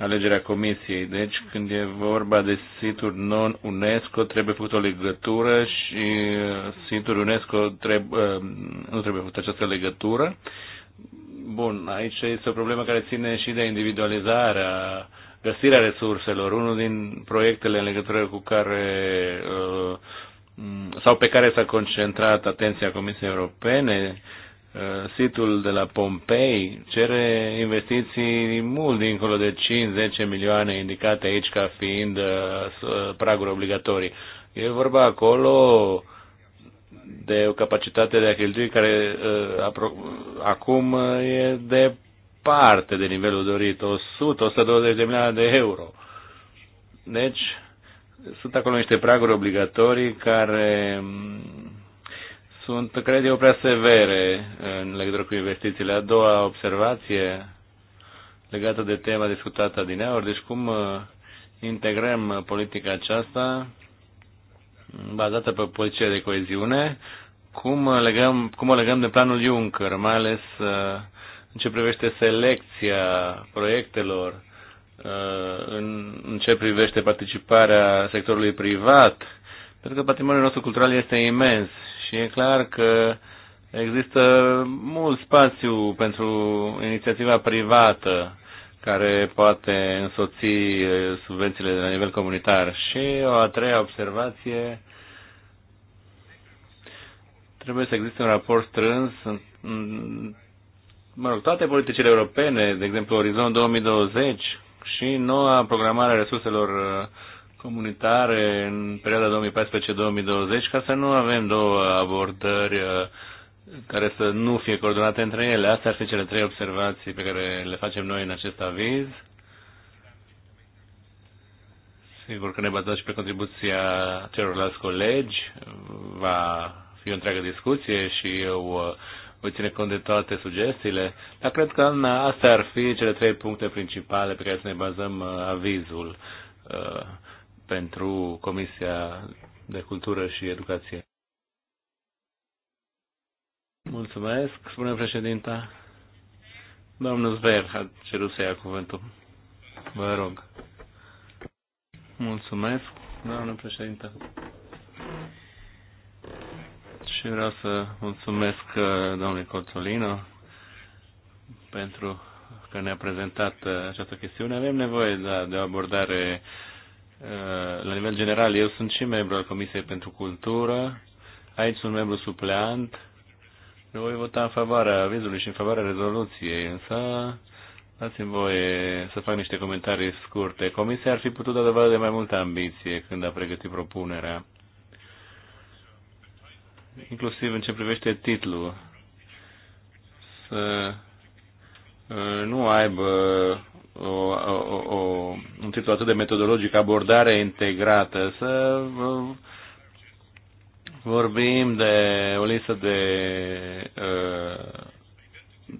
[SPEAKER 4] alegerea comisiei. Deci, când e vorba de situri non-UNESCO, trebuie făcut o legătură și uh, situri UNESCO trebuie, uh, nu trebuie făcut această legătură. Bun, aici este o problemă care ține și de individualizarea, găsirea resurselor. Unul din proiectele în legătură cu care uh, sau pe care s-a concentrat atenția Comisiei Europene Uh, situl de la Pompei cere investiții mult dincolo de 5-10 milioane indicate aici ca fiind uh, uh, praguri obligatorii. E vorba acolo de o capacitate de a cheltui care acum e departe de nivelul dorit, 100-120 de milioane de euro. Deci, sunt acolo niște praguri obligatorii care mm, sunt, cred eu, prea severe în legătură cu investițiile. A doua observație legată de tema discutată aur, deci cum uh, integrăm politica aceasta bazată pe poziția de coeziune, cum, uh, legăm, cum o legăm de planul Juncker, mai ales uh, în ce privește selecția proiectelor, în, în ce privește participarea sectorului privat, pentru că patrimoniul nostru cultural este imens și e clar că există mult spațiu pentru inițiativa privată care poate însoți subvențiile de la nivel comunitar. Și o a treia observație, trebuie să existe un raport strâns mă rog, toate politicile europene, de exemplu Orizont 2020 și noua programare a resurselor comunitare în perioada 2014-2020 ca să nu avem două abordări uh, care să nu fie coordonate între ele. Astea ar fi cele trei observații pe care le facem noi în acest aviz. Sigur că ne bazăm și pe contribuția celorlalți colegi. Va fi o întreagă discuție și eu uh, voi ține cont de toate sugestiile, dar cred că astea ar fi cele trei puncte principale pe care să ne bazăm uh, avizul pentru Comisia de Cultură și Educație. Mulțumesc, spune președinta. Domnul Zver a cerut să ia cuvântul. Vă rog. Mulțumesc, doamnă președinte. Și vreau să mulțumesc uh, domnului Coțolino pentru că ne-a prezentat uh, această chestiune. Avem nevoie da, de o abordare uh, Uh, la nivel general, eu sunt și membru al Comisiei pentru Cultură, aici sunt membru supleant, eu voi vota în favoarea avizului și în favoarea rezoluției, însă dați-mi voie să fac niște comentarii scurte. Comisia ar fi putut da dovadă de mai multă ambiție când a pregătit propunerea, inclusiv în ce privește titlul, să uh, nu aibă o, o, o, un titlu atât de metodologic, abordare integrată, să vorbim de o listă de uh,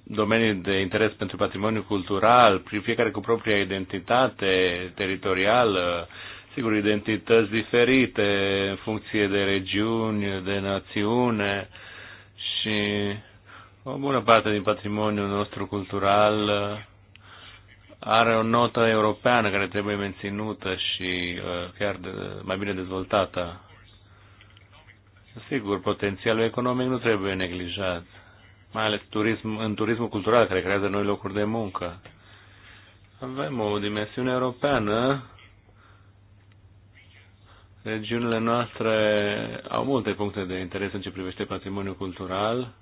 [SPEAKER 4] domenii de interes pentru patrimoniul cultural, fiecare cu propria identitate teritorială, sigur, identități diferite în funcție de regiuni, de națiune și o bună parte din patrimoniul nostru cultural uh, are o notă europeană care trebuie menținută și uh, chiar de, mai bine dezvoltată. Sigur, potențialul economic nu trebuie neglijat, mai ales turism, în turismul cultural care creează noi locuri de muncă. Avem o dimensiune europeană. Regiunile noastre au multe puncte de interes în ce privește patrimoniul cultural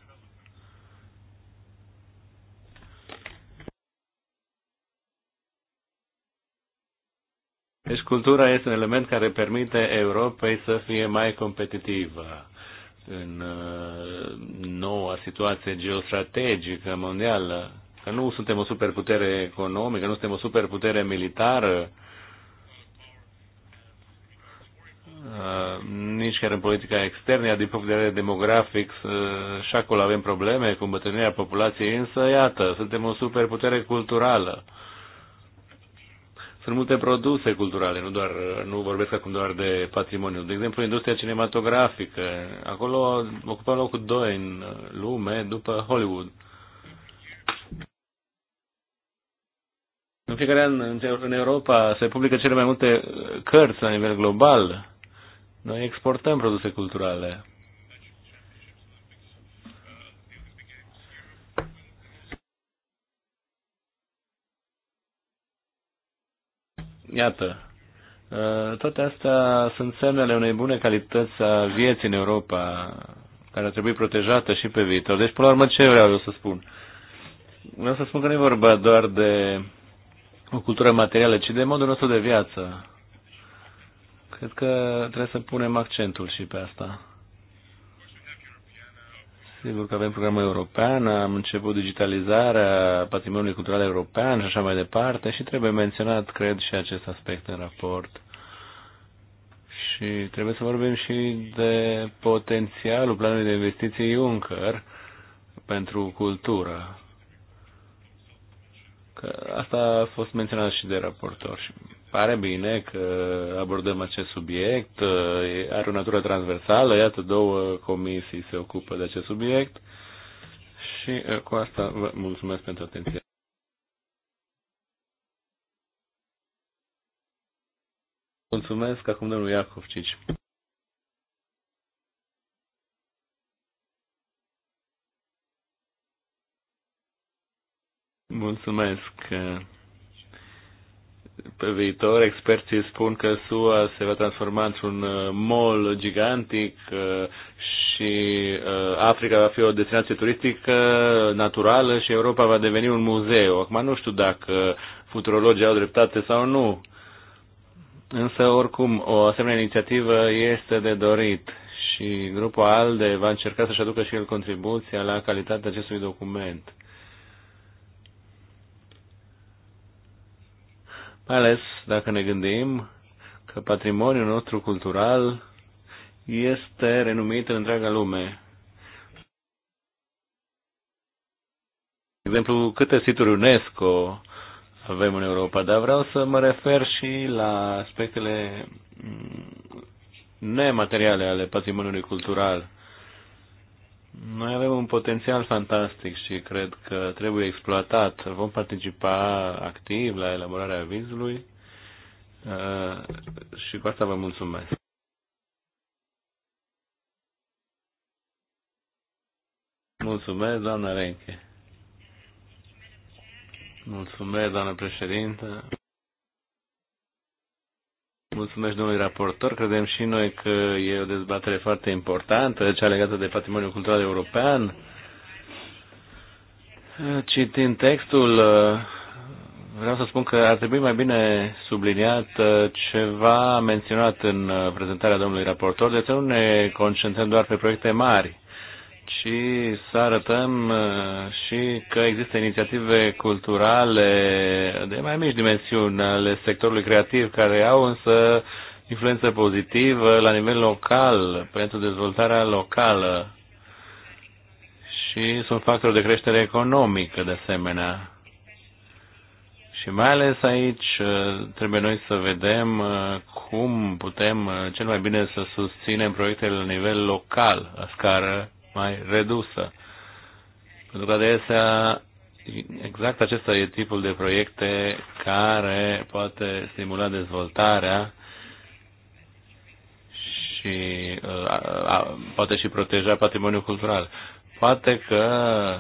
[SPEAKER 4] Deci cultura este un element care permite Europei să fie mai competitivă în uh, noua situație geostrategică mondială, că nu suntem o superputere economică, nu suntem o superputere militară, uh, nici chiar în politica externă, iar din punct de vedere demografic uh, și acolo avem probleme cu îmbătrânirea populației, însă iată, suntem o superputere culturală. Sunt multe produse culturale, nu, doar, nu vorbesc acum doar de patrimoniu. De exemplu, industria cinematografică. Acolo ocupăm locul 2 în lume după Hollywood. În fiecare an în Europa se publică cele mai multe cărți la nivel global. Noi exportăm produse culturale. Iată, uh, toate astea sunt semnele unei bune calități a vieții în Europa, care ar trebui protejată și pe viitor. Deci, până la urmă, ce vreau eu să spun? Vreau să spun că nu e vorba doar de o cultură materială, ci de modul nostru de viață. Cred că trebuie să punem accentul și pe asta. Sigur că avem programul european, am început digitalizarea patrimoniului cultural european și așa mai departe și trebuie menționat, cred, și acest aspect în raport. Și trebuie să vorbim și de potențialul planului de investiții Juncker pentru cultură. Că asta a fost menționat și de raportor. Și pare bine că abordăm acest subiect, are o natură transversală, iată două comisii se ocupă de acest subiect și eh, cu asta vă mulțumesc pentru atenție. Mulțumesc acum domnul Iacov Cici. Mulțumesc pe viitor. Experții spun că SUA se va transforma într-un uh, mall gigantic uh, și uh, Africa va fi o destinație turistică naturală și Europa va deveni un muzeu. Acum nu știu dacă futurologii au dreptate sau nu, însă oricum o asemenea inițiativă este de dorit și grupul ALDE va încerca să-și aducă și el contribuția la calitatea acestui document. mai ales dacă ne gândim că patrimoniul nostru cultural este renumit în întreaga lume. De exemplu, câte situri UNESCO avem în Europa, dar vreau să mă refer și la aspectele mm, nemateriale ale patrimoniului cultural. Noi avem un potențial fantastic și cred că trebuie exploatat. Vom participa activ la elaborarea vizului uh, și cu asta vă mulțumesc. Mulțumesc, doamna Renche. Mulțumesc, doamna președintă. Mulțumesc domnului raportor. Credem și noi că e o dezbatere foarte importantă, cea legată de patrimoniul cultural european. Citind textul, vreau să spun că ar trebui mai bine subliniat uh, ceva menționat în uh, prezentarea domnului raportor, de să nu ne concentrăm doar pe proiecte mari și să arătăm uh, și că există inițiative culturale de mai mici dimensiuni ale sectorului creativ care au însă influență pozitivă la nivel local pentru dezvoltarea locală și sunt factori de creștere economică de asemenea. Și mai ales aici uh, trebuie noi să vedem uh, cum putem cel mai bine să susținem proiectele la nivel local, la scară mai redusă. Pentru că adesea exact acesta e tipul de proiecte care poate stimula dezvoltarea și uh, a, a, poate și proteja patrimoniul cultural. Poate că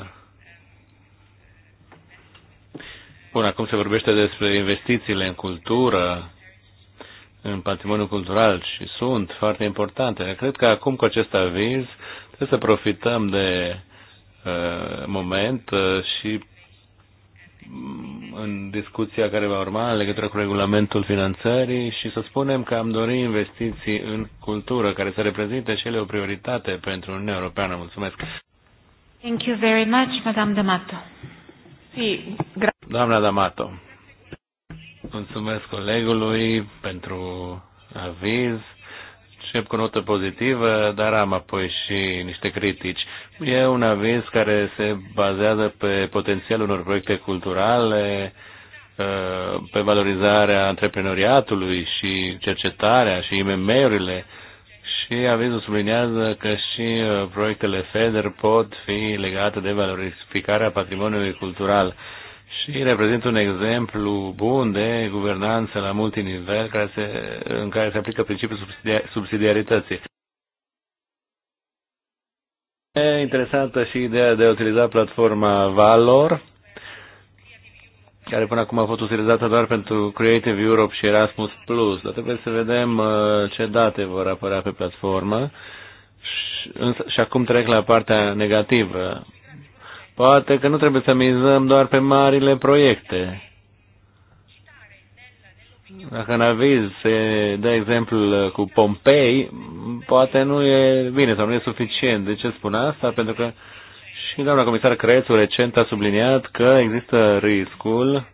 [SPEAKER 4] Bun, acum se vorbește despre investițiile în cultură, în patrimoniul cultural și sunt foarte importante. Cred că acum cu acest aviz Trebuie să profităm de uh, moment uh, și mm, în discuția care va urma în legătură cu regulamentul finanțării și să spunem că am dorit investiții în cultură, care să reprezinte și ele o prioritate pentru Uniunea Europeană. Mulțumesc!
[SPEAKER 1] Thank you very much, Madame D'Amato. Si,
[SPEAKER 4] Doamna D'Amato, mulțumesc colegului pentru aviz încep cu notă pozitivă, dar am apoi și niște critici. E un aviz care se bazează pe potențialul unor proiecte culturale, ă, pe valorizarea antreprenoriatului și cercetarea și IMM-urile și avizul sublinează că și ă, proiectele FEDER pot fi legate de valorificarea patrimoniului cultural și reprezintă un exemplu bun de guvernanță la multinivel care se, în care se aplică principiul subsidiarității. E interesantă și ideea de a utiliza platforma Valor, care până acum a fost utilizată doar pentru Creative Europe și Erasmus+. Plus. Dar trebuie să vedem uh, ce date vor apărea pe platformă. Și, și acum trec la partea negativă Poate că nu trebuie să mizăm doar pe marile proiecte. Dacă în aviz se dă exemplul cu Pompei, poate nu e bine sau nu e suficient. De ce spun asta? Pentru că și doamna comisar Crețu recent a subliniat că există riscul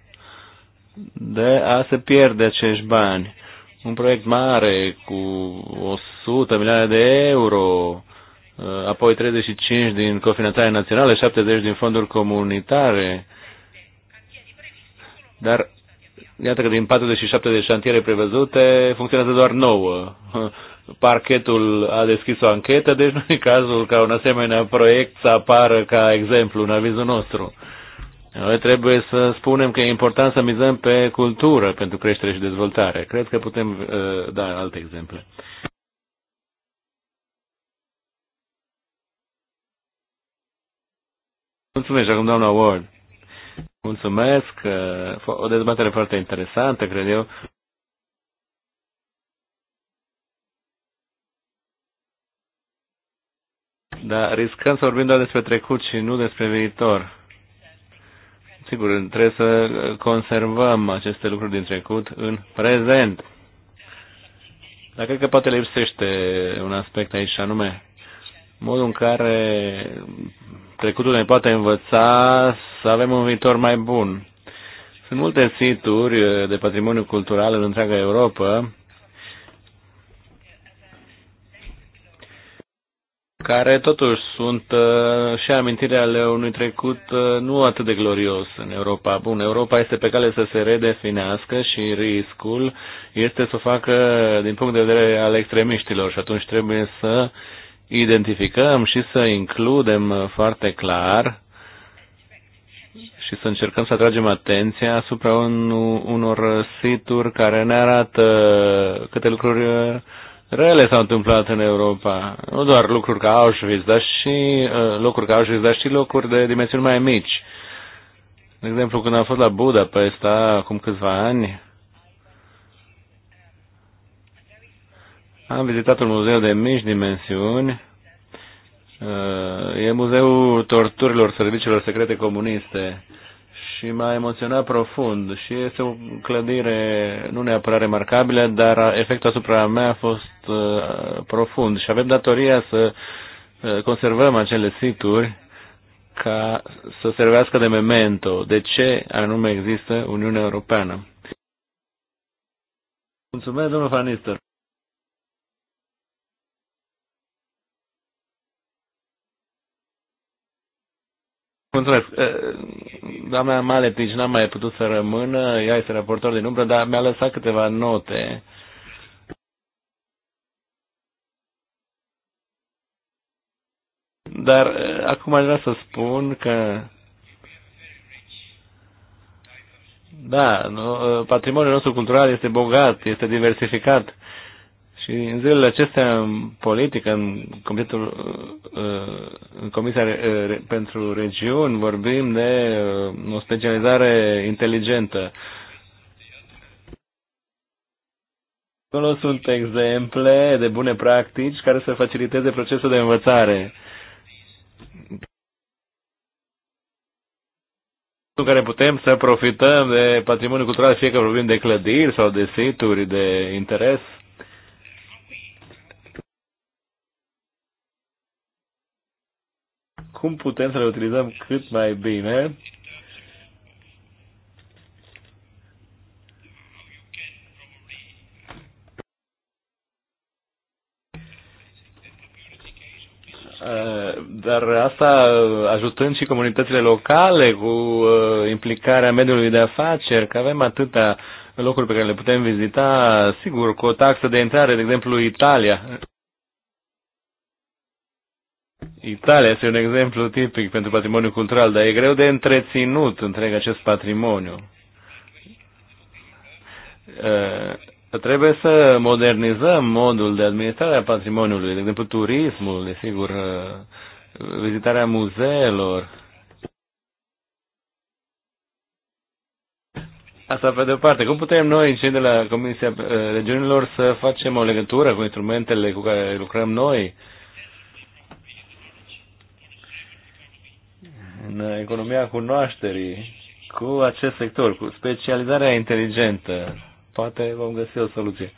[SPEAKER 4] de a se pierde acești bani. Un proiect mare cu 100 milioane de euro Uh, apoi 35 din cofinanțare națională, 70 din fonduri comunitare. Dar iată că din 47 de șantiere prevăzute funcționează doar 9. Parchetul a deschis o anchetă, deci nu e cazul ca un asemenea proiect să apară ca exemplu în avizul nostru. Noi trebuie să spunem că e important să mizăm pe cultură pentru creștere și dezvoltare. Cred că putem uh, da alte exemple. Mulțumesc, acum doamna Ward. Mulțumesc, o dezbatere foarte interesantă, cred eu. Dar riscăm să vorbim doar despre trecut și nu despre viitor. Sigur, trebuie să conservăm aceste lucruri din trecut în prezent. Dar cred că poate lipsește un aspect aici, anume modul în care trecutul ne poate învăța să avem un viitor mai bun. Sunt multe situri de patrimoniu cultural în întreaga Europa care totuși sunt uh, și amintirea ale unui trecut uh, nu atât de glorios în Europa. Bun, Europa este pe cale să se redefinească și riscul este să o facă din punct de vedere al extremiștilor și atunci trebuie să uh, identificăm și să includem foarte clar și să încercăm să atragem atenția asupra un, unor situri care ne arată câte lucruri rele s-au întâmplat în Europa. Nu doar lucruri ca Auschwitz, dar și uh, locuri ca Auschwitz, dar și locuri de dimensiuni mai mici. De exemplu, când am fost la Budapesta acum câțiva ani, Am vizitat un muzeu de mici dimensiuni. Uh, e muzeul torturilor serviciilor secrete comuniste și m-a emoționat profund și este o clădire nu neapărat remarcabilă, dar efectul asupra mea a fost uh, profund și avem datoria să uh, conservăm acele situri ca să servească de memento de ce anume există Uniunea Europeană. Mulțumesc, domnul Fanister. Mulțumesc. Eh, doamna Maletici n-a mai putut să rămână, ea este raportor din umbră, dar mi-a lăsat câteva note. Dar eh, acum aș vrea să spun că da, eh, patrimoniul nostru cultural este bogat, este diversificat și în zilele acestea, în politică, în, comitetul, uh, în Comisia uh, pentru Regiuni, vorbim de uh, o specializare inteligentă. Acolo sunt exemple de bune practici care să faciliteze procesul de învățare. în care putem să profităm de patrimoniul cultural, fie că vorbim de clădiri sau de situri de interes cum putem să le utilizăm cât mai bine eh, dar asta ajutând și comunitățile locale cu eh, implicarea mediului de afaceri, că avem atâta locuri pe care le putem vizita, sigur, cu o taxă de intrare, de exemplu, Italia. Italia este un exemplu tipic pentru patrimoniul cultural, dar e greu de întreținut întreg acest patrimoniu. Uh, trebuie să modernizăm modul de administrare a patrimoniului, de exemplu turismul, desigur, uh, vizitarea muzeelor. Asta pe de-o parte. Cum putem noi, cei de la Comisia Regiunilor, să facem o legătură cu instrumentele cu care lucrăm noi? Uh, în economia cunoașterii cu acest sector, cu specializarea inteligentă. Poate vom găsi o soluție.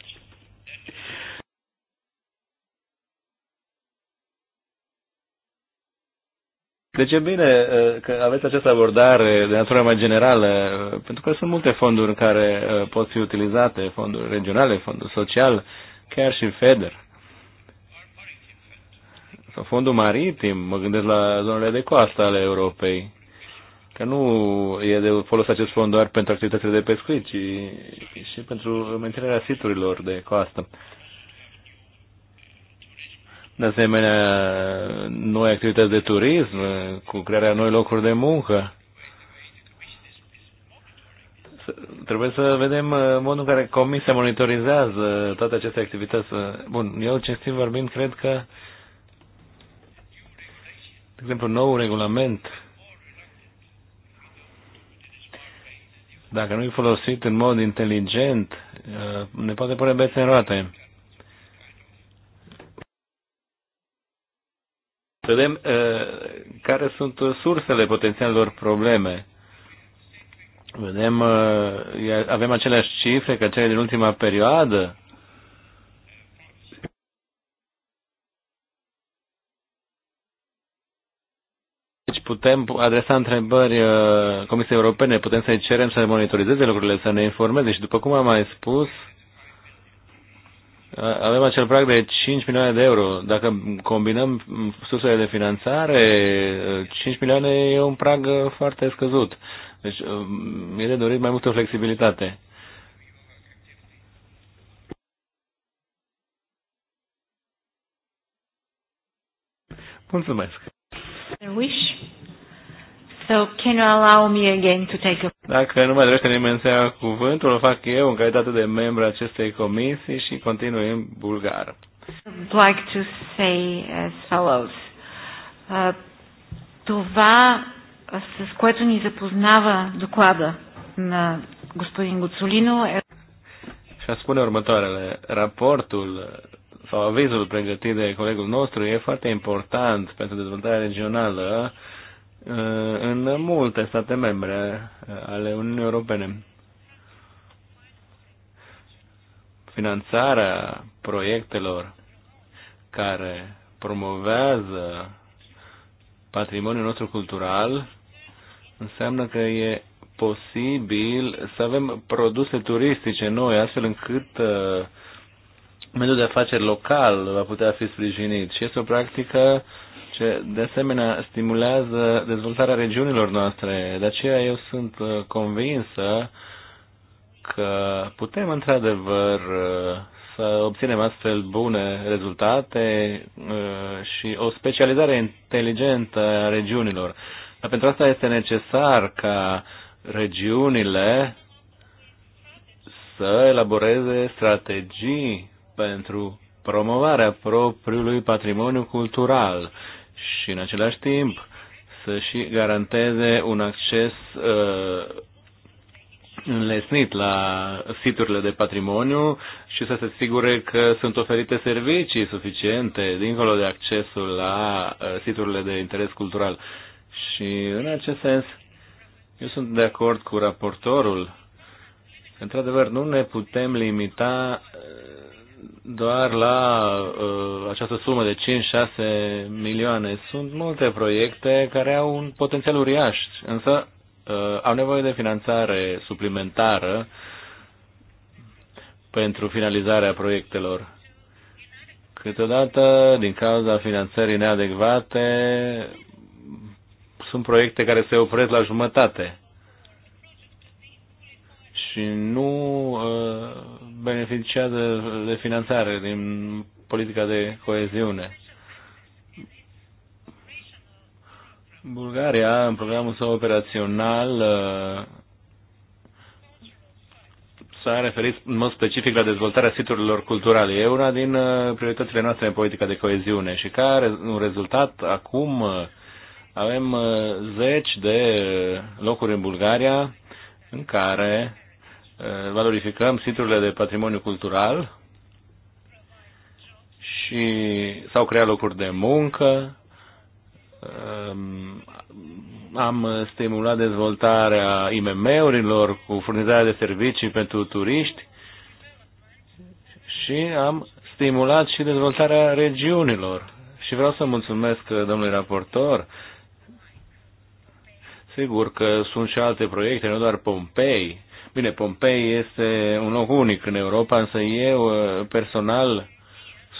[SPEAKER 4] Deci e bine uh, că aveți această abordare de natură mai generală, uh, pentru că sunt multe fonduri care uh, pot fi utilizate, fonduri regionale, fonduri social, chiar și FEDER sau fondul maritim, mă gândesc la zonele de coastă ale Europei, că nu e de folos acest fond doar pentru activitățile de pescuit, ci și pentru menținerea siturilor de coastă. De asemenea, noi activități de turism, cu crearea noi locuri de muncă. Trebuie să vedem uh, modul în care Comisia monitorizează toate aceste activități. Uh, bun, eu cinstit vorbind, cred că uh, de exemplu, nou regulament, dacă nu e folosit în mod inteligent, uh, ne poate pune bețe în roate. Vedem vedem uh, care sunt sursele potențialelor probleme. Vedem, uh, avem aceleași cifre ca cele din ultima perioadă putem adresa întrebări uh, Comisiei Europene, putem să-i cerem să monitorizeze lucrurile, să ne informeze și după cum am mai spus, uh, avem acel prag de 5 milioane de euro. Dacă combinăm sursele de finanțare, 5 uh, milioane e un prag foarte scăzut. Deci e de dorit mai multă flexibilitate. Mulțumesc!
[SPEAKER 1] So can you allow me again to take a...
[SPEAKER 4] Dacă nu mai dorește nimeni să ia cuvântul, o fac eu în calitate de membru acestei comisii și continui în bulgar.
[SPEAKER 1] I'd like to say as follows. Uh, това, uh, с което ни запознава доклада на господин Гуцулино е...
[SPEAKER 4] Și a spune următoarele. Raportul uh, sau avizul pregătit de colegul nostru e foarte important pentru dezvoltarea regională Uh, în multe state membre uh, ale Uniunii Europene. Finanțarea proiectelor care promovează patrimoniul nostru cultural înseamnă că e posibil să avem produse turistice noi, astfel încât uh, mediul de afaceri local va putea fi sprijinit. Și este o practică uh, ce de asemenea stimulează dezvoltarea regiunilor noastre. De aceea eu sunt uh, convinsă că putem într-adevăr uh, să obținem astfel bune rezultate uh, și o specializare inteligentă a regiunilor. Dar pentru asta este necesar ca regiunile să elaboreze strategii pentru promovarea propriului patrimoniu cultural și în același timp să și garanteze un acces uh, înlesnit la siturile de patrimoniu și să se asigure că sunt oferite servicii suficiente dincolo de accesul la uh, siturile de interes cultural. Și în acest sens, eu sunt de acord cu raportorul. Într-adevăr, nu ne putem limita uh, doar la uh, această sumă de 5-6 milioane. Sunt multe proiecte care au un potențial uriaș, însă uh, au nevoie de finanțare suplimentară pentru finalizarea proiectelor. Câteodată, din cauza finanțării neadecvate, sunt proiecte care se opresc la jumătate și nu uh, beneficiază de finanțare din politica de coeziune. Bulgaria, în programul său operațional, uh, s-a referit în mod specific la dezvoltarea siturilor culturale. E una din uh, prioritățile noastre în politica de coeziune și ca un rezultat acum uh, avem zeci de locuri în Bulgaria în care Eh, valorificăm siturile de patrimoniu cultural și s-au creat locuri de muncă, eh, am stimulat dezvoltarea IMM-urilor cu furnizarea de servicii pentru turiști și am stimulat și dezvoltarea regiunilor. Și vreau să mulțumesc eh, domnului raportor. Sigur că sunt și alte proiecte, nu doar Pompei, Bine, Pompei este un loc unic în Europa, însă eu uh, personal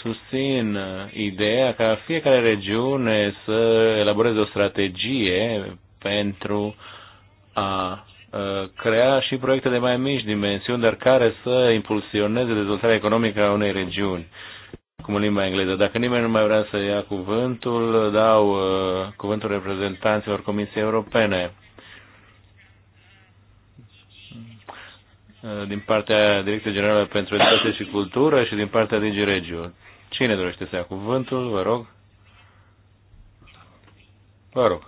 [SPEAKER 4] susțin uh, ideea ca fiecare regiune să elaboreze o strategie pentru a uh, crea și proiecte de mai mici dimensiuni, dar care să impulsioneze dezvoltarea economică a unei regiuni. Cum în limba engleză. Dacă nimeni nu mai vrea să ia cuvântul, dau uh, cuvântul reprezentanților Comisiei Europene. Uh, din partea Direcției Generală pentru Educație și Cultură și din partea DG Regio. Cine dorește să ia cuvântul? Vă rog. Vă rog.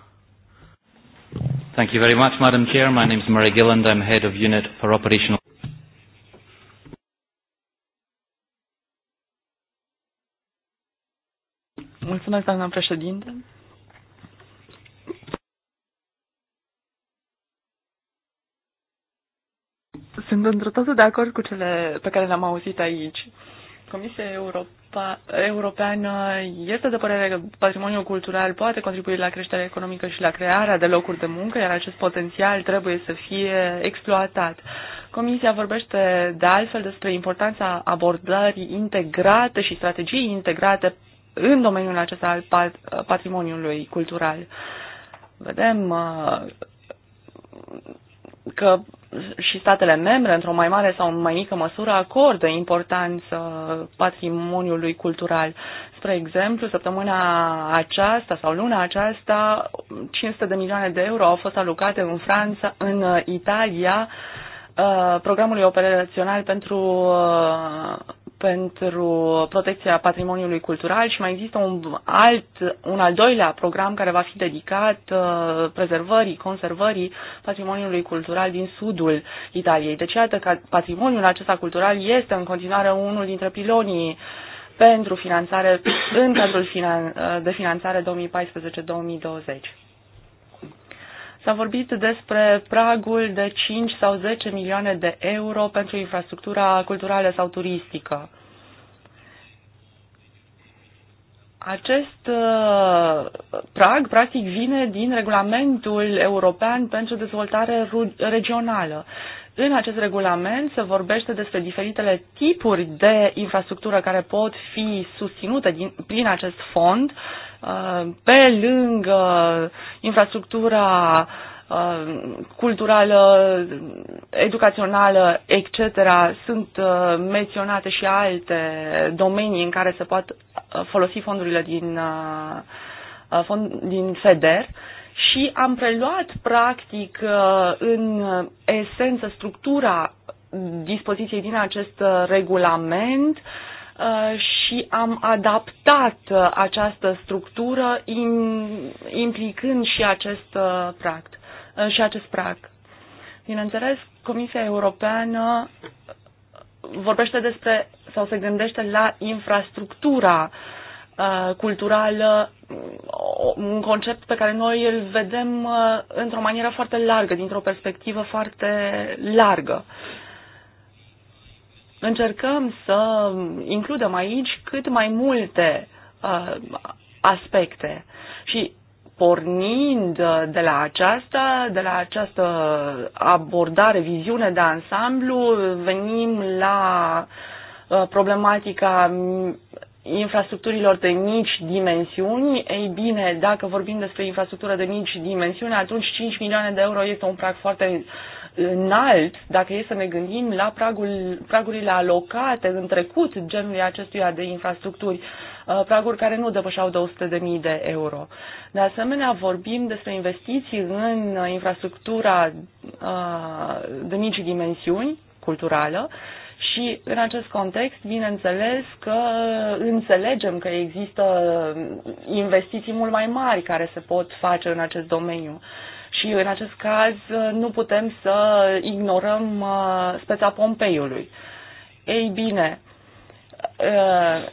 [SPEAKER 4] Thank you very much, Madam Chair. My name is Murray Gilland. I'm Head of Unit for Operational
[SPEAKER 2] Mulțumesc, doamna președinte. Sunt într totul de acord cu cele pe care le-am auzit aici. Comisia Europa, Europeană este de părere că patrimoniul cultural poate contribui la creșterea economică și la crearea de locuri de muncă, iar acest potențial trebuie să fie exploatat. Comisia vorbește de altfel despre importanța abordării integrate și strategii integrate în domeniul acesta al pat patrimoniului cultural. Vedem uh, că și statele membre, într-o mai mare sau mai mică măsură, acordă importanță patrimoniului cultural. Spre exemplu, săptămâna aceasta sau luna aceasta, 500 de milioane de euro au fost alocate în Franța, în uh, Italia, uh, programului operațional pentru uh, pentru protecția patrimoniului cultural și mai există un alt, un al doilea program care va fi dedicat uh, prezervării, conservării patrimoniului cultural din sudul Italiei. Deci iată că patrimoniul acesta cultural este în continuare unul dintre pilonii pentru finanțare în cadrul finan- uh, de finanțare 2014-2020. S-a vorbit despre pragul de 5 sau 10 milioane de euro pentru infrastructura culturală sau turistică. Acest uh, prag, practic, vine din regulamentul european pentru dezvoltare regională. În acest regulament se vorbește despre diferitele tipuri de infrastructură care pot fi susținute din, prin acest fond, uh, Uh, pe lângă infrastructura uh, culturală, educațională, etc., sunt uh, menționate și alte domenii în care se pot folosi fondurile din, fond din FEDER și am preluat, practic, în esență, structura dispoziției din acest regulament uh, Uh, și am adaptat uh, această structură implicând și acest uh, prag. Și acest prag. Bineînțeles, Comisia Europeană vorbește despre sau se gândește la infrastructura culturală, mm, un concept pe care noi îl vedem într-o manieră foarte largă, dintr-o perspectivă foarte largă încercăm să includem aici cât mai multe uh, aspecte. Și pornind uh, de la aceasta, de la această abordare, viziune de ansamblu, venim la uh, problematica infrastructurilor de mici dimensiuni. Ei bine, dacă vorbim despre infrastructură de mici dimensiuni, atunci 5 milioane de euro este un prag foarte uh, înalt, dacă e să ne gândim la pragul, pragurile alocate în trecut genului acestuia de infrastructuri, uh, praguri care nu depășeau 200.000 de euro. De asemenea, vorbim despre investiții în infrastructura uh, de mici dimensiuni, culturală, și în acest context, bineînțeles că înțelegem că există investiții mult mai mari care se pot face în acest domeniu. Și în acest caz nu putem să ignorăm uh, speța Pompeiului. Ei bine, uh,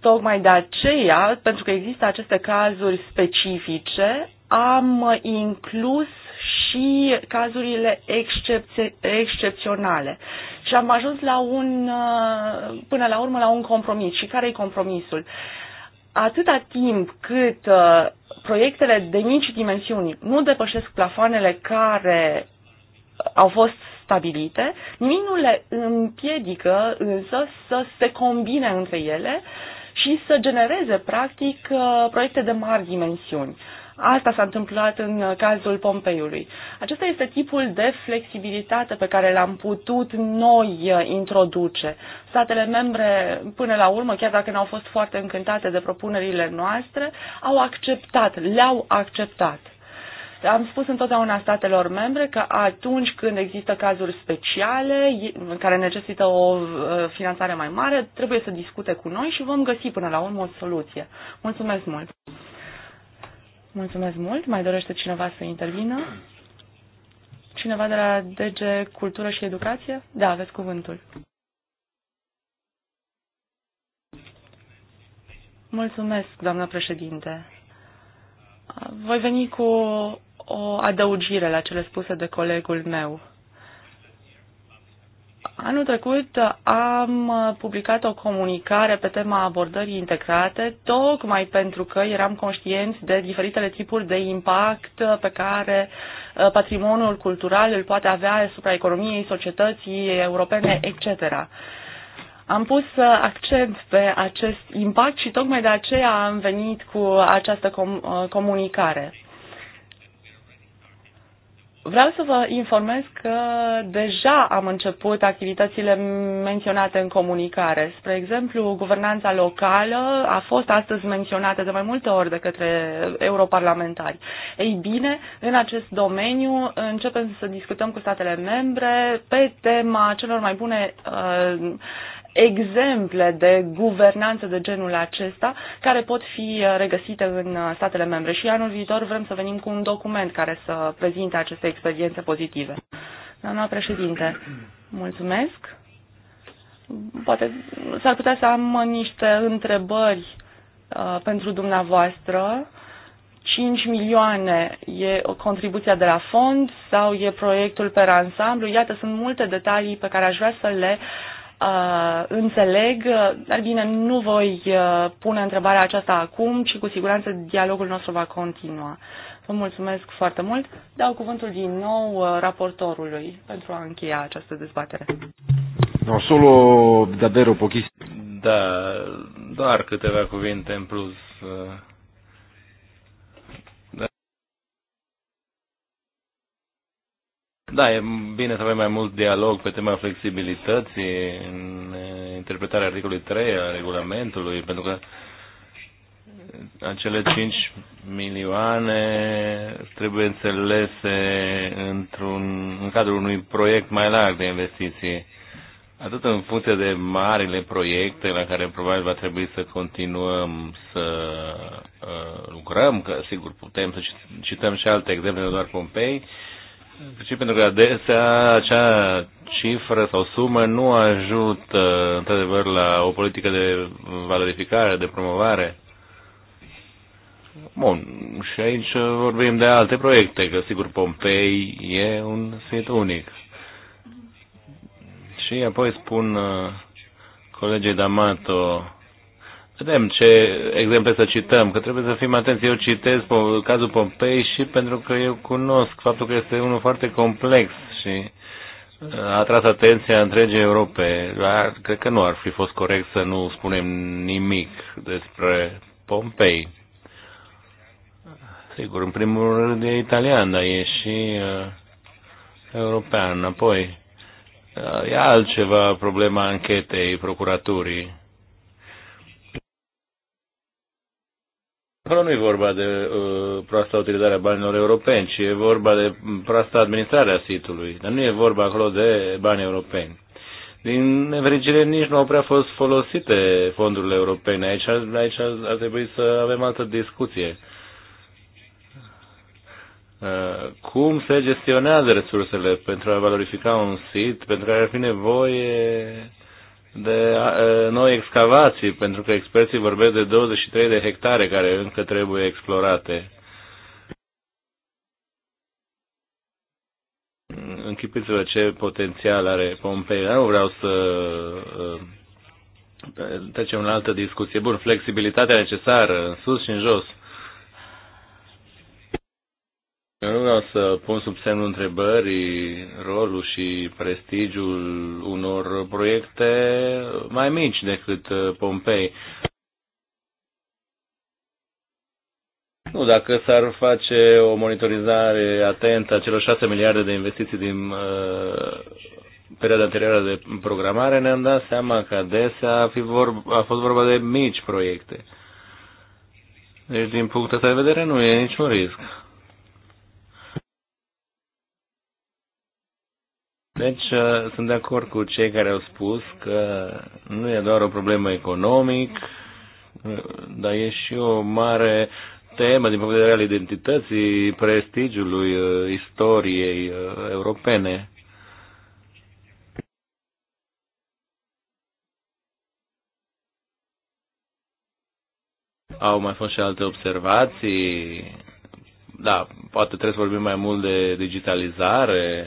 [SPEAKER 2] tocmai de aceea, pentru că există aceste cazuri specifice, am inclus și cazurile excepție, excepționale. Și am ajuns la un, uh, până la urmă la un compromis. Și care e compromisul? atâta timp cât uh, proiectele de mici dimensiuni nu depășesc plafoanele care uh, au fost stabilite, nimic nu le împiedică însă să se combine între ele și să genereze practic uh, proiecte de mari dimensiuni. Asta s-a întâmplat în cazul Pompeiului. Acesta este tipul de flexibilitate pe care l-am putut noi uh, introduce. Statele membre, până la urmă, chiar dacă n-au fost foarte încântate de propunerile noastre, au acceptat, le-au acceptat. Am spus întotdeauna statelor membre că atunci când există cazuri speciale care necesită o uh, finanțare mai mare, trebuie să discute cu noi și vom găsi până la urmă o soluție. Mulțumesc mult! Mulțumesc mult. Mai dorește cineva să intervină? Cineva de la DG Cultură și Educație? Da, aveți cuvântul. Mulțumesc, doamnă președinte. Voi veni cu o adăugire la cele spuse de colegul meu. Anul trecut am publicat o comunicare pe tema abordării integrate, tocmai pentru că eram conștienți de diferitele tipuri de impact pe care uh, patrimoniul cultural îl poate avea asupra economiei, societății europene, etc. Am pus uh, accent pe acest impact și tocmai de aceea am venit cu această uh, comunicare. Vreau să vă informez că deja am început activitățile menționate în comunicare. Spre exemplu, guvernanța locală a fost astăzi menționată de mai multe ori de către europarlamentari. Ei bine, în acest domeniu începem să discutăm cu statele membre pe tema celor mai bune uh, exemple de guvernanță de genul acesta care pot fi regăsite în statele membre și anul viitor vrem să venim cu un document care să prezinte aceste experiențe pozitive. Doamna președinte, mulțumesc. Poate s-ar putea să am niște întrebări uh, pentru dumneavoastră. 5 milioane e o contribuția de la fond sau e proiectul pe ansamblu? Iată, sunt multe detalii pe care aș vrea să le uh, înțeleg, uh, dar bine, nu voi uh, pune întrebarea aceasta acum, ci cu siguranță dialogul nostru va continua. Vă mulțumesc foarte mult. Dau cuvântul din nou uh, raportorului pentru a încheia această
[SPEAKER 4] dezbatere. No, solo davvero pochissimo. Da, doar câteva cuvinte în plus. Uh Da, e bine să avem mai mult dialog pe tema flexibilității în interpretarea articolului 3 a regulamentului, pentru că acele 5 milioane trebuie înțelese într-un, în cadrul unui proiect mai larg de investiții, atât în funcție de marile proiecte la care probabil va trebui să continuăm să uh, lucrăm, că sigur putem să cităm și alte exemple, nu doar Pompei, uh, și pentru că adesea acea cifră sau sumă nu ajută, într-adevăr, la o politică de valorificare, de promovare. Bun, și aici vorbim de alte proiecte, că sigur Pompei e un sit unic. Și apoi spun uh, colegii D'Amato vedem ce exemple să cităm, că trebuie să fim atenți. Eu citesc cazul Pompei și pentru că eu cunosc faptul că este unul foarte complex și uh, a atras atenția întregii Europe. Dar cred că nu ar fi fost corect să nu spunem nimic despre Pompei. Sigur, în primul rând e italian, dar e și uh, european. Apoi, uh, e altceva problema anchetei procuraturii Acolo nu e vorba de uh, proasta utilizare a banilor europeni, ci e vorba de proasta administrare a sitului. Dar nu e vorba acolo de bani europeni. Din nefericire, nici nu au prea fost folosite fondurile europene. Aici, aici ar trebui să avem altă discuție. Uh, cum se gestionează resursele pentru a valorifica un sit pentru care ar fi nevoie de noi excavații, pentru că experții vorbesc de 23 de hectare care încă trebuie explorate. Închipiți-vă ce potențial are Pompei. Nu vreau să trecem la altă discuție. Bun, flexibilitatea necesară, în sus și în jos. Eu nu vreau să pun sub semnul întrebării rolul și prestigiul unor proiecte mai mici decât uh, Pompei. Nu, dacă s-ar face o monitorizare atentă a celor 6 miliarde de investiții din uh, perioada anterioară de programare, ne-am dat seama că adesea a, fi vorba, a fost vorba de mici proiecte. Deci, din punctul ăsta de vedere, nu e niciun risc. Deci uh, sunt de acord cu cei care au spus că nu e doar o problemă economic, uh, dar e și o mare temă din punct de vedere al identității, prestigiului uh, istoriei europene. Au mai fost și alte observații. Da, poate trebuie să vorbim mai mult de digitalizare,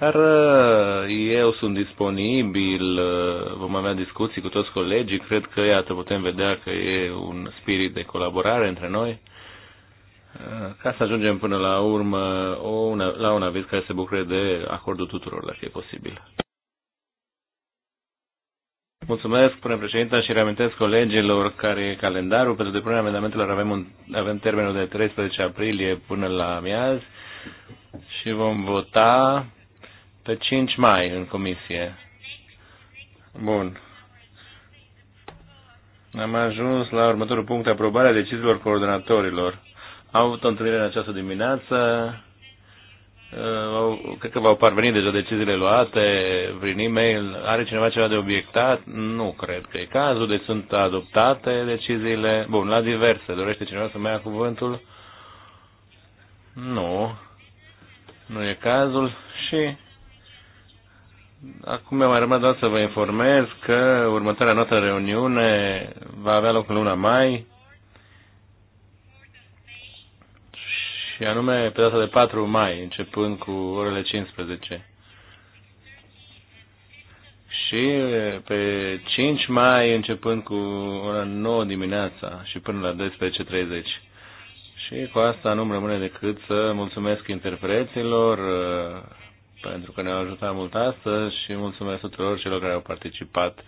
[SPEAKER 4] dar uh, eu sunt disponibil, uh, vom avea discuții cu toți colegii, cred că, iată, putem vedea că e un spirit de colaborare între noi, uh, ca să ajungem până la urmă o, una, la un aviz care se bucure de acordul tuturor, dacă e posibil. Mulțumesc, până președinte, și reamintesc colegilor care e calendarul. Pentru depunerea amendamentelor avem, un, avem termenul de 13 aprilie până la miaz și vom vota pe 5 mai în comisie. Bun. Am ajuns la următorul punct, aprobarea deciziilor coordonatorilor. Am avut o întâlnire în această dimineață. Cred că v-au parvenit deja deciziile luate prin e-mail. Are cineva ceva de obiectat? Nu cred că e cazul, deci sunt adoptate deciziile. Bun, la diverse. Dorește cineva să mai ia cuvântul? Nu. Nu e cazul și Acum mi-a mai rămas doar să vă informez că următoarea noastră reuniune va avea loc în luna mai și anume pe data de 4 mai, începând cu orele 15. Și pe 5 mai, începând cu ora 9 dimineața și până la 12.30. Și cu asta nu-mi rămâne decât să mulțumesc interpreților, pentru că ne-au ajutat mult astăzi și mulțumesc tuturor celor care au participat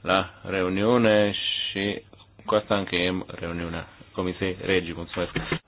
[SPEAKER 4] la reuniune și cu asta încheiem reuniunea Comisiei Regii. Mulțumesc!